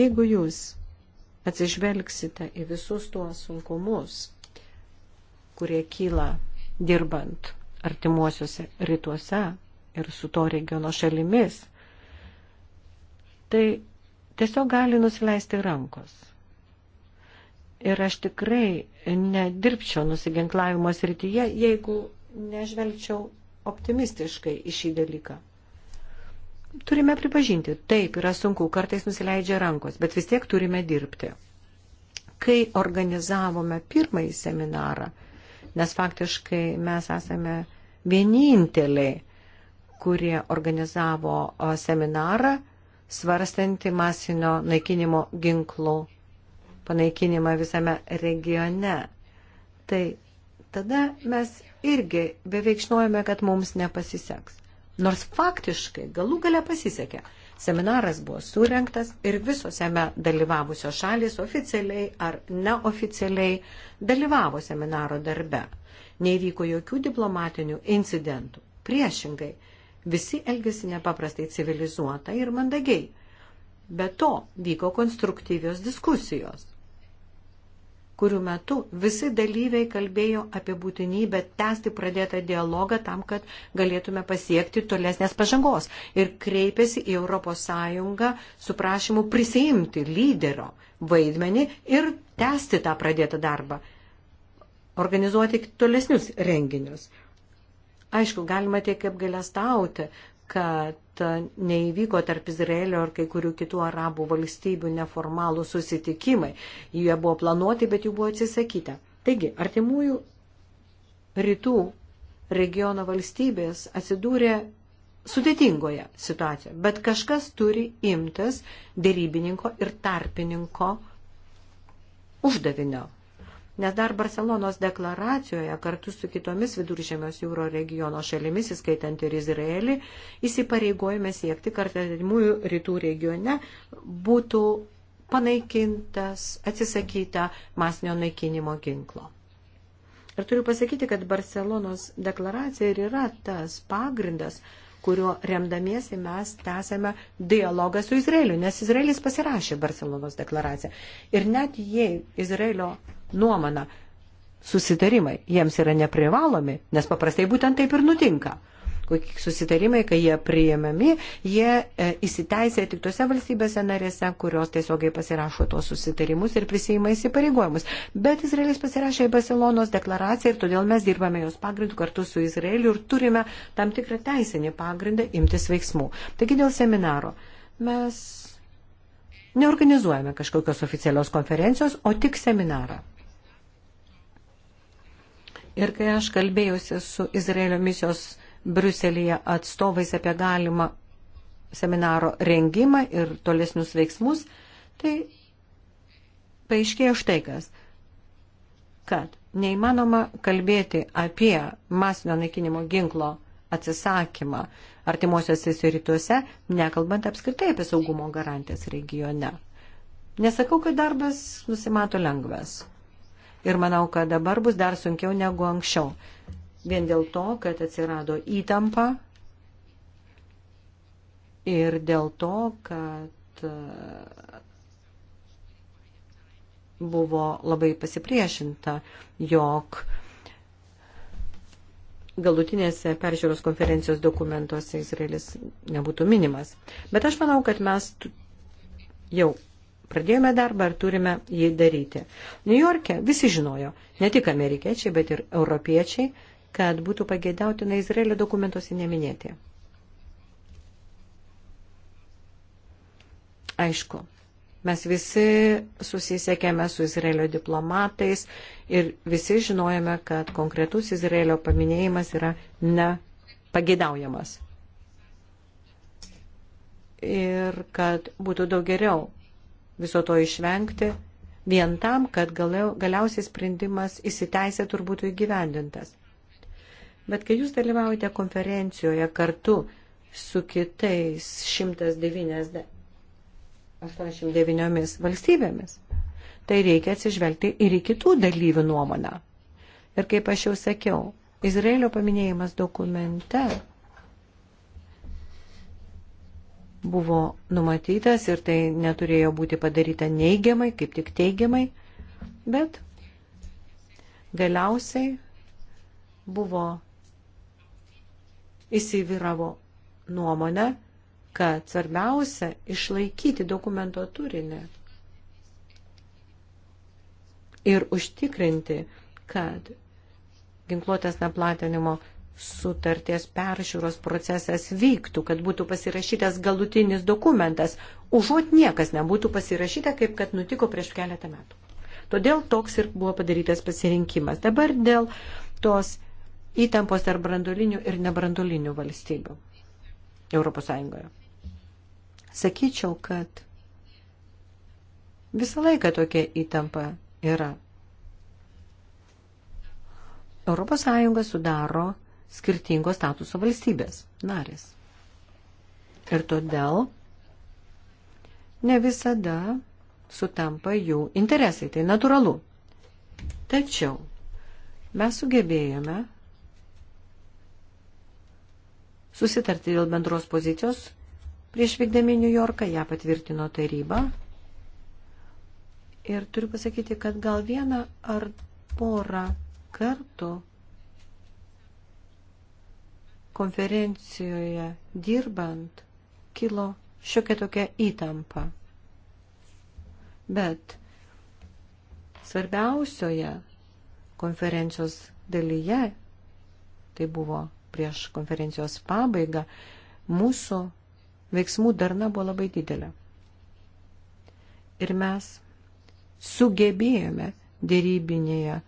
jeigu jūs atsižvelgsite į visus tuos sunkumus, kurie kyla dirbant artimuosiuose rytuose ir su to regiono šalimis, tai tiesiog gali nusileisti rankos. Ir aš tikrai nedirbčiau nusiginklavimo srityje, jeigu nežvelgčiau optimistiškai į šį dalyką. Turime pripažinti, taip yra sunku, kartais nusileidžia rankos, bet vis tiek turime dirbti. Kai organizavome pirmąjį seminarą, nes faktiškai mes esame vieninteliai, kurie organizavo seminarą svarstantį masinio naikinimo ginklų panaikinimą visame regione. Tai tada mes irgi beveik žinojome, kad mums nepasiseks. Nors faktiškai galų gale pasisekė. Seminaras buvo surinktas ir visos jame dalyvavusios šalis oficialiai ar neoficialiai dalyvavo seminaro darbe. Neįvyko jokių diplomatinių incidentų. Priešingai, visi elgėsi nepaprastai civilizuotai ir mandagiai. Be to vyko konstruktyvios diskusijos kurių metu visi dalyviai kalbėjo apie būtinybę tęsti pradėtą dialogą tam, kad galėtume pasiekti tolesnės pažangos ir kreipėsi į ES su prašymu prisijimti lyderio vaidmenį ir tęsti tą pradėtą darbą, organizuoti tolesnius renginius. Aišku, galima tiek apgailestauti, kad neįvyko tarp Izraelio ir kai kurių kitų arabų valstybių neformalų susitikimai. Jie buvo planuoti, bet jų buvo atsisakyta. Taigi, artimųjų rytų regiono valstybės atsidūrė sudėtingoje situacijoje, bet kažkas turi imtis dėrybininko ir tarpininko uždavinio. Nes dar Barcelonos deklaracijoje kartu su kitomis viduržėmios jūro regiono šalimis, įskaitant ir Izraelį, įsipareigojame siekti, kad artimųjų rytų regione būtų panaikintas, atsisakyta masinio naikinimo ginklo. Ir turiu pasakyti, kad Barcelonos deklaracija ir yra tas pagrindas, kurio remdamiesi mes tęsėme dialogą su Izraeliu, nes Izraelis pasirašė Barcelonos deklaraciją. Ir net jei Izraelio nuomoną, susitarimai jiems yra neprivalomi, nes paprastai būtent taip ir nutinka. Susitarimai, kai jie priėmami, jie e, įsiteisė tik tose valstybėse narėse, kurios tiesiogiai pasirašo tuos susitarimus ir prisijima įsipareigojimus. Bet Izraelis pasirašė Barcelonos deklaraciją ir todėl mes dirbame jos pagrindu kartu su Izraeliu ir turime tam tikrą teisinį pagrindą imtis veiksmų. Taigi dėl seminaro mes neorganizuojame kažkokios oficialios konferencijos, o tik seminarą. Ir kai aš kalbėjausi su Izraelio misijos Bruselėje atstovais apie galimą seminaro rengimą ir tolesnius veiksmus, tai paaiškėjo štai kas, kad neįmanoma kalbėti apie masinio naikinimo ginklo atsisakymą artimuosiuose rytuose, nekalbant apskritai apie saugumo garantijas regione. Nesakau, kad darbas nusimato lengvas. Ir manau, kad dabar bus dar sunkiau negu anksčiau. Vien dėl to, kad atsirado įtampa ir dėl to, kad e, buvo labai pasipriešinta, jog galutinėse peržiūros konferencijos dokumentuose Izraelis nebūtų minimas. Bet aš manau, kad mes jau Pradėjome darbą ir turime jį daryti. New York'e visi žinojo, ne tik amerikiečiai, bet ir europiečiai, kad būtų pagėdautina Izraelio dokumentuose neminėti. Aišku, mes visi susisiekėme su Izraelio diplomatais ir visi žinojame, kad konkretus Izraelio paminėjimas yra nepagėdaujamas. Ir kad būtų daug geriau, viso to išvengti vien tam, kad galiausiai sprendimas įsiteisėtų ir būtų įgyvendintas. Bet kai jūs dalyvaujate konferencijoje kartu su kitais 189 valstybėmis, tai reikia atsižvelgti ir į kitų dalyvių nuomonę. Ir kaip aš jau sakiau, Izraelio paminėjimas dokumente buvo numatytas ir tai neturėjo būti padaryta neigiamai, kaip tik teigiamai, bet galiausiai buvo įsivyravo nuomonę, kad svarbiausia išlaikyti dokumento turinį ir užtikrinti, kad ginkluotės neplatinimo sutarties peržiūros procesas vyktų, kad būtų pasirašytas galutinis dokumentas, užuot niekas nebūtų pasirašyta, kaip kad nutiko prieš keletą metų. Todėl toks ir buvo padarytas pasirinkimas. Dabar dėl tos įtampos tarp brandolinių ir nebrandolinių valstybių Europos Sąjungoje. Sakyčiau, kad visą laiką tokia įtampa yra. Europos Sąjunga sudaro skirtingo statuso valstybės narės. Ir todėl ne visada sutampa jų interesai, tai natūralu. Tačiau mes sugebėjome susitarti dėl bendros pozicijos prieš vykdami New Yorką, ją patvirtino taryba. Ir turiu pasakyti, kad gal vieną ar porą kartų konferencijoje dirbant kilo šiokia tokia įtampa. Bet svarbiausioje konferencijos dalyje, tai buvo prieš konferencijos pabaigą, mūsų veiksmų darna buvo labai didelė. Ir mes sugebėjome dėrybinėje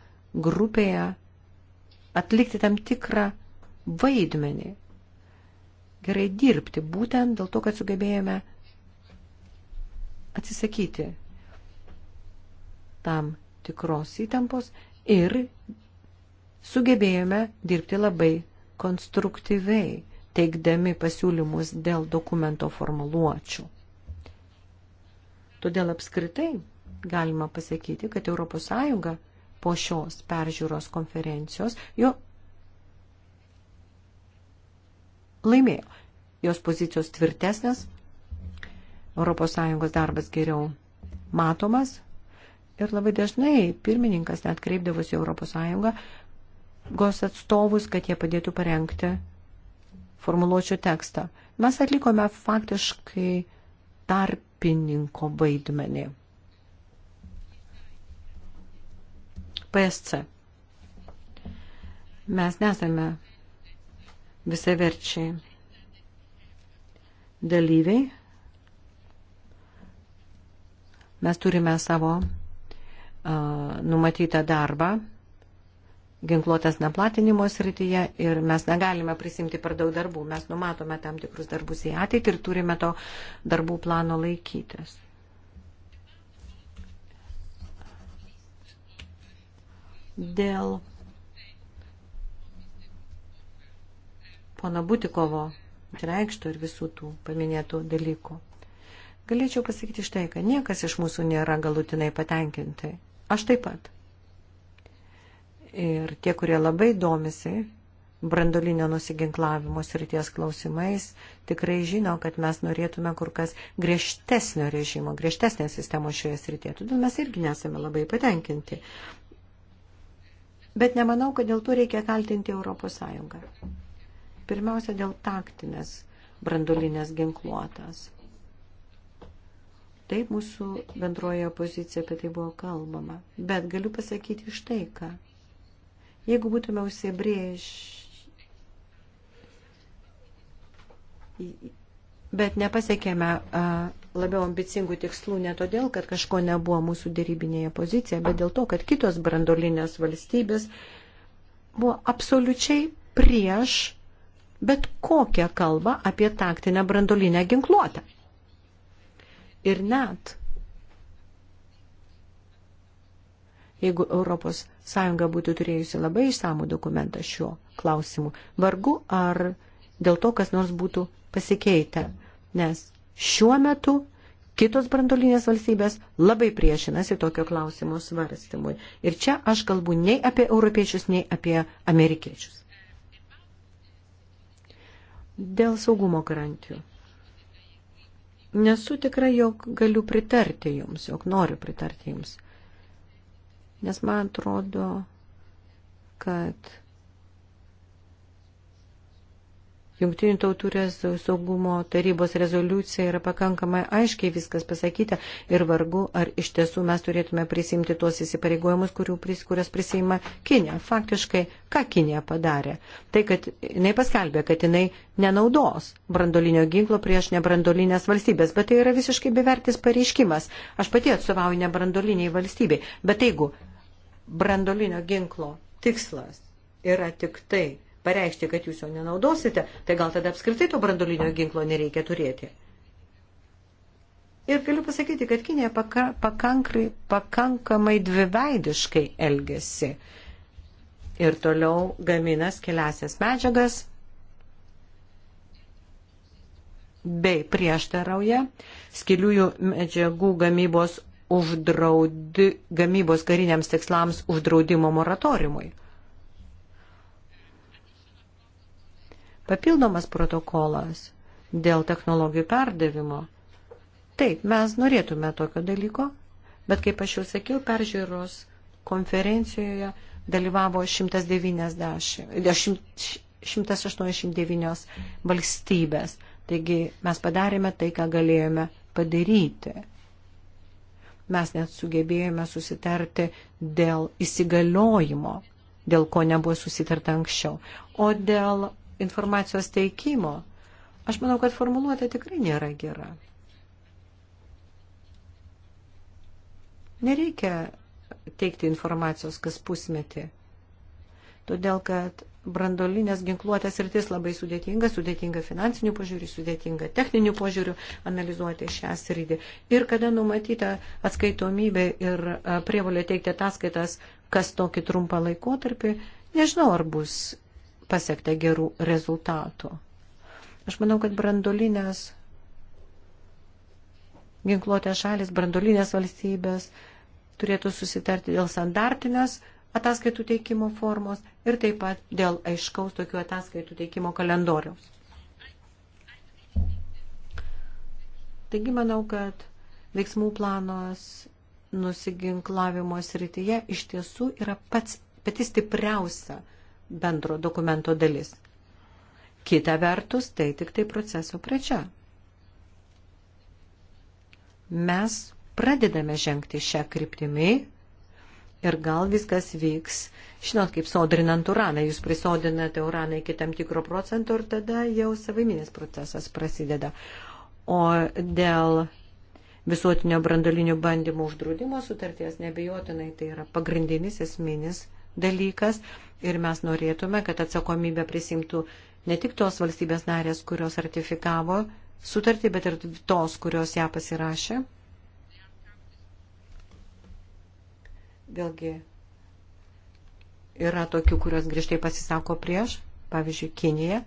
grupėje atlikti tam tikrą vaidmenį, gerai dirbti, būtent dėl to, kad sugebėjome atsisakyti tam tikros įtampos ir sugebėjome dirbti labai konstruktyviai, teikdami pasiūlymus dėl dokumento formuluočių. Todėl apskritai galima pasakyti, kad ES po šios peržiūros konferencijos jo laimėjo. Jos pozicijos tvirtesnės, ES darbas geriau matomas ir labai dažnai pirmininkas net kreipdavosi ES gos atstovus, kad jie padėtų parengti formuluočių tekstą. Mes atlikome faktiškai tarpininko vaidmenį. PSC. Mes nesame visai verčiai dalyviai. Mes turime savo uh, numatytą darbą ginkluotės neplatinimo srityje ir mes negalime prisimti per daug darbų. Mes numatome tam tikrus darbus į ateitį ir turime to darbų plano laikytis. Dėl pono Butikovo reikštų ir visų tų paminėtų dalykų. Galėčiau pasakyti štai, kad niekas iš mūsų nėra galutinai patenkinti. Aš taip pat. Ir tie, kurie labai domisi brandolinio nusiginklavimo srities klausimais, tikrai žino, kad mes norėtume kur kas griežtesnio režimo, griežtesnės sistemos šioje srityje. Todėl mes irgi nesame labai patenkinti. Bet nemanau, kad dėl to reikia kaltinti Europos Sąjungą. Pirmiausia, dėl taktinės brandolinės ginkluotas. Taip mūsų bendroje pozicija apie tai buvo kalbama. Bet galiu pasakyti iš tai, ką. Jeigu būtume užsibrėž... Bet nepasiekėme labiau ambicingų tikslų ne todėl, kad kažko nebuvo mūsų dėrybinėje pozicijoje, bet dėl to, kad kitos brandolinės valstybės buvo absoliučiai prieš bet kokią kalbą apie taktinę brandolinę ginkluotę. Ir net jeigu ES būtų turėjusi labai išsamų dokumentą šiuo klausimu, vargu ar dėl to kas nors būtų pasikeitę, nes šiuo metu kitos brandolinės valstybės labai priešinasi tokio klausimo svarstymui. Ir čia aš kalbu nei apie europiečius, nei apie amerikiečius. Dėl saugumo garantijų. Nesu tikra, jog galiu pritarti jums, jog noriu pritarti jums. Nes man atrodo, kad Jungtinių tautų saugumo tarybos rezoliucija yra pakankamai aiškiai viskas pasakyta ir vargu, ar iš tiesų mes turėtume prisimti tuos įsipareigojimus, pris, kurias prisima Kinė. Faktiškai, ką Kinė padarė? Tai, kad jinai paskelbė, kad jinai nenaudos brandolinio ginklo prieš nebrandolinės valstybės, bet tai yra visiškai bevertis pareiškimas. Aš pati atstovauju nebrandoliniai valstybei, bet jeigu brandolinio ginklo tikslas yra tik tai pareikšti, kad jūs jo nenaudosite, tai gal tada apskritai to brandolinio ginklo nereikia turėti. Ir galiu pasakyti, kad Kinė pakankrai, pakankamai dviveidiškai elgesi. Ir toliau gaminas keliasias medžiagas bei prieštarauja skiliųjų medžiagų gamybos, uždraudi, gamybos kariniams tikslams uždraudimo moratoriumui. papildomas protokolas dėl technologijų perdavimo. Taip, mes norėtume tokio dalyko, bet kaip aš jau sakiau, peržiūros konferencijoje dalyvavo 190, 189 valstybės. Taigi mes padarėme tai, ką galėjome padaryti. Mes net sugebėjome susitarti dėl įsigaliojimo, dėl ko nebuvo susitarta anksčiau. O dėl informacijos teikimo, aš manau, kad formuluotė tikrai nėra gera. Nereikia teikti informacijos kas pusmetį, todėl kad brandolinės ginkluotės rytis labai sudėtinga, sudėtinga finansinių požiūrių, sudėtinga techninių požiūrių analizuoti šią sritį. Ir kada numatyta atskaitomybė ir e, prievalė teikti ataskaitas, kas tokį trumpą laikotarpį, nežinau, ar bus pasiekta gerų rezultatų. Aš manau, kad brandolinės ginkluotės šalis, brandolinės valstybės turėtų susitarti dėl standartinės ataskaitų teikimo formos ir taip pat dėl aiškaus tokių ataskaitų teikimo kalendoriaus. Taigi manau, kad veiksmų planas nusiginklavimo srityje iš tiesų yra pats, pati stipriausia uh, bendro dokumento dalis. Kita vertus, tai tik tai proceso pradžia. Mes pradedame žengti šią kryptimį ir gal viskas vyks, žinot, kaip sodrinant uraną, jūs prisodinate uraną iki tam tikro procento ir tada jau savaiminis procesas prasideda. O dėl visuotinio brandolinių bandymų uždraudimo sutarties nebejotinai tai yra pagrindinis esminis dalykas ir mes norėtume, kad atsakomybę prisimtų ne tik tos valstybės narės, kurios ratifikavo sutartį, bet ir tos, kurios ją pasirašė. Vėlgi yra tokių, kurios grįžtai pasisako prieš, pavyzdžiui, Kinija.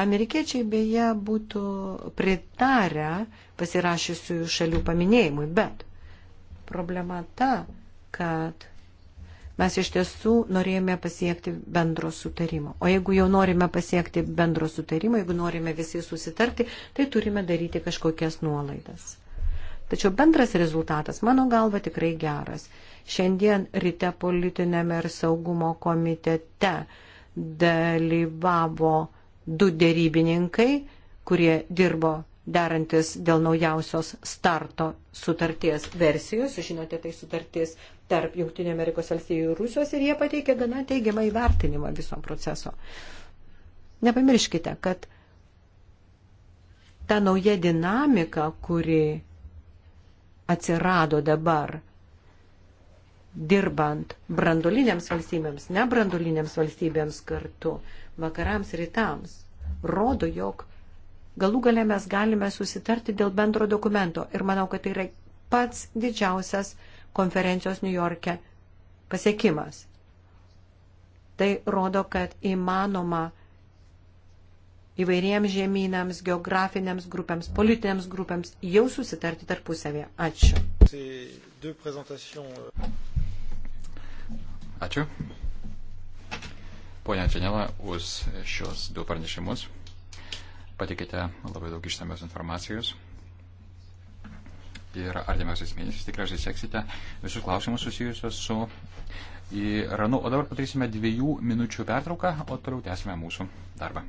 Amerikiečiai beje būtų pritarę pasirašysių šalių paminėjimui, bet problema ta, kad mes iš tiesų norėjome pasiekti bendro sutarimo. O jeigu jau norime pasiekti bendro sutarimo, jeigu norime visi susitarti, tai turime daryti kažkokias nuolaidas. Tačiau bendras rezultatas, mano galva, tikrai geras. Šiandien ryte politinėme ir saugumo komitete dalyvavo du dėrybininkai, kurie dirbo derantis dėl naujausios starto sutarties versijos. Žinote, tai sutartis tarp Junktinio Amerikos valstybių ir Rusijos ir jie pateikė gana teigiamą įvertinimą viso proceso. Nepamirškite, kad ta nauja dinamika, kuri atsirado dabar, dirbant brandolinėms valstybėms, nebrandolinėms valstybėms kartu, vakarams rytams, rodo, jog Galų gale mes galime susitarti dėl bendro dokumento ir manau, kad tai yra pats didžiausias konferencijos New York'e pasiekimas. Tai rodo, kad įmanoma įvairiems žemynams, geografinėms grupėms, politinėms grupėms jau susitarti tarpusavėje. Ačiū. Ačiū. Ponia Čenela, už šios du pranešimus patikite labai daug išsamios informacijos. Ir artimiausiais mėnesiais tikriausiai seksite visus klausimus susijusios su Iranu. O dabar padarysime dviejų minučių pertrauką, o toliau tęsime mūsų darbą.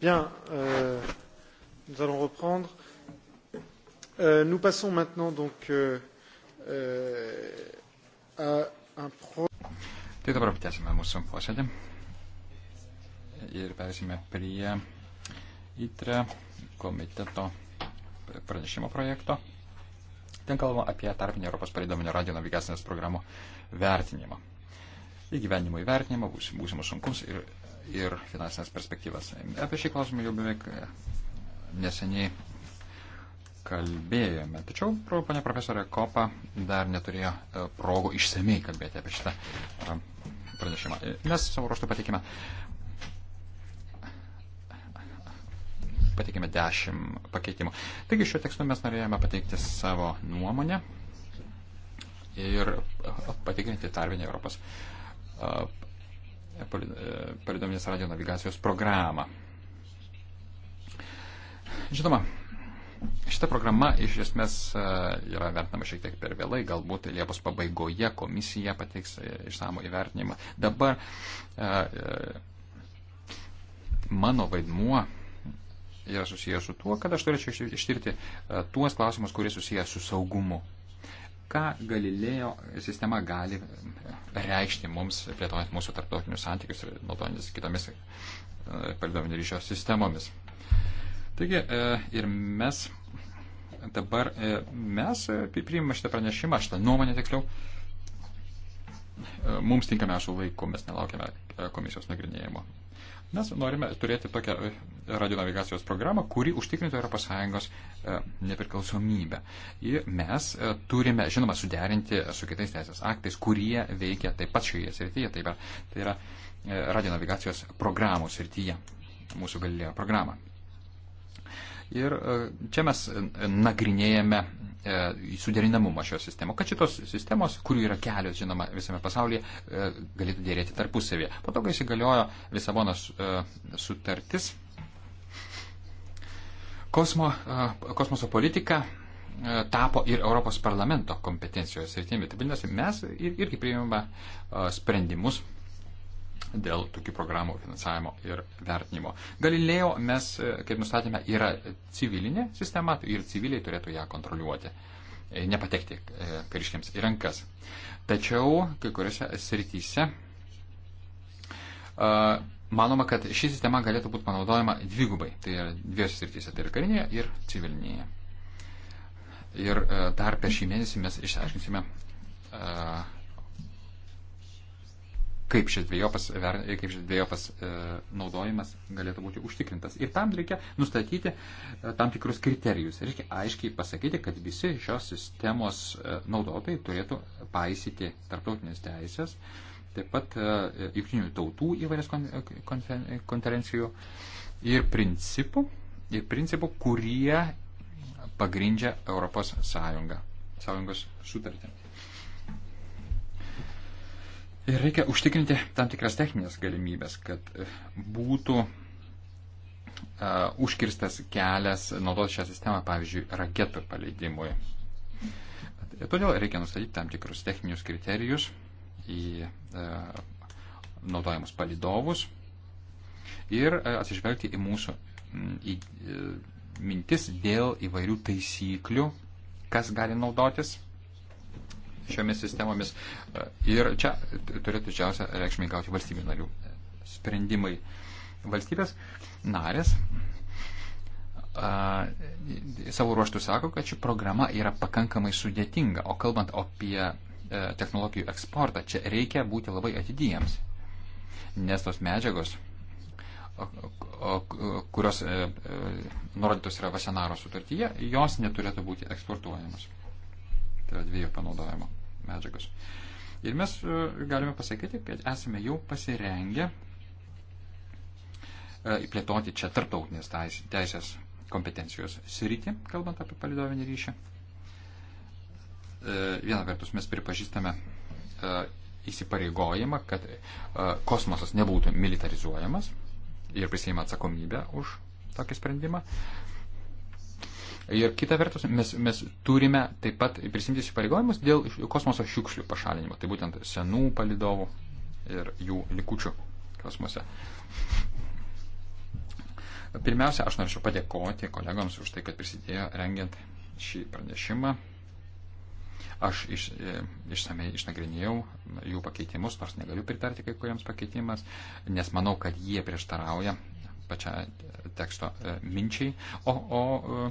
Bien, euh, nous allons reprendre. Euh, nous passons maintenant donc euh, euh, à un pro. Tai dabar aptęsime mūsų posėdį ir persime prie ITRE komiteto pranešimo projekto. Ten kalbama apie tarpinį Europos pareidominio radio navigacinės programų vertinimą. Įgyvenimo įvertinimą, būsimus sunkumus ir, ir finansinės perspektyvas. Apie šį klausimą jau beveik e, neseniai kalbėjome. Tačiau ponia profesorė Kopa dar neturėjo e, progų išsamei kalbėti apie šitą e, pranešimą. Mes savo ruoštų pateikime pateikėme dešimt pakeitimų. Taigi šiuo tekstu mes norėjome pateikti savo nuomonę ir patikrinti tarvinį Europos palidominės radio navigacijos programą. Žinoma, šita programa iš esmės yra vertinama šiek tiek per vėlai, galbūt Liepos pabaigoje komisija pateiks išsamų įvertinimą. Dabar mano vaidmuo yra susijęs su tuo, kad aš turėčiau ištirti e, tuos klausimus, kurie susijęs su saugumu. Ką Galilėjo sistema gali e, reikšti mums, plėtojant mūsų tarptautinius santykius ir naudojantis kitomis e, palidovinio ryšio sistemomis. Taigi ir mes dabar, mes priimame šitą pranešimą, šitą nuomonę tiksliau, mums tinkamiausių laikų mes nelaukime komisijos nagrinėjimo. Mes norime turėti tokią e, radionavigacijos programą, kuri užtikrintų ES e, nepriklausomybę. Ir mes e, turime, žinoma, suderinti su kitais teisės aktais, kurie veikia taip pat šioje srityje, taip pat tai yra tai radionavigacijos programų srityje, mūsų galėjo programą. Ir e, čia mes e, nagrinėjame e, suderinamumą šios sistemos, kad šitos sistemos, kurių yra kelios, žinoma, visame pasaulyje, galėtų dėrėti tarpusavėje. Po to, kai įsigaliojo Lisabonos sutartis, kosmo, kosmoso politika tapo ir Europos parlamento kompetencijos rytimi. Tai vadinasi, mes irgi priimame sprendimus dėl tokių programų finansavimo ir vertinimo. Galilėjo mes, e, kaip nustatėme, yra civilinė sistema ir civiliai turėtų ją kontroliuoti, e, nepatekti e, kariškiams į rankas. Tačiau kai kuriuose srityse manoma, kad ši sistema galėtų būti panaudojama dvigubai. Tai yra dviejose srityse, tai yra karinėje ir civilinėje. Ir dar per šį mėnesį mes išsiaiškinsime, kaip šis dviejopas, kaip šis dviejopas e, naudojimas galėtų būti užtikrintas. Ir tam reikia nustatyti e, tam tikrus kriterijus. Reikia aiškiai pasakyti, kad visi šios sistemos e, naudotojai turėtų paisyti tarptautinės teisės, taip pat e, jungtinių tautų įvairias kon, konfen, konferencijų ir principų, ir principų, kurie pagrindžia Europos Sąjungą, Sąjungos sutartį. Ir reikia užtikrinti tam tikras techninės galimybės, kad e, būtų uh, užkirstas kelias naudoti šią sistemą, pavyzdžiui, raketų paleidimui. Todėl reikia nustatyti tam tikrus techninius kriterijus į uh, naudojamus palidovus ir uh, atsižvelgti į mūsų į, mintis dėl įvairių taisyklių, kas gali naudotis šiomis sistemomis. Ir čia turėtų didžiausią reikšmę gauti valstybių narių sprendimai. Valstybės narės a, savo ruoštų sako, kad ši programa yra pakankamai sudėtinga, o kalbant apie a, e, technologijų eksportą, čia reikia būti labai atidijams, nes tos medžiagos, a, a, kurios a, e, a, e, nurodytos yra Vasenaro sutartyje, jos neturėtų būti eksportuojamos tai yra dviejų panaudojimo medžiagos. Ir mes e, galime pasakyti, kad esame jau pasirengę e, plėtoti čia tarptautinės teisės kompetencijos sritį, kalbant apie palidovinį ryšį. E, viena vertus mes pripažįstame įsipareigojimą, kad kosmosas nebūtų militarizuojamas ir prisėmė atsakomybę už tokį sprendimą. Ir kita vertus, mes, mes turime taip pat prisimti įsipareigojimus dėl kosmoso šiukšlių pašalinimo, tai būtent senų palidovų ir jų likučių kosmose. Pirmiausia, aš norėčiau padėkoti kolegoms už tai, kad prisidėjo rengiant šį pranešimą. Aš iš, e, išsamei išnagrinėjau jų pakeitimus, nors negaliu pritarti kai kuriems pakeitimas, nes manau, kad jie prieštarauja pačią teksto e, minčiai, o, o e,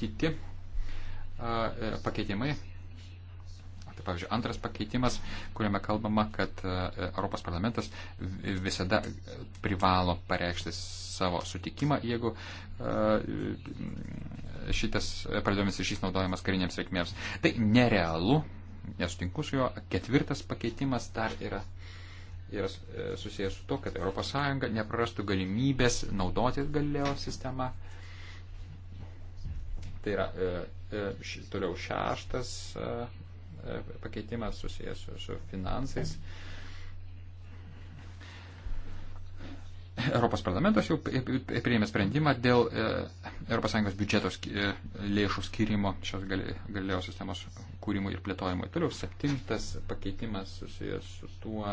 kiti e, pakeitimai. Tai pavyzdžiui, antras pakeitimas, kuriame kalbama, kad Europos parlamentas visada privalo pareikšti savo sutikimą, jeigu šitas pradėjomis ryšys naudojamas kariniams reikmėms. Tai nerealu, nesutinku su juo. Ketvirtas pakeitimas dar yra yra e, susijęs su to, kad ES neprarastų galimybės naudotis galėjo sistema. Tai yra e, e, ši, toliau šeštas pakeitimas susijęs su, su finansais. Europos parlamentas jau priėmė sprendimą dėl ES biudžeto lėšų skirimo šios galėjo sistemos kūrimui ir plėtojimui. Toliau septintas pakeitimas susijęs su tuo,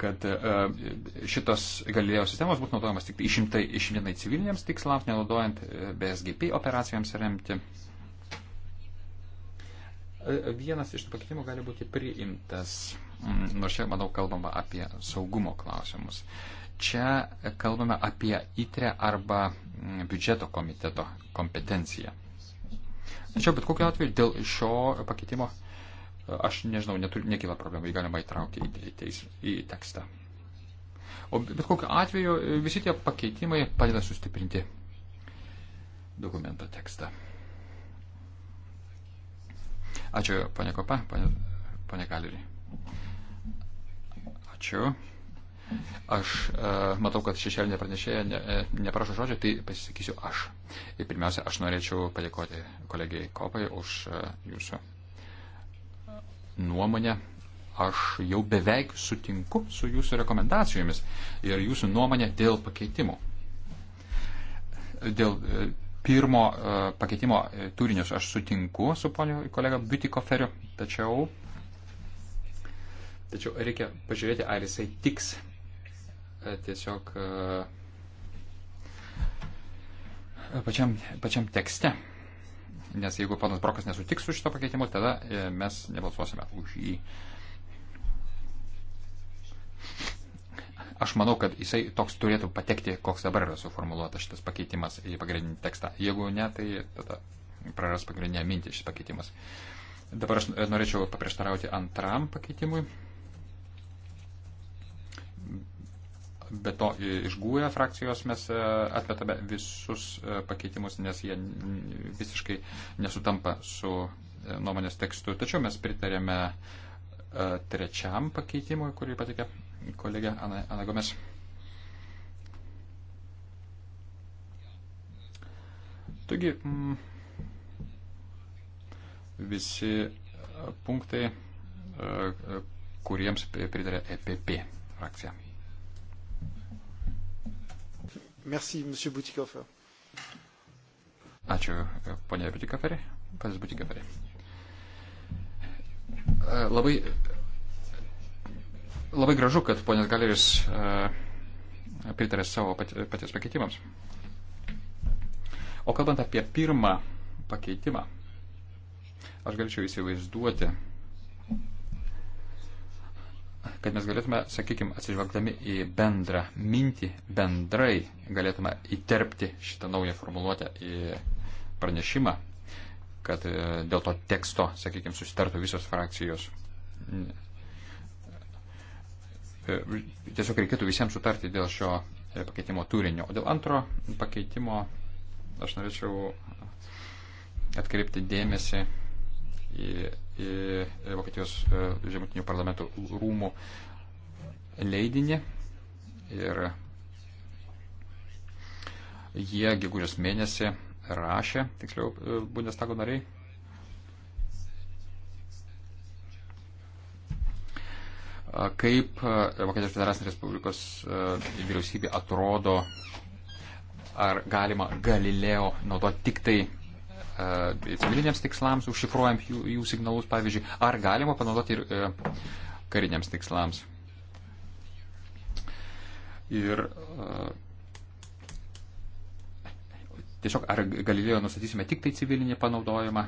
kad e, šitos galilėjo sistemos būtų naudojamas tik išimtai išimtinai civiliniams tikslams, nenaudojant e, BSGP operacijoms remti. E, vienas iš tų pakeitimų gali būti priimtas, mm, nors čia, manau, kalbama apie saugumo klausimus. Čia kalbame apie ITRE arba mm, biudžeto komiteto kompetenciją. Tačiau bet kokiu atveju dėl šio pakeitimo uh, Aš nežinau, neturi, nekyla problemų, jį galima įtraukti į, į, teis, į tekstą. O bet kokiu atveju e, visi tie pakeitimai padeda sustiprinti dokumento tekstą. Ačiū, pane Kopa, pane, pane Galerį. Ačiū. Aš e, matau, kad šešėlinė pranešėja ne, e, neprašo žodžio, tai pasisakysiu aš. Ir pirmiausia, aš norėčiau padėkoti kolegijai Kopai už e, jūsų nuomonę aš jau beveik sutinku su jūsų rekomendacijomis ir jūsų nuomonė dėl pakeitimų. Dėl e, pirmo e, pakeitimo e, turinio aš sutinku su poniu kolega Biutikoferiu, tačiau, tačiau reikia pažiūrėti, ar jisai tiks tiesiog pačiam, pačiam tekste. Nes jeigu panas Brokas nesutiks su šito pakeitimu, tada e, mes nebalsuosime už jį. Aš manau, kad jisai toks turėtų patekti, koks dabar yra suformuoluotas šitas pakeitimas į pagrindinį tekstą. Jeigu ne, tai tada praras pagrindinę mintį šis pakeitimas. Dabar aš e, norėčiau paprieštarauti antram pakeitimui. Be to, iš GUE frakcijos mes e, atmetame visus e, pakeitimus, nes jie visiškai nesutampa su e, nuomonės tekstu. Tačiau mes pritarėme trečiam pakeitimui, kurį patikė kolegė Ana, Ana Gomes. Taigi, mm, visi punktai, kuriems pritarė EPP frakcija. Merci, monsieur Butikofer. Ačiū, e, ponia Butikoferi. Pas Butikoferi. E, labai, labai gražu, kad ponas Galeris e, pritarė savo paties pakeitimams. O kalbant apie pirmą pakeitimą, aš galėčiau įsivaizduoti, kad mes galėtume, sakykime, atsižvelgdami į bendrą mintį, bendrai galėtume įterpti šitą naują formuluotę į pranešimą, kad e, dėl to teksto, sakykime, susitartų visos frakcijos. E, tiesiog reikėtų visiems sutarti dėl šio e, pakeitimo turinio. O dėl antro pakeitimo aš norėčiau atkreipti dėmesį į Vokietijos e, žemutinių parlamentų rūmų leidinį. Ir jie gegužės mėnesį rašė, tiksliau, e, Bundestago nariai. Kaip e, Vokietijos Federacinės Respublikos vyriausybė atrodo, ar galima Galileo naudoti tik tai E, civiliniams tikslams, užšifruojant jų, jų signalus, pavyzdžiui, ar galima panaudoti ir e, kariniams tikslams. Ir e, tiesiog ar galilėjo nustatysime tik tai civilinį panaudojimą,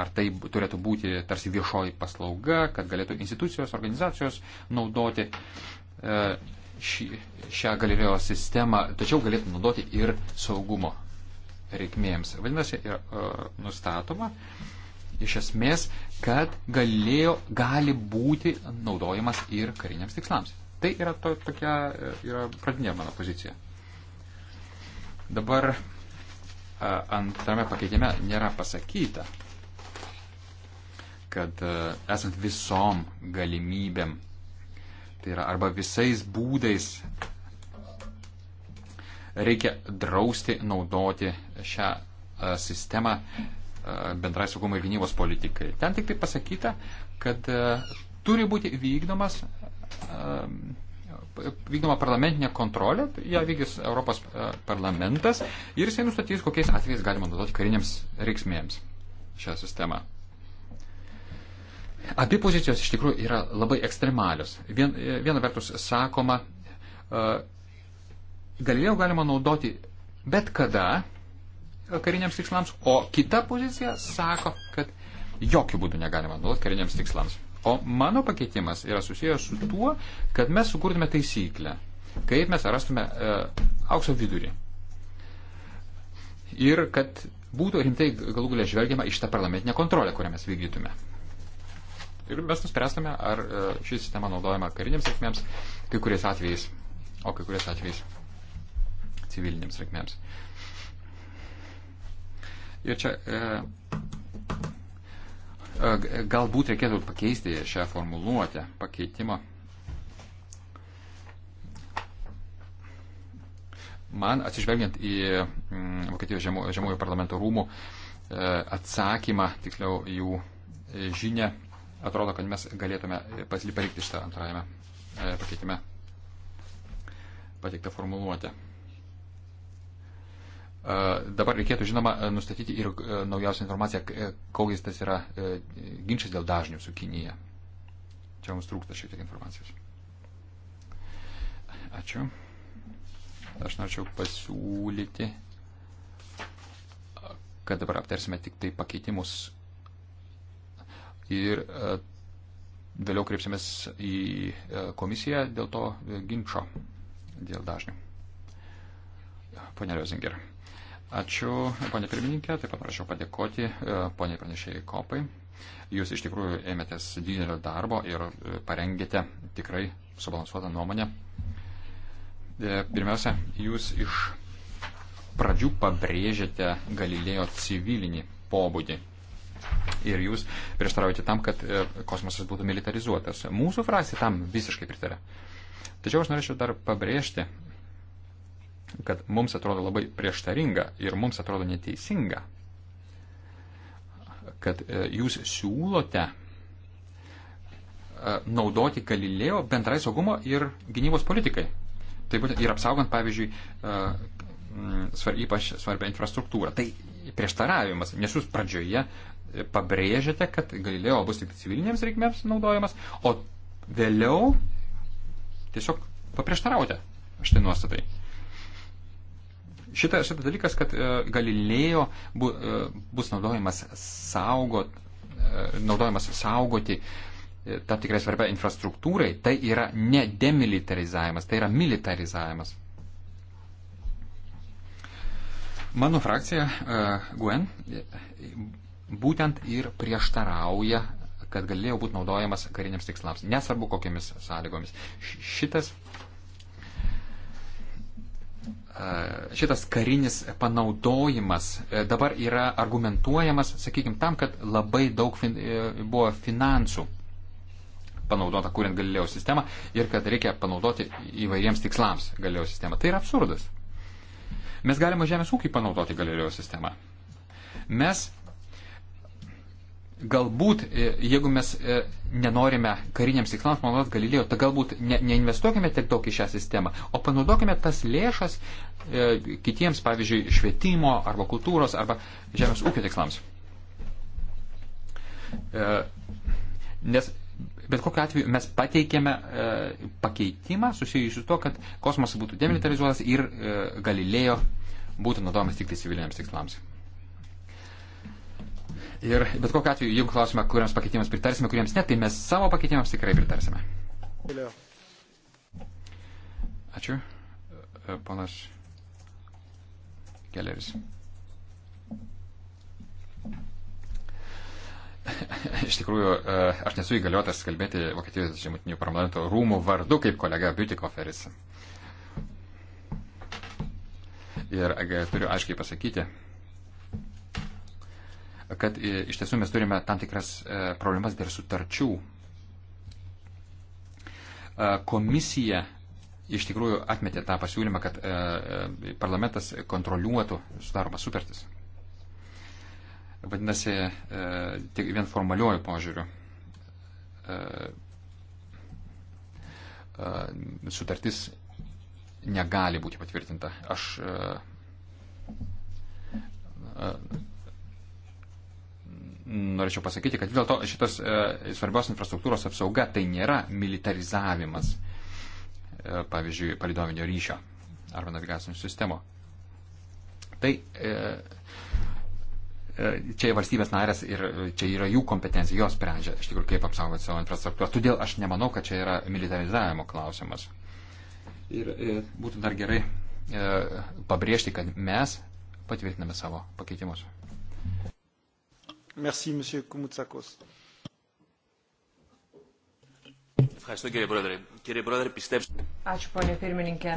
ar tai turėtų būti tarsi viešoji paslauga, kad galėtų institucijos, organizacijos naudoti. E, šį, šią galilėjo sistemą, tačiau galėtų naudoti ir saugumo reikmėms. Vadinasi, e, nustatoma iš esmės, kad galėjo, gali būti naudojamas ir kariniams tikslams. Tai yra to, tokia e, yra pradinė mano pozicija. Dabar e, antrame pakeitime nėra pasakyta, kad esant visom galimybėm, tai yra arba visais būdais reikia drausti naudoti šią e, sistemą e, bendrai saugumo ir gynybos politikai. Ten tik tai pasakyta, kad e, turi būti vykdomas vykdoma parlamentinė kontrolė, ją vykdys Europos parlamentas ir jisai nustatys, kokiais atvejais galima naudoti kariniams reiksmėms šią sistemą. Abi pozicijos iš tikrųjų yra labai ekstremalios. Vien, viena vertus sakoma, Galilėjų galima naudoti bet kada kariniams tikslams, o kita pozicija sako, kad jokių būdų negalima naudoti kariniams tikslams. O mano pakeitimas yra susijęs su tuo, kad mes sukurtume taisyklę, kaip mes rastume e, aukso vidurį. Ir kad būtų rimtai galų galę žvelgiama iš tą parlamentinę kontrolę, kurią mes vykdytume. Ir mes nuspręstume, ar e, ši sistema naudojama kariniams reikmėms, kai kuriais atvejais, o kai kuriais atvejais civilinėms reikmėms. Ir čia e, e, galbūt reikėtų pakeisti šią formuluotę pakeitimą. Man, atsižvelgiant į mm, Vokietijos žemo, žemųjų parlamento rūmų e, atsakymą, tiksliau jų žinę, atrodo, kad mes galėtume palikti šitą antrajame e, pakeitime pateiktą formuluotę. Dabar reikėtų, žinoma, nustatyti ir e, naujausią informaciją, e, kokiais tas yra e, ginčas dėl dažnių su Kinija. Čia mums trūksta šiek tiek informacijos. Ačiū. Aš norėčiau pasiūlyti, kad dabar aptarsime tik tai pakeitimus ir vėliau kreipsimės į komisiją dėl to ginčio, dėl dažnių. Pone Rozinger. Ačiū, ponė pirmininkė, taip pat prašau padėkoti e, ponė pranešėjai Kopai. Jūs iš tikrųjų ėmėtės didelio darbo ir e, parengėte tikrai subalansuotą nuomonę. E, pirmiausia, jūs iš pradžių pabrėžėte Galilėjo civilinį pobūdį. Ir jūs prieštaraujate tam, kad kosmosas būtų militarizuotas. Mūsų frakcija tam visiškai pritarė. Tačiau aš norėčiau dar pabrėžti, kad mums atrodo labai prieštaringa ir mums atrodo neteisinga, kad e, jūs siūlote e, naudoti Galilėjo bendrai saugumo ir gynybos politikai. Taip pat ir apsaugant, pavyzdžiui, e, svar, ypač svarbią infrastruktūrą. Tai prieštaravimas, nes jūs pradžioje pabrėžiate, kad Galilėjo bus tik civilinėms reikmėms naudojamas, o vėliau tiesiog paprieštaravote štai nuostatai. Šitas šita dalykas, kad e, Galilėjo bu, e, bus naudojamas, saugot, e, naudojamas saugoti tam tikrai svarbia infrastruktūrai, tai yra ne demilitarizavimas, tai yra militarizavimas. Mano frakcija uh, Gwen būtent ir prieštarauja, kad galėjo būti naudojamas kariniams tikslams, nesvarbu kokiamis sąlygomis. Šitas šitas karinis panaudojimas e, dabar yra argumentuojamas, sakykime, tam, kad labai daug fin, e, buvo finansų panaudota kuriant galilėjo sistemą ir kad reikia panaudoti įvairiems tikslams galilėjo sistemą. Tai yra absurdas. Mes galime žemės ūkiai panaudoti galilėjo sistemą. Mes galbūt, e, jeigu mes e, nenorime kariniams tikslams naudoti Galilėjo, tai galbūt ne, neinvestuokime tiek daug į šią sistemą, o panaudokime tas lėšas e, kitiems, pavyzdžiui, švietimo arba kultūros arba žemės ūkio tikslams. E, nes bet kokiu atveju mes pateikėme e, pakeitimą susijusiu su to, kad kosmosas būtų demilitarizuotas ir e, Galilėjo būtų naudojamas tik tai civiliniams tikslams. Ir bet kokiu atveju, jeigu klausime, kuriems pakeitimams pritarsime, kuriems ne, tai mes savo pakeitimams tikrai pritarsime. Ačiū. E, ponas Keleris. *laughs* Iš tikrųjų, e, aš nesu įgaliotas kalbėti Vokietijos žemutinių parlamento rūmų vardu kaip kolega Biutikoferis. Ir e, turiu aiškiai pasakyti, kad e, iš tiesų mes turime tam tikras e, problemas dėl sutarčių. E, komisija iš tikrųjų atmetė tą pasiūlymą, kad parlamentas kontroliuotų sudaromas sutartis. Vadinasi, tik vien formaliuoju požiūriu sutartis negali būti patvirtinta. Aš norėčiau pasakyti, kad vis dėlto šitas e, svarbios infrastruktūros apsauga tai nėra militarizavimas, e, pavyzdžiui, palidovinio ryšio arba navigacinių sistemų. Tai e, e, čia valstybės narės ir e, čia yra jų kompetencija, jos sprendžia iš tikrųjų, kaip apsaugoti savo infrastruktūrą. Todėl aš nemanau, kad čia yra militarizavimo klausimas. Ir e, būtų dar gerai e, pabrėžti, kad mes patvirtiname savo pakeitimus. Merci, Monsieur Koumoutsakos. Ευχαριστώ κύριε Πρόεδρε. Κύριε Πρόεδρε, πιστέψτε. Ačiū, ponė pirmininkė.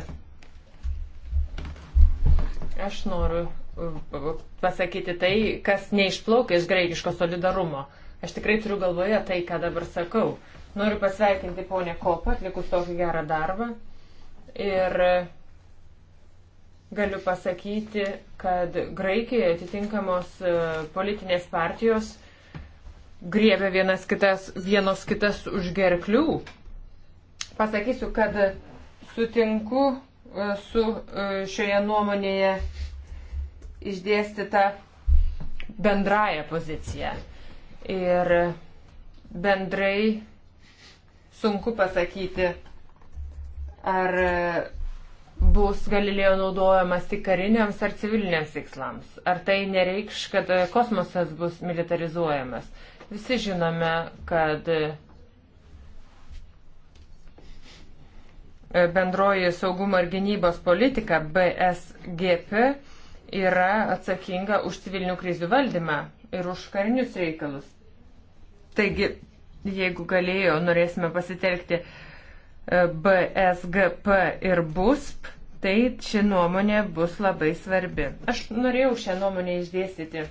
Aš noriu uh, uh, pasakyti tai, kas neišplaukia iš graikiško solidarumo. Aš tikrai turiu galvoje tai, ką dabar sakau. Noriu pasveikinti ponę Kopą, atlikus tokį gerą darbą. Ir galiu pasakyti, kad Graikijoje atitinkamos e, politinės partijos griebė vienas kitas, vienos kitas už gerklių. Pasakysiu, kad sutinku e, su e, šioje nuomonėje išdėstyta bendraja pozicija. Ir bendrai sunku pasakyti, ar bus Galilėjo naudojamas tik kariniams ar civiliniams tikslams? Ar tai nereikš, kad e, kosmosas bus militarizuojamas? Visi žinome, kad e, bendroji saugumo ir gynybos politika BSGP yra atsakinga už civilinių krizių valdymą ir už karinius reikalus. Taigi, jeigu galėjo, norėsime pasitelkti uh, BSGP ir BUSP, tai ši nuomonė bus labai svarbi. Aš norėjau šią nuomonę išdėstyti,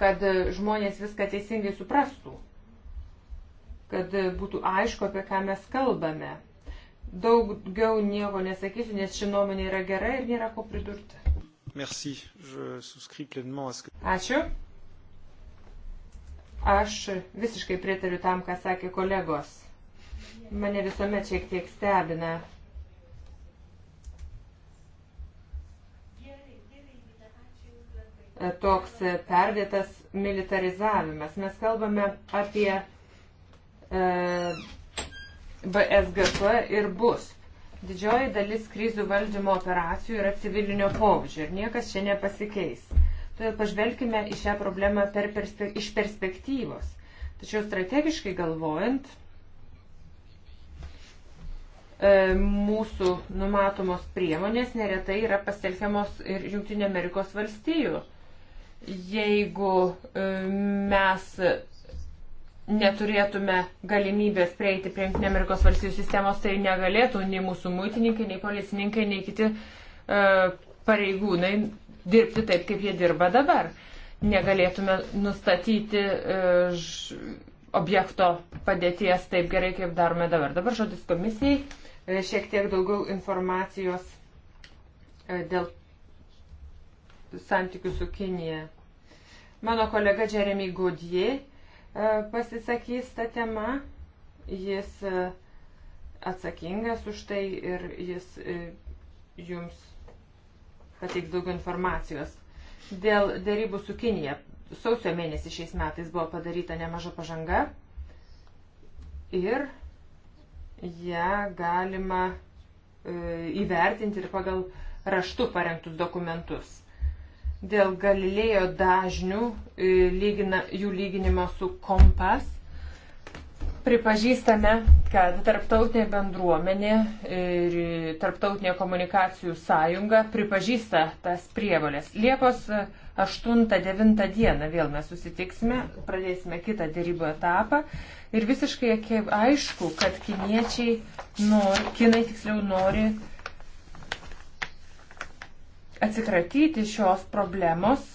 kad žmonės viską teisingai suprastų, kad būtų aišku, apie ką mes kalbame. Daugiau nieko nesakysiu, nes ši nuomonė yra gera ir nėra ko pridurti. Merci, je souscris pleinement à ce que. Ačiū. Aš visiškai pritariu tam, ką sakė kolegos Mane visuomet šiek tiek stebina. Toks perdėtas militarizavimas. Mes kalbame apie e, BSGP ir BUS. Didžioji dalis krizių valdymo operacijų yra civilinio pobūdžio ir niekas čia nepasikeis. Todėl pažvelkime į šią problemą per perspe iš perspektyvos. Tačiau strategiškai galvojant, E, mūsų numatomos priemonės neretai yra pasitelkiamos ir Junktinė Amerikos valstijų. Jeigu e, mes neturėtume galimybės prieiti prie Junktinė Amerikos valstijų sistemos, tai negalėtų nei mūsų muitininkai, nei policininkai, nei kiti e, pareigūnai dirbti taip, kaip jie dirba dabar. Negalėtume nustatyti objekto padėties taip gerai, kaip darome dabar. Dabar žodis komisijai E, šiek tiek daugiau informacijos e, dėl santykių su Kinija. Mano kolega Jeremy Godier e, pasisakys tą temą. Jis atsakingas už tai ir jis jums pateiks daugiau informacijos. Dėl dėrybų su Kinija. Sausio mėnesį šiais metais buvo padaryta nemaža pažanga. Ir ją galima e, įvertinti ir pagal raštu parengtus dokumentus. Dėl Galilėjo dažnių e, lygina, jų lyginimo su kompas pripažįstame, kad tarptautinė bendruomenė ir tarptautinė komunikacijų sąjunga pripažįsta tas prievalės. Liepos 1 8-9 dieną vėl mes susitiksime, pradėsime kitą dėrybų etapą ir visiškai aišku, kad kiniečiai nori, kinai tiksliau nori atsikratyti šios problemos e,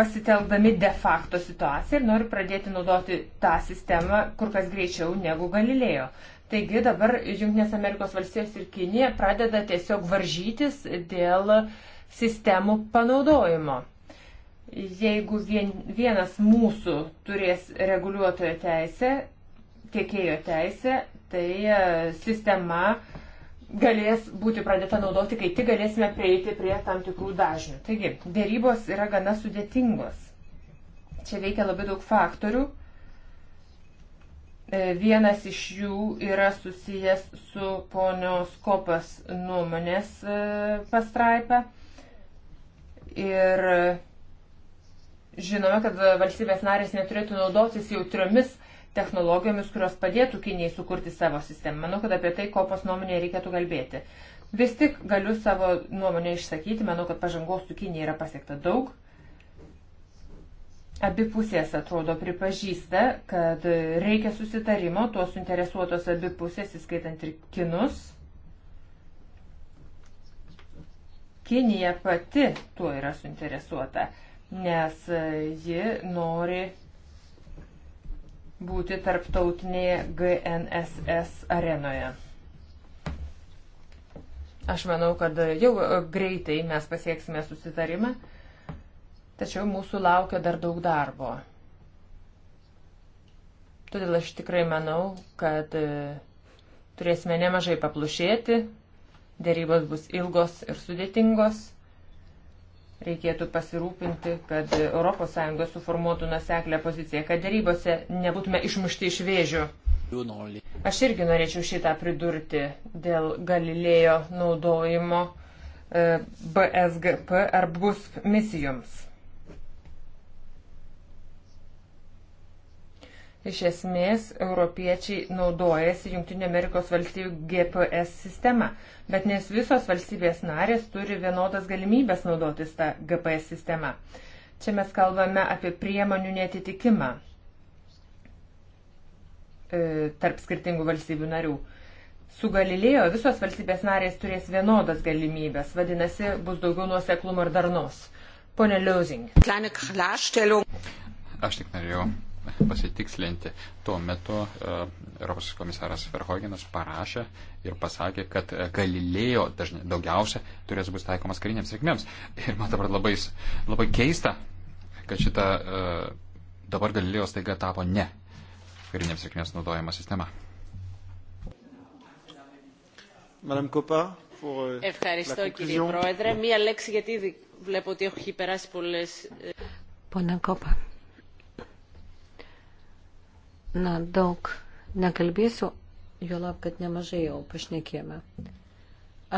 pasitelkdami de facto situaciją ir nori pradėti naudoti tą sistemą kur kas greičiau negu Galilėjo. Taigi dabar Junktinės Amerikos valstijos ir Kinija pradeda tiesiog varžytis dėl uh, sistemų panaudojimo. Jeigu vien, vienas mūsų turės reguliuotojo teisę, tiekėjo teisę, tai e, sistema galės būti pradėta naudoti, kai tik galėsime prieiti prie tam tikrų dažnių. Taigi, dėrybos yra gana sudėtingos. Čia veikia labai daug faktorių. E, vienas iš jų yra susijęs su ponios kopas nuomonės e, pastraipą ir žinome, kad valstybės narės neturėtų naudotis jautriomis technologijomis, kurios padėtų Kinijai sukurti savo sistemą. Manau, kad apie tai kopos nuomonėje reikėtų kalbėti. Vis tik galiu savo nuomonę išsakyti, manau, kad pažangos su Kinija yra pasiekta daug. Abi pusės atrodo pripažįsta, kad reikia susitarimo, tuos suinteresuotos abi pusės, įskaitant ir kinus. Kinija pati tuo yra suinteresuota, nes e, ji nori būti tarptautinėje GNSS arenoje. Aš manau, kad e, jau e, greitai mes pasieksime susitarimą, tačiau mūsų laukia dar daug darbo. Todėl aš tikrai manau, kad turėsime nemažai paplušėti, Dėrybos bus ilgos ir sudėtingos. Reikėtų pasirūpinti, kad ES suformuotų nuseklę poziciją, kad dėrybose nebūtume išmušti iš vėžių. Aš irgi norėčiau šitą pridurti dėl Galilėjo naudojimo e, BSGP ar BUSP misijoms. Iš esmės, europiečiai naudojasi JAV GPS sistema, bet nes visos valstybės narės turi vienodas galimybės naudotis tą GPS sistemą. Čia mes kalbame apie priemonių netitikimą e, tarp skirtingų valstybių narių. Su Galilėjo visos valstybės narės turės vienodas galimybės, vadinasi, bus daugiau nuoseklumo ir darnos. Pone Liuzing. Aš tik norėjau pasitikslinti. Tuo metu e, Europos komisaras Verhoginas parašė ir pasakė, kad e, Galilėjo dažnai, daugiausia turės bus taikomas kariniams reikmėms. Ir man dabar labai, labai keista, kad šita e, dabar Galilėjo staiga tapo ne kariniams reikmėms naudojama sistema. Madame Copa, pour euh, Ευχαριστώ la κύριε Πρόεδρε. Μία λέξη γιατί βλέπω ότι έχει περάσει πολλές... Πονακόπα. Na, daug nekalbėsiu, jo lab, kad nemažai jau pašnekėjome.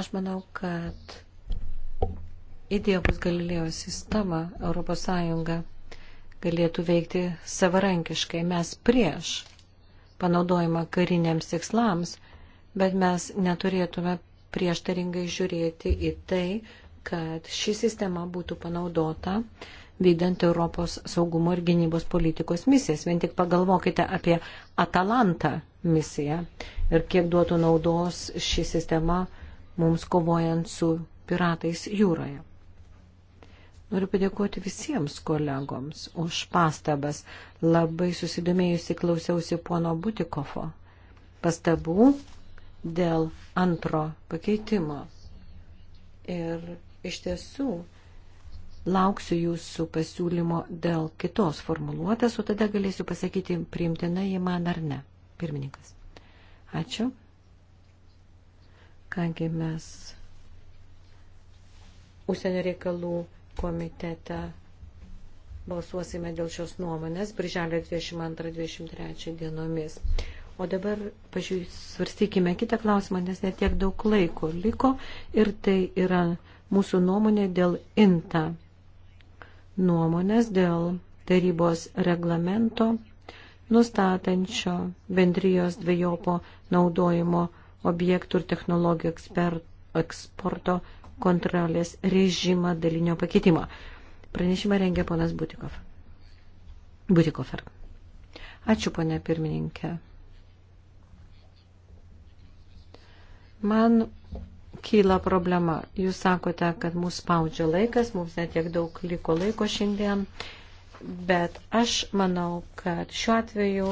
Aš manau, kad įdėkus Galilėjo sistemą ES galėtų veikti savarankiškai. Mes prieš panaudojimą kariniams tikslams, bet mes neturėtume prieštaringai žiūrėti į tai, kad ši sistema būtų panaudota vykdant Europos saugumo ir gynybos politikos misijas. Vien tik pagalvokite apie Atalantą misiją ir kiek duotų naudos ši sistema mums kovojant su piratais jūroje. Noriu padėkoti visiems kolegoms už pastabas. Labai susidomėjusi klausiausi pono Butikofo pastabų dėl antro pakeitimo. Ir iš tiesų lauksiu jūsų pasiūlymo dėl kitos formuluotės, o tada galėsiu pasakyti, priimtina jį man ar ne. Pirmininkas. Ačiū. Kągi mes užsienio reikalų komitete balsuosime dėl šios nuomonės birželio 22-23 dienomis. O dabar svarstykime kitą klausimą, nes netiek daug laiko liko ir tai yra mūsų nuomonė dėl INTA nuomonės dėl tarybos reglamento nustatančio bendrijos dviejopo naudojimo objektų ir technologijų ekspert, eksporto kontrolės režimą dalinio pakeitimo. Pranešimą rengia ponas Butikov. Butikofer. Ačiū, ponė pirmininkė. Man kyla problema. Jūs sakote, kad mūsų spaudžia laikas, mums netiek daug liko laiko šiandien, bet aš manau, kad šiuo atveju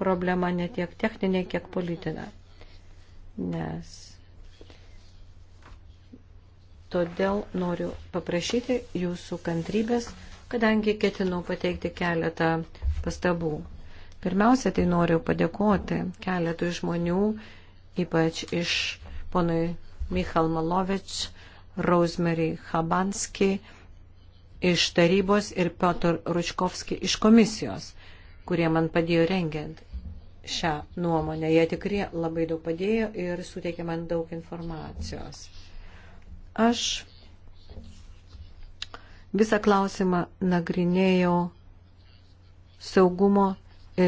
problema netiek techninė, kiek politinė. Nes todėl noriu paprašyti jūsų kantrybės, kadangi ketinau pateikti keletą pastabų. Pirmiausia, tai noriu padėkoti keletui žmonių, ypač iš ponui Michal Malovič, Rosemary Habanski iš tarybos ir Piotr Ručkovski iš komisijos, kurie man padėjo rengiant šią nuomonę. Jie tikrai labai daug padėjo ir suteikė man daug informacijos. Aš visą klausimą nagrinėjau saugumo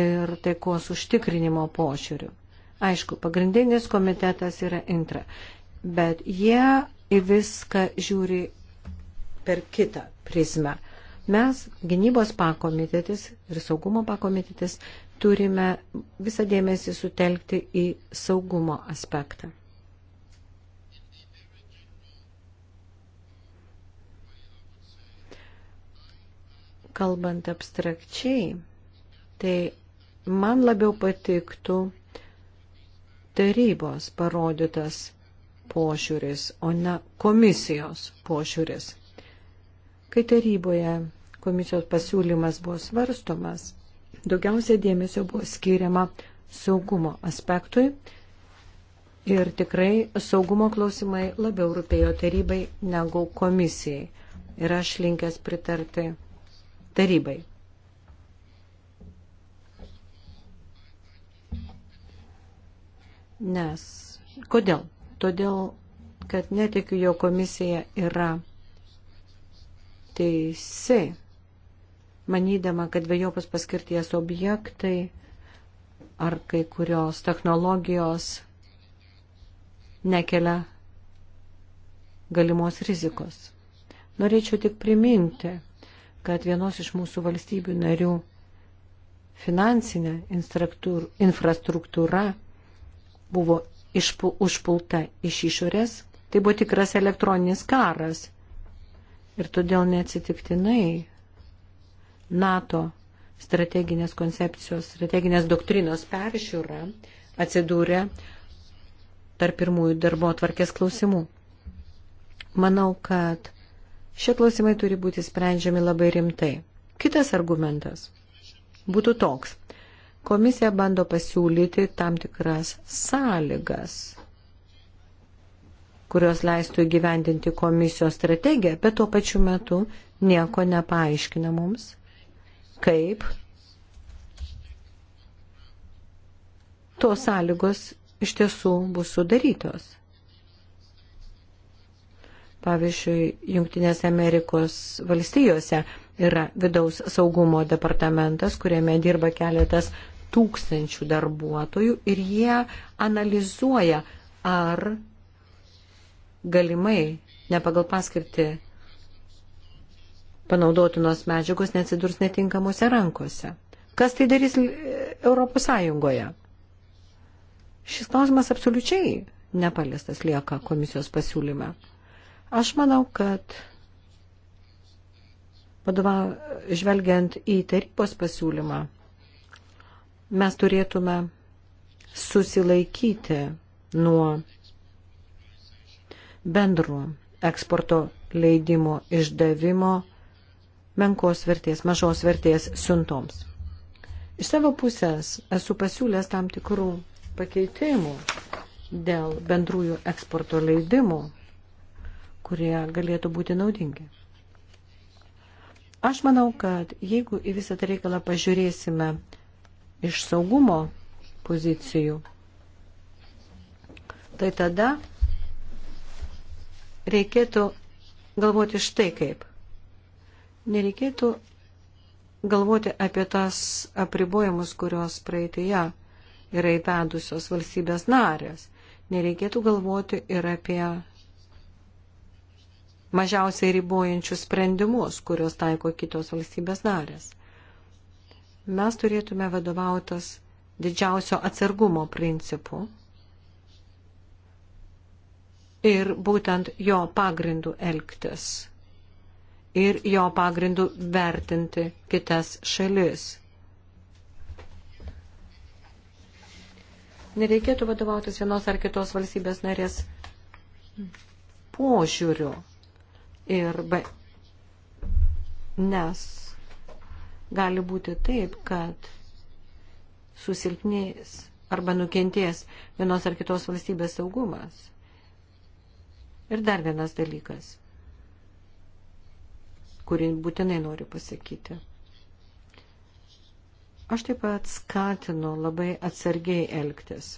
ir taikos užtikrinimo pošiūrių. Aišku, pagrindinis komitetas yra intra, bet jie į viską žiūri per kitą prizmę. Mes, gynybos pakomitetis ir saugumo pakomitetis, turime visą dėmesį sutelkti į saugumo aspektą. Kalbant abstrakčiai, tai man labiau patiktų tarybos parodytas pošiūris, o ne komisijos pošiūris. Kai taryboje komisijos pasiūlymas buvo svarstomas, daugiausia dėmesio buvo skiriama saugumo aspektui ir tikrai saugumo klausimai labiau rūpėjo tarybai negu komisijai. Ir aš linkęs pritarti tarybai. Nes. Kodėl? Todėl, kad netikiu, jo komisija yra teisi, manydama, kad vėjopas paskirties objektai ar kai kurios technologijos nekelia galimos rizikos. Norėčiau tik priminti, kad vienos iš mūsų valstybių narių finansinė infrastruktūra buvo išpu, užpulta iš išorės, tai buvo tikras elektroninis karas. Ir todėl neatsitiktinai NATO strateginės koncepcijos, strateginės doktrinos peržiūra atsidūrė tarp pirmųjų darbo atvarkės klausimų. Manau, kad šie klausimai turi būti sprendžiami labai rimtai. Kitas argumentas būtų toks. Komisija bando pasiūlyti tam tikras sąlygas, kurios leistų įgyvendinti komisijos strategiją, bet tuo pačiu metu nieko nepaaiškina mums, kaip tos sąlygos iš tiesų bus sudarytos. Pavyzdžiui, Junktinės Amerikos valstijose yra vidaus saugumo departamentas, kuriame dirba keletas tūkstančių darbuotojų ir jie analizuoja, ar galimai ne pagal paskirtį panaudotinos medžiagos neatsidurs netinkamuose rankose. Kas tai darys Europos Sąjungoje? Šis klausimas absoliučiai nepaliestas lieka komisijos pasiūlyme. Aš manau, kad vadovau žvelgiant į tarybos pasiūlymą, mes turėtume susilaikyti nuo bendro eksporto leidimo išdavimo menkos vertės, mažos vertės siuntoms. Iš savo pusės esu pasiūlęs tam tikrų pakeitimų dėl bendrųjų eksporto leidimų, kurie galėtų būti naudingi. Aš manau, kad jeigu į visą tą reikalą pažiūrėsime iš saugumo pozicijų, tai tada reikėtų galvoti štai kaip. Nereikėtų galvoti apie tas apribojimus, kurios praeitėje yra įvedusios valstybės narės. Nereikėtų galvoti ir apie mažiausiai ribojančius sprendimus, kurios taiko kitos valstybės narės mes turėtume vadovautas didžiausio atsargumo principu ir būtent jo pagrindu elgtis ir jo pagrindu vertinti kitas šalis. Nereikėtų vadovautis vienos ar kitos valstybės narės požiūriu ir be, nes gali būti taip, kad susilpnės arba nukentės vienos ar kitos valstybės saugumas. Ir dar vienas dalykas, kurį būtinai noriu pasakyti. Aš taip pat skatinu labai atsargiai elgtis,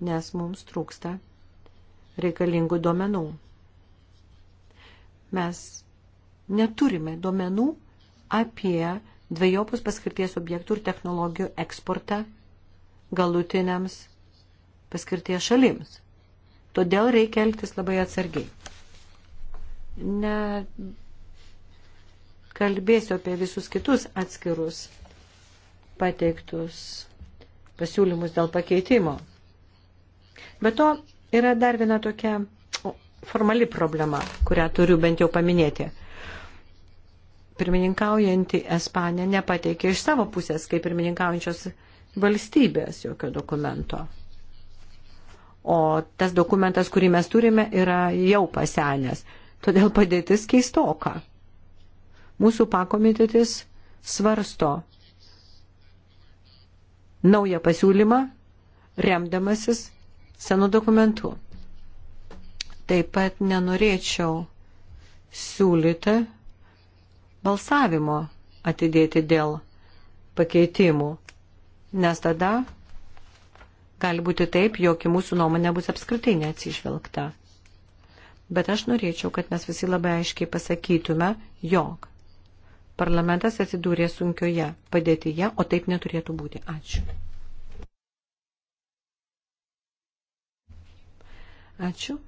nes mums trūksta reikalingų duomenų. Mes neturime duomenų apie dviejopus paskirties objektų ir technologijų eksportą galutiniams paskirties šalims. Todėl reikia elgtis labai atsargiai. Ne kalbėsiu apie visus kitus atskirus pateiktus pasiūlymus dėl pakeitimo. Bet to yra dar viena tokia formali problema, kurią turiu bent jau paminėti pirmininkaujanti Espanija nepateikė iš savo pusės, kaip pirmininkaujančios valstybės, jokio dokumento. O tas dokumentas, kurį mes turime, yra jau pasenęs. Todėl padėtis keistoka. Mūsų pakomitetis svarsto naują pasiūlymą, remdamasis senų dokumentų. Taip pat nenorėčiau siūlyti balsavimo atidėti dėl pakeitimų, nes tada gali būti taip, jog į mūsų nuomonę bus apskritai neatsižvelgta. Bet aš norėčiau, kad mes visi labai aiškiai pasakytume, jog parlamentas atsidūrė sunkioje padėtyje, o taip neturėtų būti. Ačiū. Ačiū.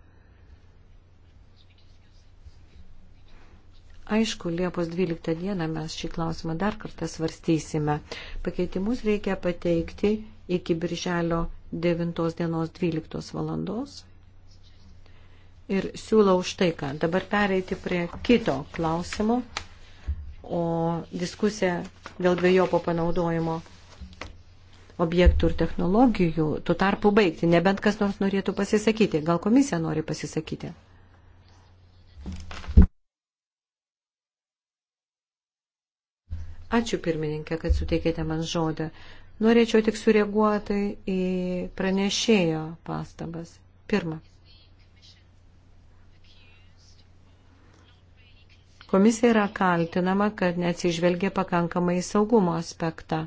Aišku, Liepos 12 dieną mes šį klausimą dar kartą svarstysime. Pakeitimus reikia pateikti iki birželio 9 dienos 12 valandos. Ir siūlau už tai, ką dabar pereiti prie kito klausimo, o diskusija dėl dviejopo panaudojimo objektų ir technologijų tuo tarpu baigti, nebent kas nors norėtų pasisakyti. Gal komisija nori pasisakyti? Ačiū pirmininkė, kad suteikėte man žodį. Norėčiau tik sureaguoti į pranešėjo pastabas. Pirma. Komisija yra kaltinama, kad neatsižvelgia pakankamai į saugumo aspektą.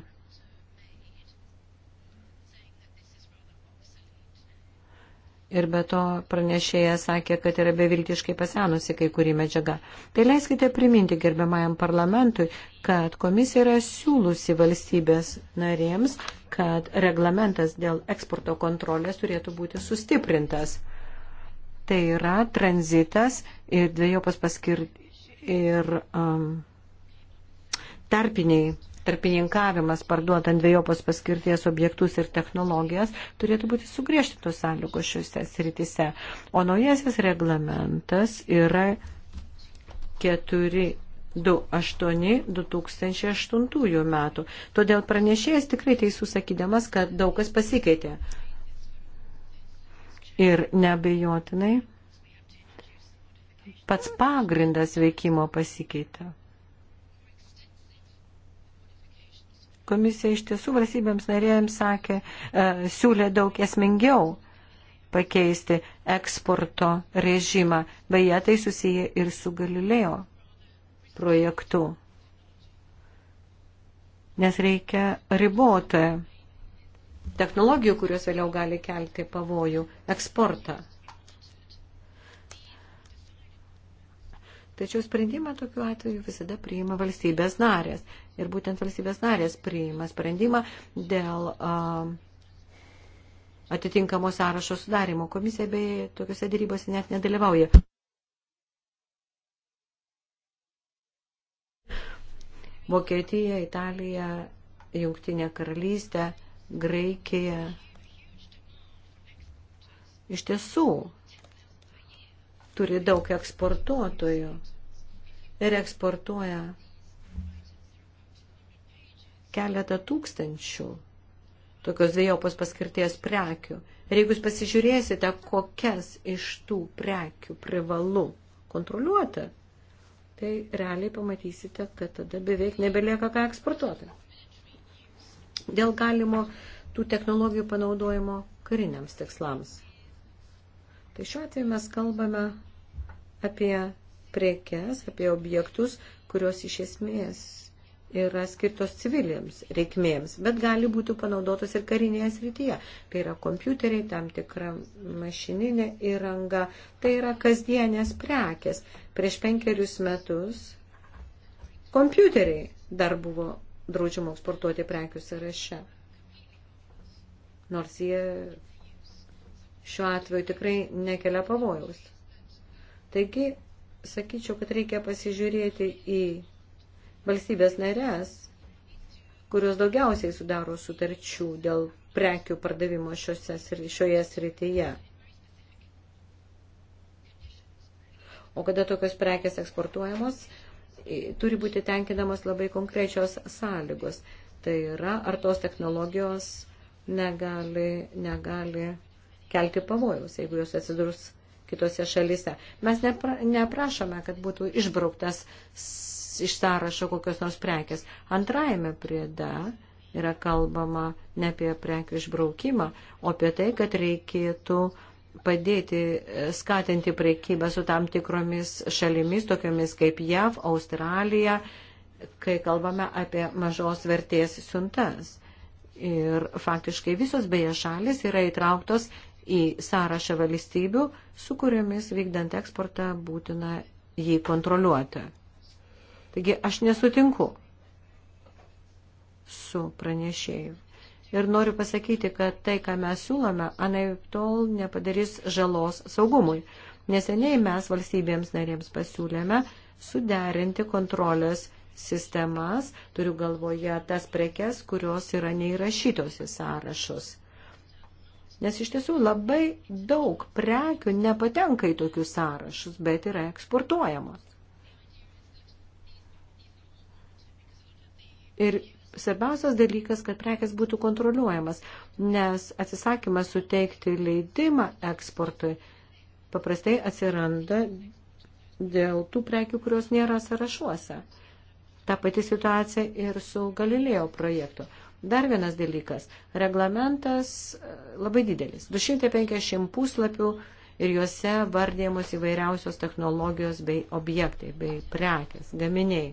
Ir be to pranešėja sakė, kad yra beviltiškai pasenusi kai kuri medžiaga. Tai leiskite priminti gerbiamajam parlamentui, kad komisija yra siūlusi valstybės narėms, kad reglamentas dėl eksporto kontrolės turėtų būti sustiprintas. Tai yra tranzitas ir dviejopas paskir ir um, tarpiniai tarpininkavimas parduodant dviejopos paskirties objektus ir technologijas turėtų būti sugriežtintos sąlygos šiuose srityse. O naujasis reglamentas yra 4 28-2008 metų. Todėl pranešėjas tikrai teisus sakydamas, kad daug kas pasikeitė. Ir nebejotinai pats pagrindas veikimo pasikeitė. komisija iš tiesų valstybėms narėjams sakė, e, siūlė daug esmingiau pakeisti eksporto režimą, beje tai susiję ir su Galilėjo projektu, nes reikia riboti technologijų, kurios vėliau gali kelti pavojų eksportą. Tačiau sprendimą tokiu atveju visada priima valstybės narės. Ir būtent valstybės narės priima sprendimą dėl uh, atitinkamo sąrašo sudarimo. Komisija bei tokiuose dėrybose net nedalyvauja. Vokietija, Italija, Jungtinė karalystė, Graikija. Iš tiesų, turi daug eksportuotojų ir eksportuoja keletą tūkstančių tokios dviejopos paskirties prekių. Ir jeigu jūs pasižiūrėsite, kokias iš tų prekių privalu kontroliuoti, tai realiai pamatysite, kad tada beveik nebelieka ką eksportuoti. Dėl galimo tų technologijų panaudojimo kariniams tikslams. Tai šiuo atveju mes kalbame apie prekes, apie objektus, kurios iš esmės yra skirtos civiliams reikmėms, bet gali būti panaudotos ir karinėje srityje. Tai yra kompiuteriai, tam tikra mašininė įranga, tai yra kasdienės prekės. Prieš penkerius metus kompiuteriai dar buvo draudžiama eksportuoti prekių sąraše. Nors jie šiuo atveju tikrai nekelia pavojaus. Taigi, sakyčiau, kad reikia pasižiūrėti į valstybės narės, kurios daugiausiai sudaro sutarčių dėl prekių pardavimo šiose, šioje srityje. O kada tokios prekės eksportuojamos, turi būti tenkinamos labai konkrečios sąlygos. Tai yra, ar tos technologijos negali, negali kelti pavojaus, jeigu jos atsidurs kitose šalise. Mes nepra, neprašome, kad būtų išbrauktas iš sąrašo kokios nors prekės. Antrajame priede yra kalbama ne apie prekių išbraukimą, o apie tai, kad reikėtų padėti e, skatinti priekybę su tam tikromis šalimis, tokiamis kaip JAV, Australija, kai kalbame apie mažos vertės siuntas. Ir faktiškai visos beje šalis yra įtrauktos į sąrašą valstybių, su kuriomis vykdant eksportą būtina jį kontroliuoti. Taigi aš nesutinku su pranešėju. Ir noriu pasakyti, kad tai, ką mes siūlome, anaip tol nepadarys žalos saugumui. Neseniai mes valstybėms narėms pasiūlėme suderinti kontrolės sistemas, turiu galvoje tas prekes, kurios yra neįrašytos į sąrašus. Nes iš tiesų labai daug prekių nepatenka į tokius sąrašus, bet yra eksportuojamos. Ir svarbiausias dalykas, kad prekes būtų kontroliuojamas, nes atsisakymas suteikti leidimą eksportui paprastai atsiranda dėl tų prekių, kurios nėra sąrašuose. Ta pati situacija ir su Galilėjo projektu. Dar vienas dalykas. Reglamentas e, labai didelis. 250 puslapių ir juose vardėjimus įvairiausios technologijos bei objektai, bei prekės, gaminiai.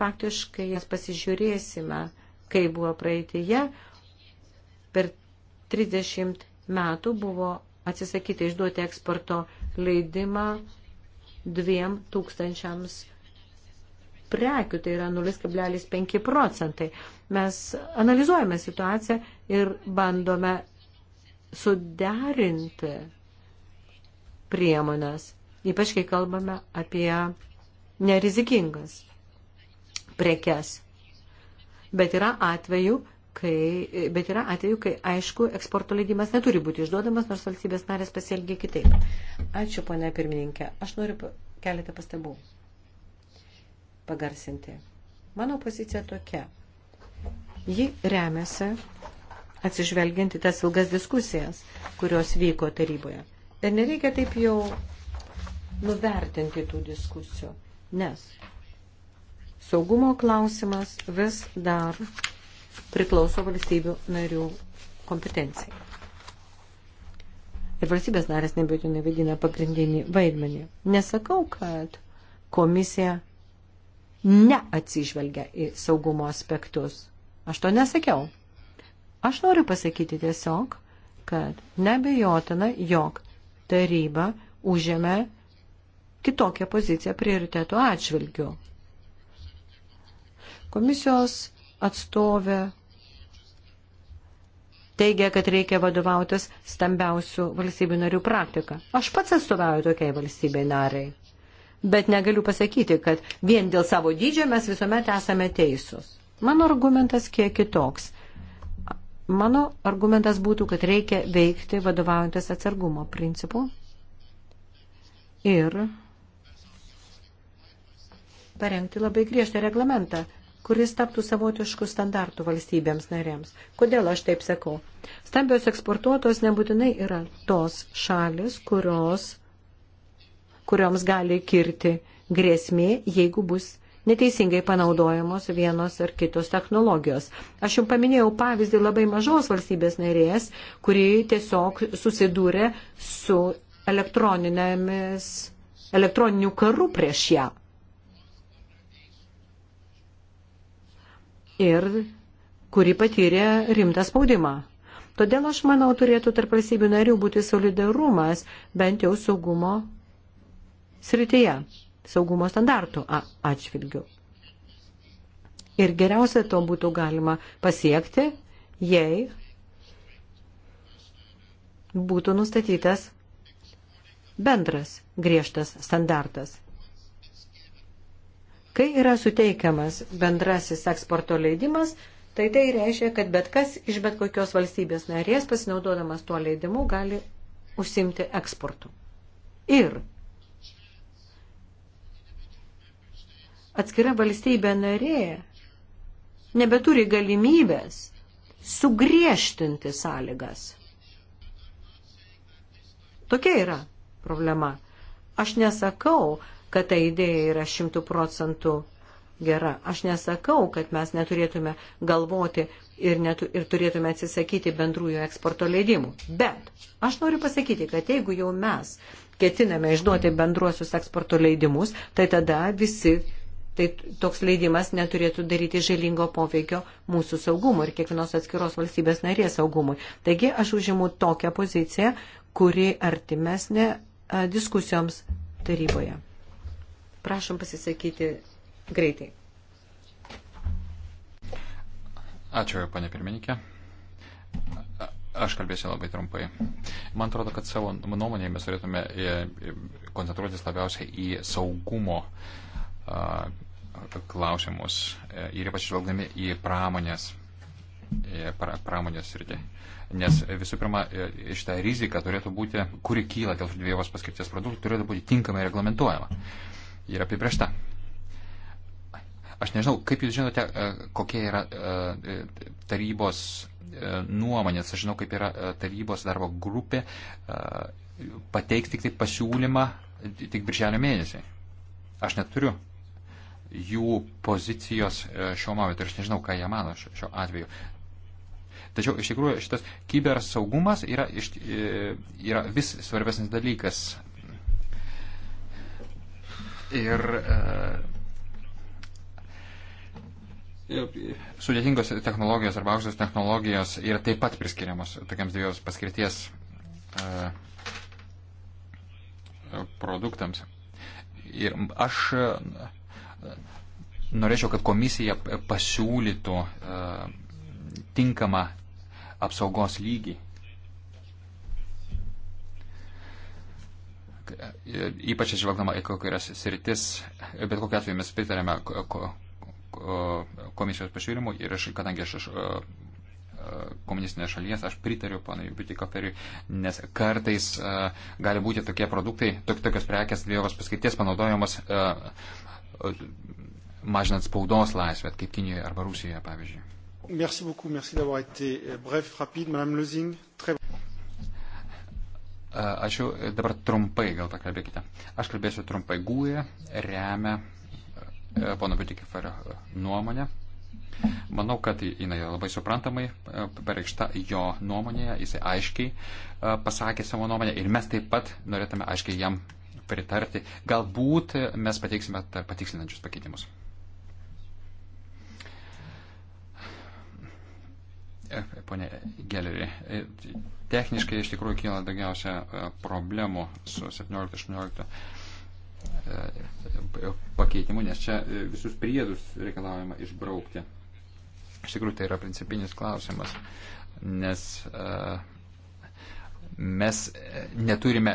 Faktiškai jas pasižiūrėsime, kai buvo praeitėje, per 30 metų buvo atsisakyti išduoti eksporto leidimą dviem tūkstančiams prekių, tai yra 0,5 procentai. Mes analizuojame situaciją ir bandome suderinti priemonės, ypač kai kalbame apie nerizikingas prekes. Bet yra atvejų, kai, bet yra atvejų, kai aišku, eksporto leidimas neturi būti išduodamas, nors valstybės narės pasielgia kitaip. Ačiū, ponia pirmininkė. Aš noriu keletą pastabų pagarsinti. Mano pozicija tokia. Ji remiasi atsižvelginti tas ilgas diskusijas, kurios vyko taryboje. Ir nereikia taip jau nuvertinti tų diskusijų, nes saugumo klausimas vis dar priklauso valstybių narių kompetencijai. Ir valstybės narės nebūtinai vaidina pagrindinį vaidmenį. Nesakau, kad komisija neatsižvelgia į saugumo aspektus. Aš to nesakiau. Aš noriu pasakyti tiesiog, kad nebejotina, jog taryba užėmė kitokią poziciją prioritetų atžvilgių. Komisijos atstovė teigia, kad reikia vadovautis stambiausių valstybių narių praktika. Aš pats atstovauju tokiai valstybei nariai bet negaliu pasakyti, kad vien dėl savo dydžio mes visuomet esame teisūs. Mano argumentas kiek kitoks. Mano argumentas būtų, kad reikia veikti vadovaujantis atsargumo principu ir parengti labai griežtą reglamentą, kuris taptų savotiškų standartų valstybėms narėms. Kodėl aš taip sakau? Stambios eksportuotos nebūtinai yra tos šalis, kurios kurioms gali kirti grėsmė, jeigu bus neteisingai panaudojamos vienos ar kitos technologijos. Aš jums paminėjau pavyzdį labai mažos valstybės narės, kuri tiesiog susidūrė su elektroniniu karu prieš ją. Ir kuri patyrė rimtą spaudimą. Todėl aš manau, turėtų tarp valstybių narių būti solidarumas bent jau saugumo srityje, saugumo standartų atžvilgių. Ir geriausia to būtų galima pasiekti, jei būtų nustatytas bendras griežtas standartas. Kai yra suteikiamas bendrasis eksporto leidimas, tai tai reiškia, kad bet kas iš bet kokios valstybės narės pasinaudodamas tuo leidimu gali užsimti eksportu. Ir atskira valstybė narė nebeturi galimybės sugriežtinti sąlygas. Tokia yra problema. Aš nesakau, kad ta idėja yra šimtų procentų gera. Aš nesakau, kad mes neturėtume galvoti ir, netu, ir turėtume atsisakyti bendrųjų eksporto leidimų. Bet aš noriu pasakyti, kad jeigu jau mes ketiname išduoti bendruosius eksporto leidimus, tai tada visi tai toks leidimas neturėtų daryti žalingo poveikio mūsų saugumui ir kiekvienos atskiros valstybės narės saugumui. Taigi aš užimu tokią poziciją, kuri artimesnė diskusijoms taryboje. Prašom pasisakyti greitai. Ačiū, panė pirmininkė. Aš kalbėsiu labai trumpai. Man atrodo, kad savo nuomonėje mes turėtume e, e, koncentruotis labiausiai į saugumo uh, klausimus e, ir ypač žvelgdami į pramonės, pra, pramonės sritį. Nes visų pirma, e, šitą riziką turėtų būti, kuri kyla dėl dviejos paskirties produktų, turėtų būti tinkamai reglamentuojama ir apibriešta. Aš nežinau, kaip jūs žinote, e, kokia yra tarybos nuomonė, aš žinau, kaip yra tarybos darbo grupė, pateiks tik tai pasiūlymą tik birželio mėnesį. Aš neturiu jų pozicijos e, šiuo momentu ir aš nežinau, ką jie mano šiuo atveju. Tačiau iš tikrųjų šitas kibersaugumas yra, iš, e, yra vis svarbesnis dalykas. Ir e, e, sudėtingos technologijos arba aukštos technologijos yra taip pat priskiriamos tokiams dviejos paskirties e, produktams. Ir aš. E, norėčiau, kad komisija pasiūlytų e, tinkamą apsaugos lygį. Ypač atsižvelgdama į kokias sritis, bet kokia atveju mes pritarėme komisijos pasiūlymų ir aš, kadangi aš iš e, e, komunistinės šalies, aš pritariu panui Bitikoferiui, nes kartais a, gali būti tokie produktai, tok, tokios prekes dviejos paskirties panaudojamos a, mažinant spaudos laisvę, kaip Kinijoje arba Rusijoje, pavyzdžiui. Merci beaucoup, merci d'avoir été euh, bref, rapide, Madame Lezing. Très... Ačiū, e, dabar trumpai gal pakalbėkite. Aš kalbėsiu trumpai. Gūja remia e, pono Bitikiferio e, nuomonę. Manau, kad jinai labai suprantamai pareikšta jo nuomonėje, jisai aiškiai pasakė savo nuomonę ir mes taip pat norėtume aiškiai jam pritarti. Galbūt mes pateiksime patikslinančius pakeitimus. E, pone Gelerį, e, techniškai iš tikrųjų kyla daugiausia e, problemų su 17-18 pakeitimu, nes čia visus priedus reikalaujama išbraukti. Iš tikrųjų tai yra principinis klausimas, nes mes neturime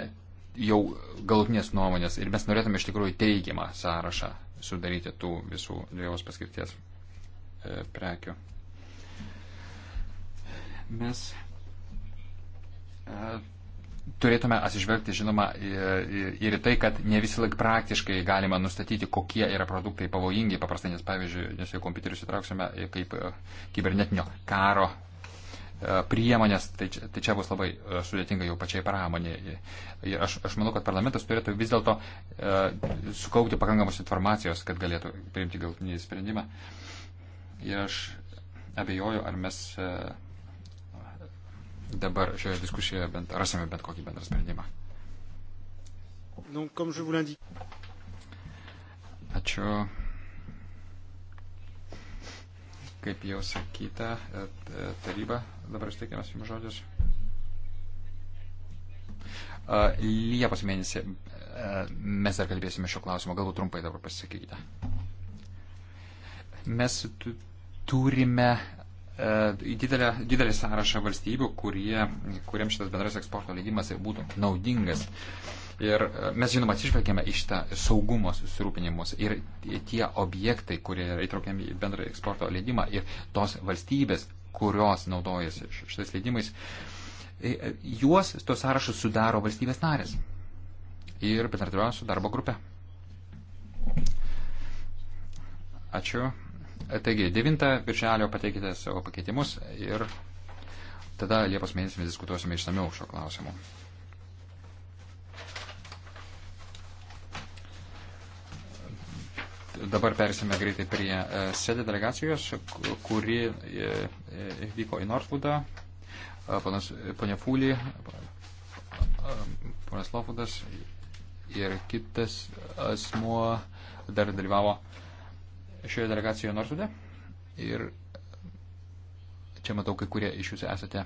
jau galutinės nuomonės ir mes norėtume iš tikrųjų teigiamą sąrašą sudaryti tų visų dviejos paskirties e, prekių. Mes e, turėtume atsižvelgti, žinoma, ir į tai, kad ne visi laik praktiškai galima nustatyti, kokie yra produktai pavojingi, paprastai, nes pavyzdžiui, nes jau kompiuterius įtrauksime e, kaip e, kibernetinio karo E, priemonės, tai čia, tai čia bus labai e, sudėtinga jau pačiai pramonėje. E, aš, aš manau, kad parlamentas turėtų vis dėlto e, sukaupti pakankamos informacijos, kad galėtų priimti galtinį sprendimą. Ir aš abejoju, ar mes e, dabar šioje diskusijoje bent, rasime bent kokį bendrą sprendimą. Ačiū. Kaip jau sakyta, e, taryba, dabar išteikiamas jums žodis. E, Liepos mėnesį e, mes dar kalbėsime šio klausimo, galbūt trumpai dabar pasisakykite. Mes turime E, į didelę, didelį sąrašą valstybių, kurie, kuriems šitas bendras eksporto leidimas būtų naudingas. Ir e, mes, žinoma, atsižvelgėme iš tą saugumo susirūpinimus ir tie objektai, kurie yra įtraukiami į bendrą eksporto leidimą ir tos valstybės, kurios naudojasi šitais leidimais, e, juos, tos sąrašus sudaro valstybės narės ir bendradarbiavimo su darbo grupe. Ačiū. Taigi, 9 viršelio pateikite savo pakeitimus ir tada Liepos mėnesį mes diskutuosime išsamiau šio klausimu. Dabar persime greitai prie e, sėdė delegacijos, kuri e, e, vyko į Norfudą. Ponas Ponefūlį, ponas Lofudas ir kitas asmuo dar dalyvavo šioje delegacijoje Norsude. Ir čia matau, kai kurie iš jūsų esate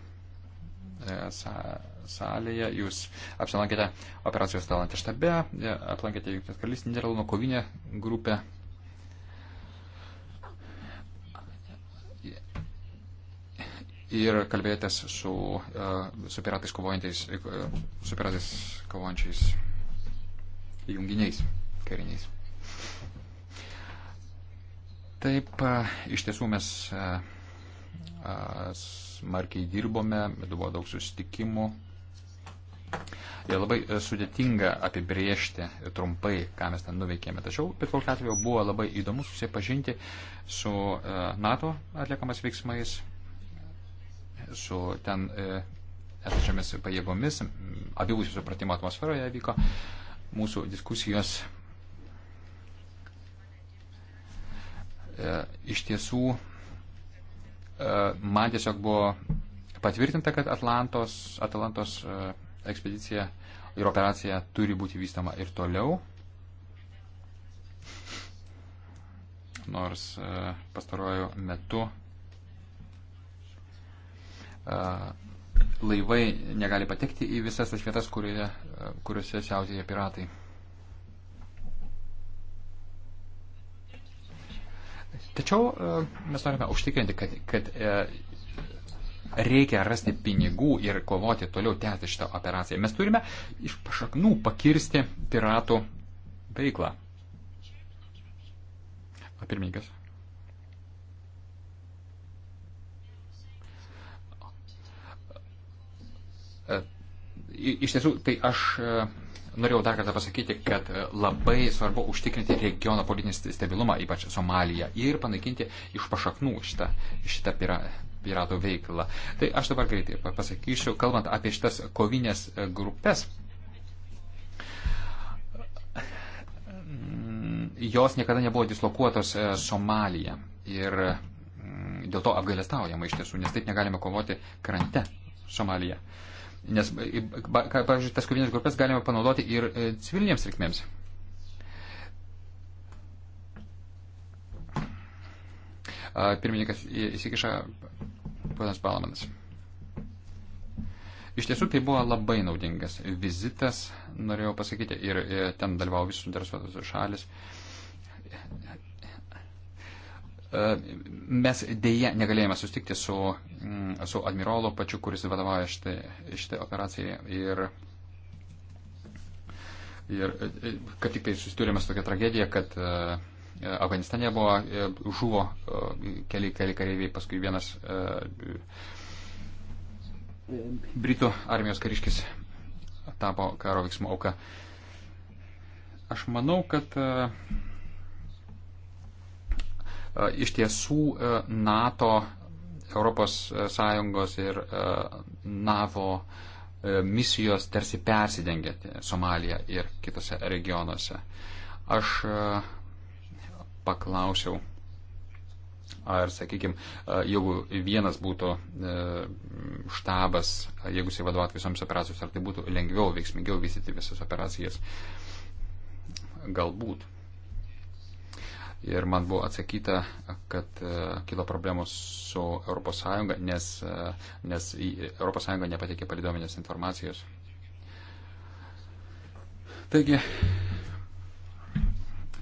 e, salėje, jūs apsilankėte operacijos talantė štabe, e, aplankėte Junktinės karalystės Niderlandų kovinę grupę. Ir kalbėjotės su, e, su piratais kovojančiais, su piratais kovojančiais junginiais kariniais. Taip, iš tiesų mes smarkiai dirbome, buvo daug susitikimų. Ir labai e, sudėtinga apibriežti trumpai, ką mes ten nuveikėme. Tačiau, bet kokiu atveju, buvo labai įdomu susipažinti su e, NATO atliekamas veiksmais, su ten e, esančiamis pajėgomis, abipusių supratimo atmosferoje vyko mūsų diskusijos E, iš tiesų e, man tiesiog buvo patvirtinta, kad Atlantos, Atlantos e, ekspedicija ir operacija turi būti vystama ir toliau. Nors pastaruoju metu laivai negali patekti į visas tas vietas, kurie, kuriuose siautėja piratai. Tačiau e, mes norime užtikrinti, kad, kad e, reikia rasti pinigų ir kovoti toliau tęsti šitą operaciją. Mes turime iš pašaknų pakirsti piratų veiklą. Pirmininkas. E, iš tiesų, tai aš norėjau dar kartą pasakyti, kad e, labai svarbu užtikrinti regiono politinį stabilumą, ypač Somaliją, ir panaikinti iš pašaknų šitą, šitą pira, piratų veiklą. Tai aš dabar greitai pasakysiu, kalbant apie šitas kovinės e, grupės. Mm, jos niekada nebuvo dislokuotos e, Somalija ir mm, dėl to apgailestaujama iš tiesų, nes taip negalime kovoti krante Somalija. Uh, Nes, pavyzdžiui, tas kovinės grupės galima panaudoti ir e, civilinėms reikmėms. Pirmininkas įsikiša ponas Balamanas. Iš tiesų tai buvo labai naudingas vizitas, norėjau pasakyti, ir e, ten dalyvavo visus suinteresuotos šalis. E, mes dėje negalėjome sustikti su, mm, su admirolo pačiu, kuris vadovauja šitai, šitai operacijai. Ir, ir e, kad tik tai susidūrėme su tokia tragedija, kad e, Afganistane buvo, žuvo keli, keli kareiviai, paskui vienas Britų armijos kariškis tapo karo veiksmų auka. Aš manau, kad E, iš tiesų e, NATO, ES e, ir NAVO misijos tarsi persidengia Somalija ir kitose regionuose. Aš paklausiau, ar, sakykime, jeigu vienas būtų štabas, jeigu jisai vadovautų visoms operacijoms, ar tai būtų lengviau, veiksmingiau vystyti visas operacijas. Galbūt ir man buvo atsakyta, kad e, kilo problemos su ES, nes, e, nes ES nepateikė palidominės informacijos. Taigi,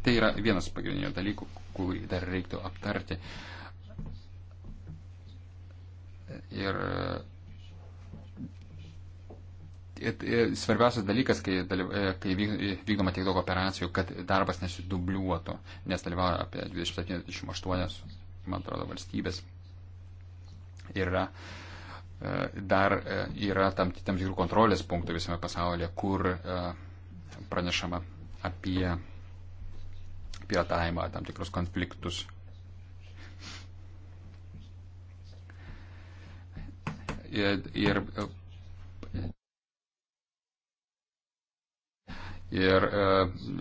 tai yra vienas pagrindinių dalykų, kurį dar reiktų aptarti. Ir Svarbiausias dalykas, kai, e, kai e, vykdoma tiek daug operacijų, kad darbas nesidubliuotų, nes dalyvauja apie 27-28, man atrodo, valstybės. Ir yra, e, dar yra tam, tam tikrų kontrolės punktų visame pasaulyje, kur pranešama apie piratavimą, tam tikrus konfliktus. Ir, ir Ir e,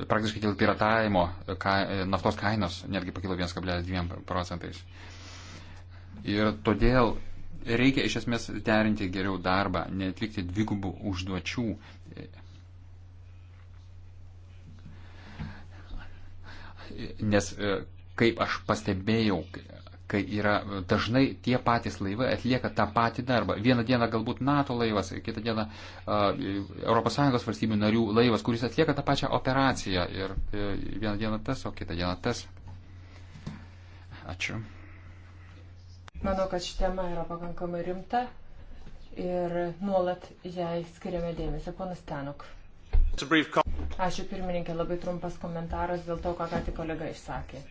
praktiškai dėl piratavimo ka, e, naftos kainos netgi pakilo 1,2 procentais. Ir todėl reikia iš esmės derinti geriau darbą, netlikti dvigubų užduočių. Nes, e, kaip aš pastebėjau, kai yra dažnai tie patys laivai atlieka tą patį darbą. Vieną dieną galbūt NATO laivas, kitą dieną uh, ES valstybių narių laivas, kuris atlieka tą pačią operaciją. Ir uh, vieną dieną tas, o kitą dieną tas. Ačiū. Manau, kad ši tema yra pakankamai rimta ir nuolat jai skiriame dėmesį. Ponas Tenuk. Ačiū pirmininkė, labai trumpas komentaras dėl to, ką ką tik kolega išsakė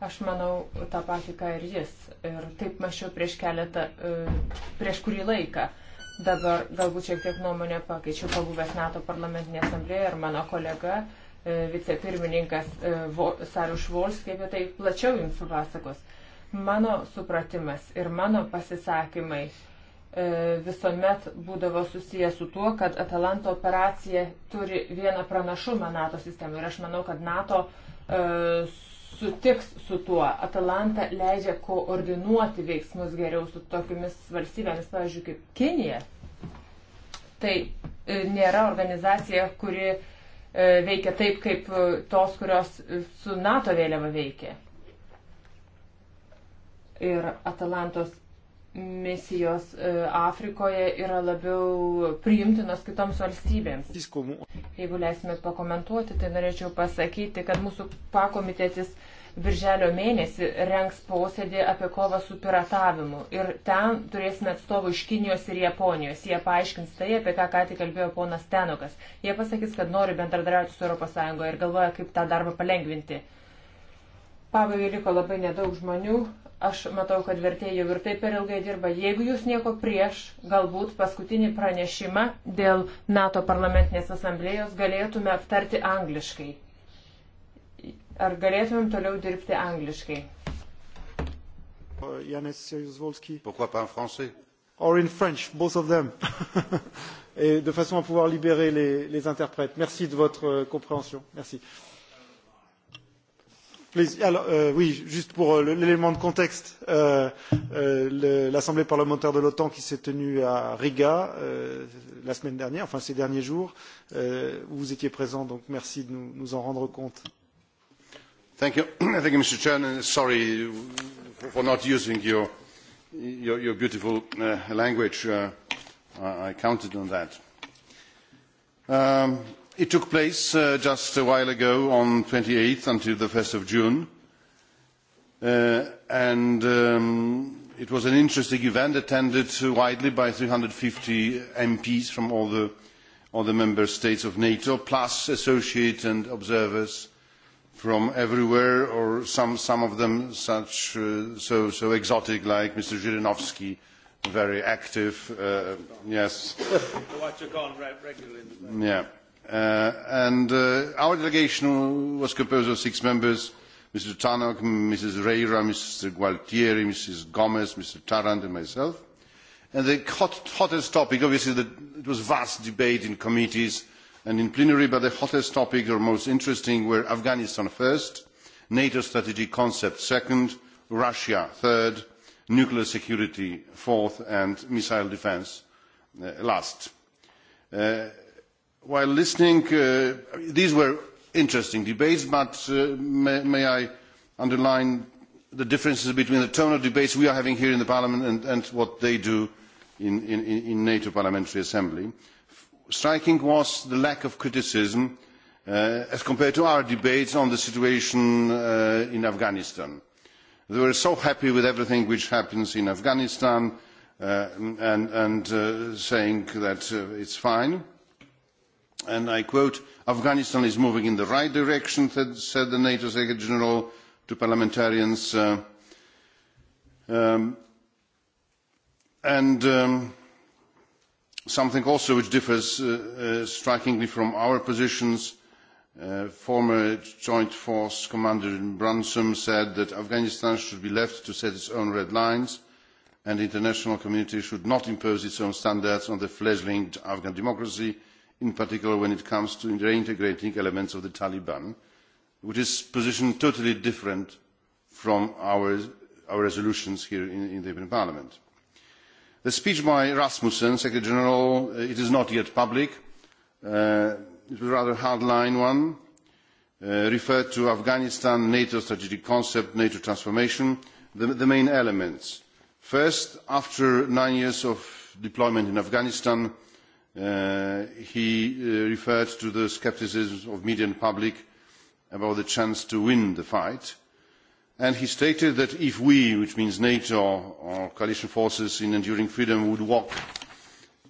Aš manau tą patį, ką ir jis. Ir taip mačiau prieš keletą, e, prieš kurį laiką. Dabar galbūt šiek tiek nuomonę pakeičiau, pabuvęs NATO parlamentinė asamblėje ir mano kolega e, vicepirmininkas e, Sarius Volskis apie tai plačiau jums supasakos. Mano supratimas ir mano pasisakymai visuomet būdavo susijęs su tuo, kad Atalanto operacija turi vieną pranašumą NATO sistemai. Ir aš manau, kad NATO uh, sutiks su tuo. Atalanta leidžia koordinuoti veiksmus geriau su tokiamis valstybėmis, pavyzdžiui, kaip Kinija. Tai e, nėra organizacija, kuri e, veikia taip, kaip e, tos, kurios su NATO vėliava veikia. Ir Atalantos misijos e, Afrikoje yra labiau priimtinos kitoms valstybėms. Jeigu leisimėt pakomentuoti, tai norėčiau pasakyti, kad mūsų pakomitetis Birželio mėnesį renks posėdį apie kovą su piratavimu. Ir ten turėsime atstovų iš Kinijos ir Japonijos. Jie paaiškins tai, apie ką ką tik kalbėjo ponas Tenokas. Jie pasakys, kad nori bendradarbiauti su ES ir galvoja, kaip tą darbą palengvinti. Pabaigai liko labai nedaug žmonių. Aš matau, kad vertėjai jau ir taip per ilgai dirba. Jeigu jūs nieko prieš, galbūt paskutinį pranešimą dėl NATO parlamentinės asamblėjos galėtume aptarti angliškai. Ar galėtumėm toliau dirbti angliškai? Uh, Janis Juzvolski. Pourquoi pas en français? Or in French, both of them. *laughs* Et de façon à pouvoir libérer les, les interprètes. Merci de votre euh, compréhension. Merci. Euh, Alors, euh, oui, juste pour euh, l'élément de contexte, euh, euh, l'Assemblée parlementaire de l'OTAN qui s'est tenue à Riga euh, la semaine dernière, enfin ces derniers jours, euh, vous étiez présent, donc merci de nous, nous en rendre compte. Thank you. *clears throat* Thank you, Mr. Chairman. Sorry for not using your, your, your beautiful uh, language. Uh, I counted on that. Um, It took place uh, just a while ago on 28th until the 1st of June. Uh, and um, it was an interesting event attended widely by 350 MPs from all the, all the member states of NATO, plus associate and observers from everywhere, or some, some of them such, uh, so, so exotic like Mr. Zhirinovsky, very active. Uh, yes. *laughs* Watch you gone regularly. In the yeah Uh, and uh, our delegation was composed of six members, Mr. Tannock, Mrs. Reira, Mr. Gualtieri, Mrs. Gomez, Mr. Tarrant, and myself. And the hot, hottest topic, obviously, the, it was vast debate in committees and in plenary, but the hottest topic or most interesting were Afghanistan first, NATO strategic concept second, Russia third, nuclear security fourth, and missile defense uh, last. Uh, while listening, uh, these were interesting debates, but uh, may, may I underline the differences between the tone of debates we are having here in the Parliament and, and what they do in, in, in NATO Parliamentary Assembly. Striking was the lack of criticism uh, as compared to our debates on the situation uh, in Afghanistan. They were so happy with everything which happens in Afghanistan uh, and, and uh, saying that uh, it's fine. Uh, and i quote afghanistan is moving in the right direction said the nato secretary general to parliamentarians uh, um, and um, something also which differs uh, uh, strikingly from our positions uh, former joint force commander Brunsum said that Afghanistan should be left to set its own red lines and the international community should not impose its own standards on the fledgling Afghan democracy uh, in particular when it comes to reintegrating elements of the Taliban, which is position totally different from our, our resolutions here in, in the European Parliament. The speech by Rasmussen, Secretary General, uh, it is not yet public. Uh, it was a rather hardline one, uh, referred to Afghanistan, NATO strategic concept, NATO transformation, the, the main elements. First, after nine years of deployment in Afghanistan, uh, Uh, he uh, referred to the scepticism of media and public about the chance to win the fight. And he stated that if we, which means NATO or coalition forces in enduring freedom, would walk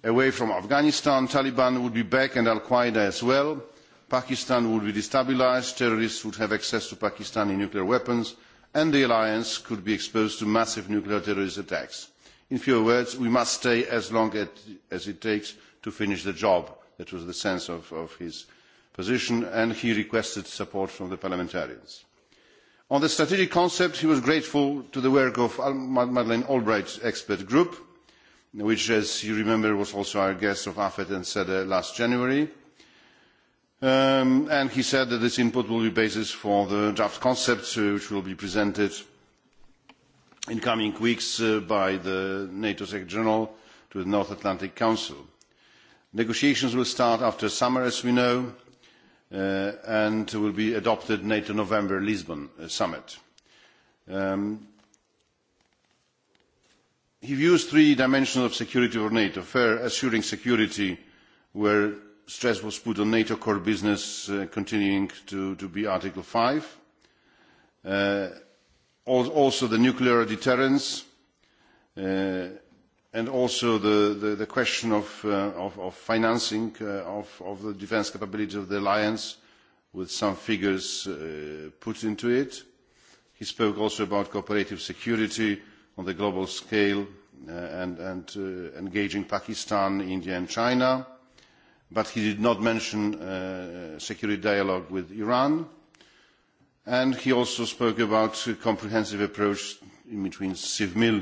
away from Afghanistan, Taliban would be back and Al-Qaeda as well. Pakistan would be destabilized, terrorists would have access to Pakistani nuclear weapons, and the alliance could be exposed to massive nuclear terrorist attacks. In fewer words, we must stay as long as it takes to finish the job. That was the sense of, of his position, and he requested support from the parliamentarians. On the strategic concept, he was grateful to the work of Madeleine Albright's expert group, which, as you remember, was also our guest of AFET and SEDE last January. Um, and he said that this input will be basis for the draft concept, uh, which will be presented in coming weeks uh, by the NATO Secretary General to the North Atlantic Council. Negotiations will start after summer, as we know, uh, and will be adopted NATO November Lisbon uh, summit. Um, he views three dimensions of security for NATO. First, assuring security where stress was put on NATO core business uh, continuing to, to be Article 5. Uh, also the nuclear deterrence, uh, and also the, the, the question of, uh, of, of financing uh, of, of the defence capability of the alliance with some figures uh, put into it. He spoke also about cooperative security on the global scale uh, and, and uh, engaging Pakistan, India and China, but he did not mention uh, security dialogue with Iran. And he also spoke about a comprehensive approach in between civil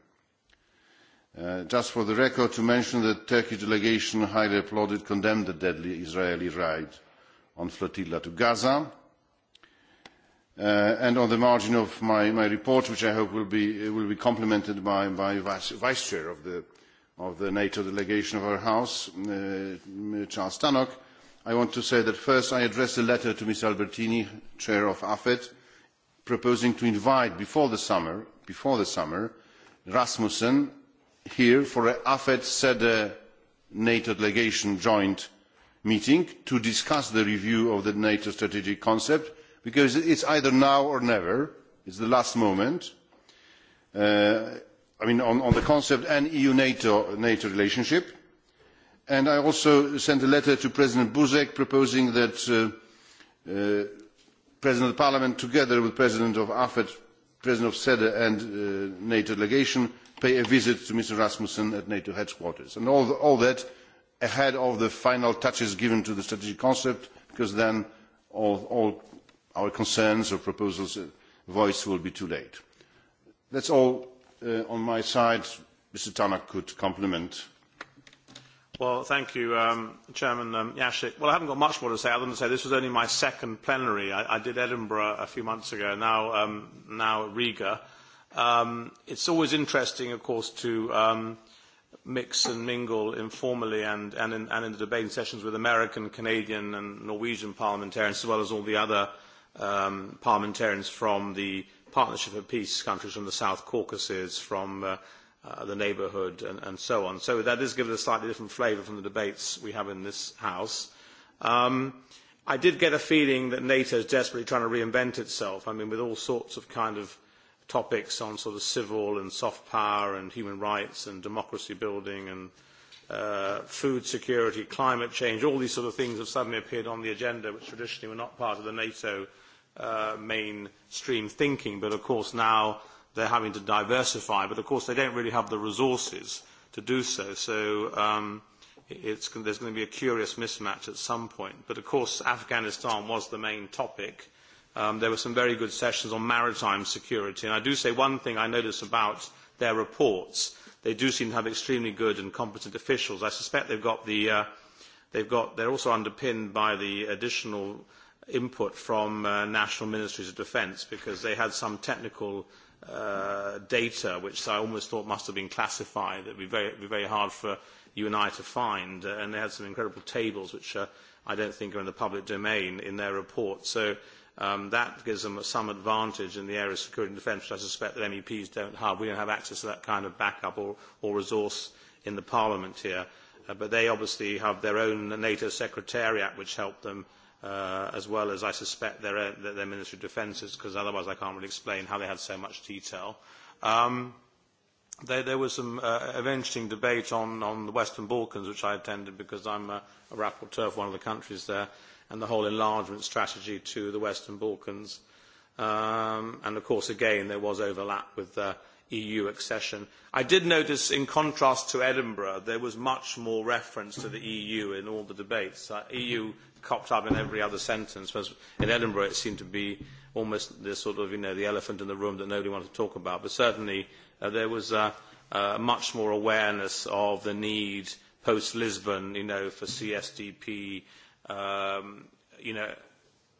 Uh, just for the record, to mention that Turkey delegation highly applauded, condemned the deadly Israeli raid on flotilla to Gaza. Uh, and on the margin of my, my report, which I hope will be, uh, will be complemented by, by vice, vice chair of the, of the NATO delegation of our House, uh, Charles Tannock, I want to say that first I addressed a letter to Ms. Albertini, chair of AFET, proposing to invite before the summer, before the summer Rasmussen here for an afet sede e nato delegation joint meeting to discuss the review of the nato strategic concept because it is either now or never it is the last moment uh, I mean, on, on the concept and eu NATO, nato relationship and i also sent a letter to president buzek proposing that uh, uh, president of parliament together with president of afet president of sede e and uh, nato delegation pay a visit to Mr Rasmussen at NATO headquarters. And all, the, all that ahead of the final touches given to the strategic concept, because then all, all our concerns or proposals uh, voiced will be too late. That's all uh, on my side. Mr Tannock could compliment. Well, thank you, um, Chairman um, Yashik. Well, I haven't got much more to say other than to say this was only my second plenary. I, I did Edinburgh a few months ago, now, um, now Riga Um, it's always interesting, of course, to um, mix and mingle informally and, and, in, and in the debating sessions with American, Canadian and Norwegian parliamentarians as well as all the other um, parliamentarians from the Partnership for Peace countries, from the South Caucasus, from uh, uh, the neighbourhood and, and so on. So that does give it a slightly different flavour from the debates we have in this House. Um, I did get a feeling that NATO is desperately trying to reinvent itself. I mean, with all sorts of kind of topics on sort of civil and soft power and human rights and democracy building and uh, food security, climate change, all these sort of things have suddenly appeared on the agenda, which traditionally were not part of the NATO uh, mainstream thinking. But of course now they're having to diversify, but of course they don't really have the resources to do so. So um, it's, there's going to be a curious mismatch at some point. But of course Afghanistan was the main topic Um, there were some very good sessions on maritime security. And I do say one thing I notice about their reports. They do seem to have extremely good and competent officials. I suspect they've got the, uh, they've got, they're also underpinned by the additional input from uh, national ministries of defence because they had some technical uh, data which I almost thought must have been classified. It would be very, be very hard for you and I to find. Uh, and they had some incredible tables which uh, I don't think are in the public domain in their report. So um, that gives them some advantage in the area of security and defence, which I suspect that MEPs don't have. We don't have access to that kind of backup or, or resource in the Parliament here. Uh, but they obviously have their own NATO Secretariat, which helped them, uh, as well as, I suspect, their, own, their Ministry of Defences, because otherwise I can't really explain how they had so much detail. Um, there, there was some uh, an interesting debate on, on the Western Balkans, which I attended because I'm a, a rapporteur for one of the countries there. Uh, and the whole enlargement strategy to the Western Balkans. Um, and of course, again, there was overlap with uh, EU accession. I did notice, in contrast to Edinburgh, there was much more reference to the EU in all the debates. Uh, EU copped up in every other sentence. Whereas in Edinburgh, it seemed to be almost the sort of, you know, the elephant in the room that nobody wanted to talk about. But certainly, uh, there was uh, uh, much more awareness of the need post-Lisbon, you know, for CSDP, um, you know,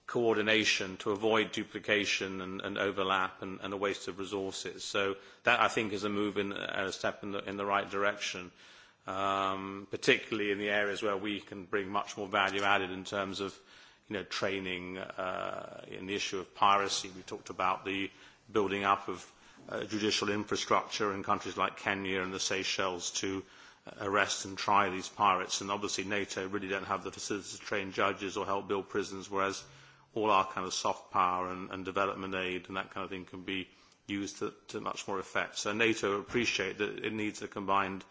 coordination to avoid duplication and, and overlap and, and a waste of resources. So that, I think, is a move in a step in the, in the right direction, um, particularly in the areas where we can bring much more value added in terms of you know, training uh, in the issue of piracy. We talked about the building up of uh, judicial infrastructure in countries like Kenya and the Seychelles to uh, arrest and try these pirates. And obviously NATO really don't have the facilities to train judges or help build prisons, whereas all our kind of soft power and, and development aid and that kind of thing can be used to, to much more effect. So NATO appreciate that it needs a combined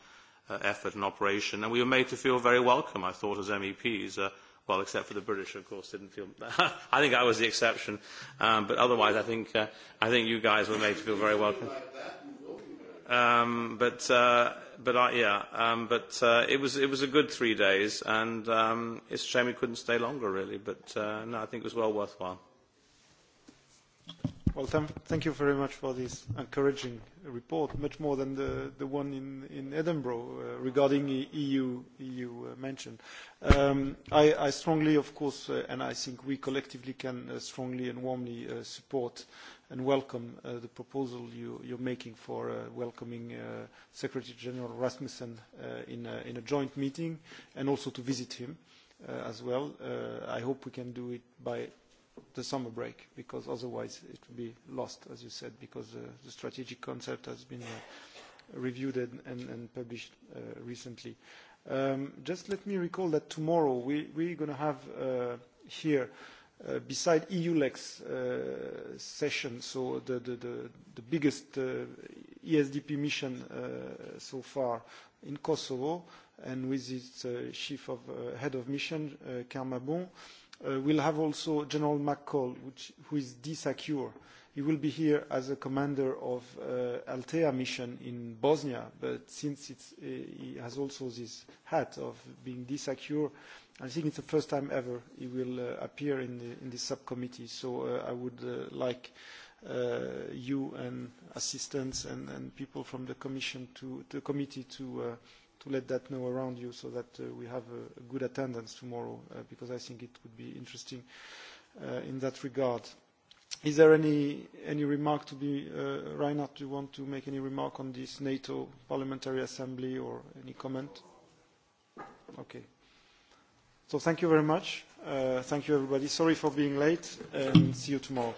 uh, effort and operation. And we were made to feel very welcome, I thought, as MEPs. Uh, well, except for the British, of course, didn't feel. *laughs* I think I was the exception, um, but otherwise, I think uh, I think you guys were made to feel very welcome. Like Um, but uh, but uh, yeah, um, but uh, it was it was a good three days, and um, it's a shame we couldn't stay longer, really. But uh, no, I think it was well worthwhile. Well, th thank you very much for this encouraging report, much more than the, the one in, in Edinburgh uh, regarding EU, e EU uh, mention. Um, I, I strongly, of course, uh, and I think we collectively can uh, strongly and warmly uh, support uh, and welcome uh, the proposal you, you're making for uh, welcoming uh, Secretary General Rasmussen uh, in, a, in a joint meeting and also to visit him uh, as well. Uh, I hope we can do it by the summer break because otherwise it will be lost, as you said, because uh, the strategic concept has been uh, reviewed and, and, and published uh, recently. Um, just let me recall that tomorrow we, we're going to have uh, here uh, uh, beside EULEX uh, session, so the, the, the, the biggest uh, ESDP mission uh, so far in Kosovo, and with its uh, chief of uh, head of mission, uh, Kermabon, uh, we'll have also General McCall, which, who is DSACURE. He will be here as a commander of uh, Altea mission in Bosnia, but since it's, uh, he has also this hat of being DSACURE, uh, I think it's the first time ever he will uh, appear in, the, in this subcommittee, so uh, I would uh, like uh, you and assistants and, and people from the commission to the committee to uh, to let that know around you so that uh, we have a, a good attendance tomorrow uh, because I think it would be interesting uh, in that regard. Is there any any remark to be uh, Reinhard, do you want to make any remark on this NATO Parliamentary Assembly or any comment? Okay. So thank you very much. Uh, thank you, everybody. Sorry for being late, and see you tomorrow.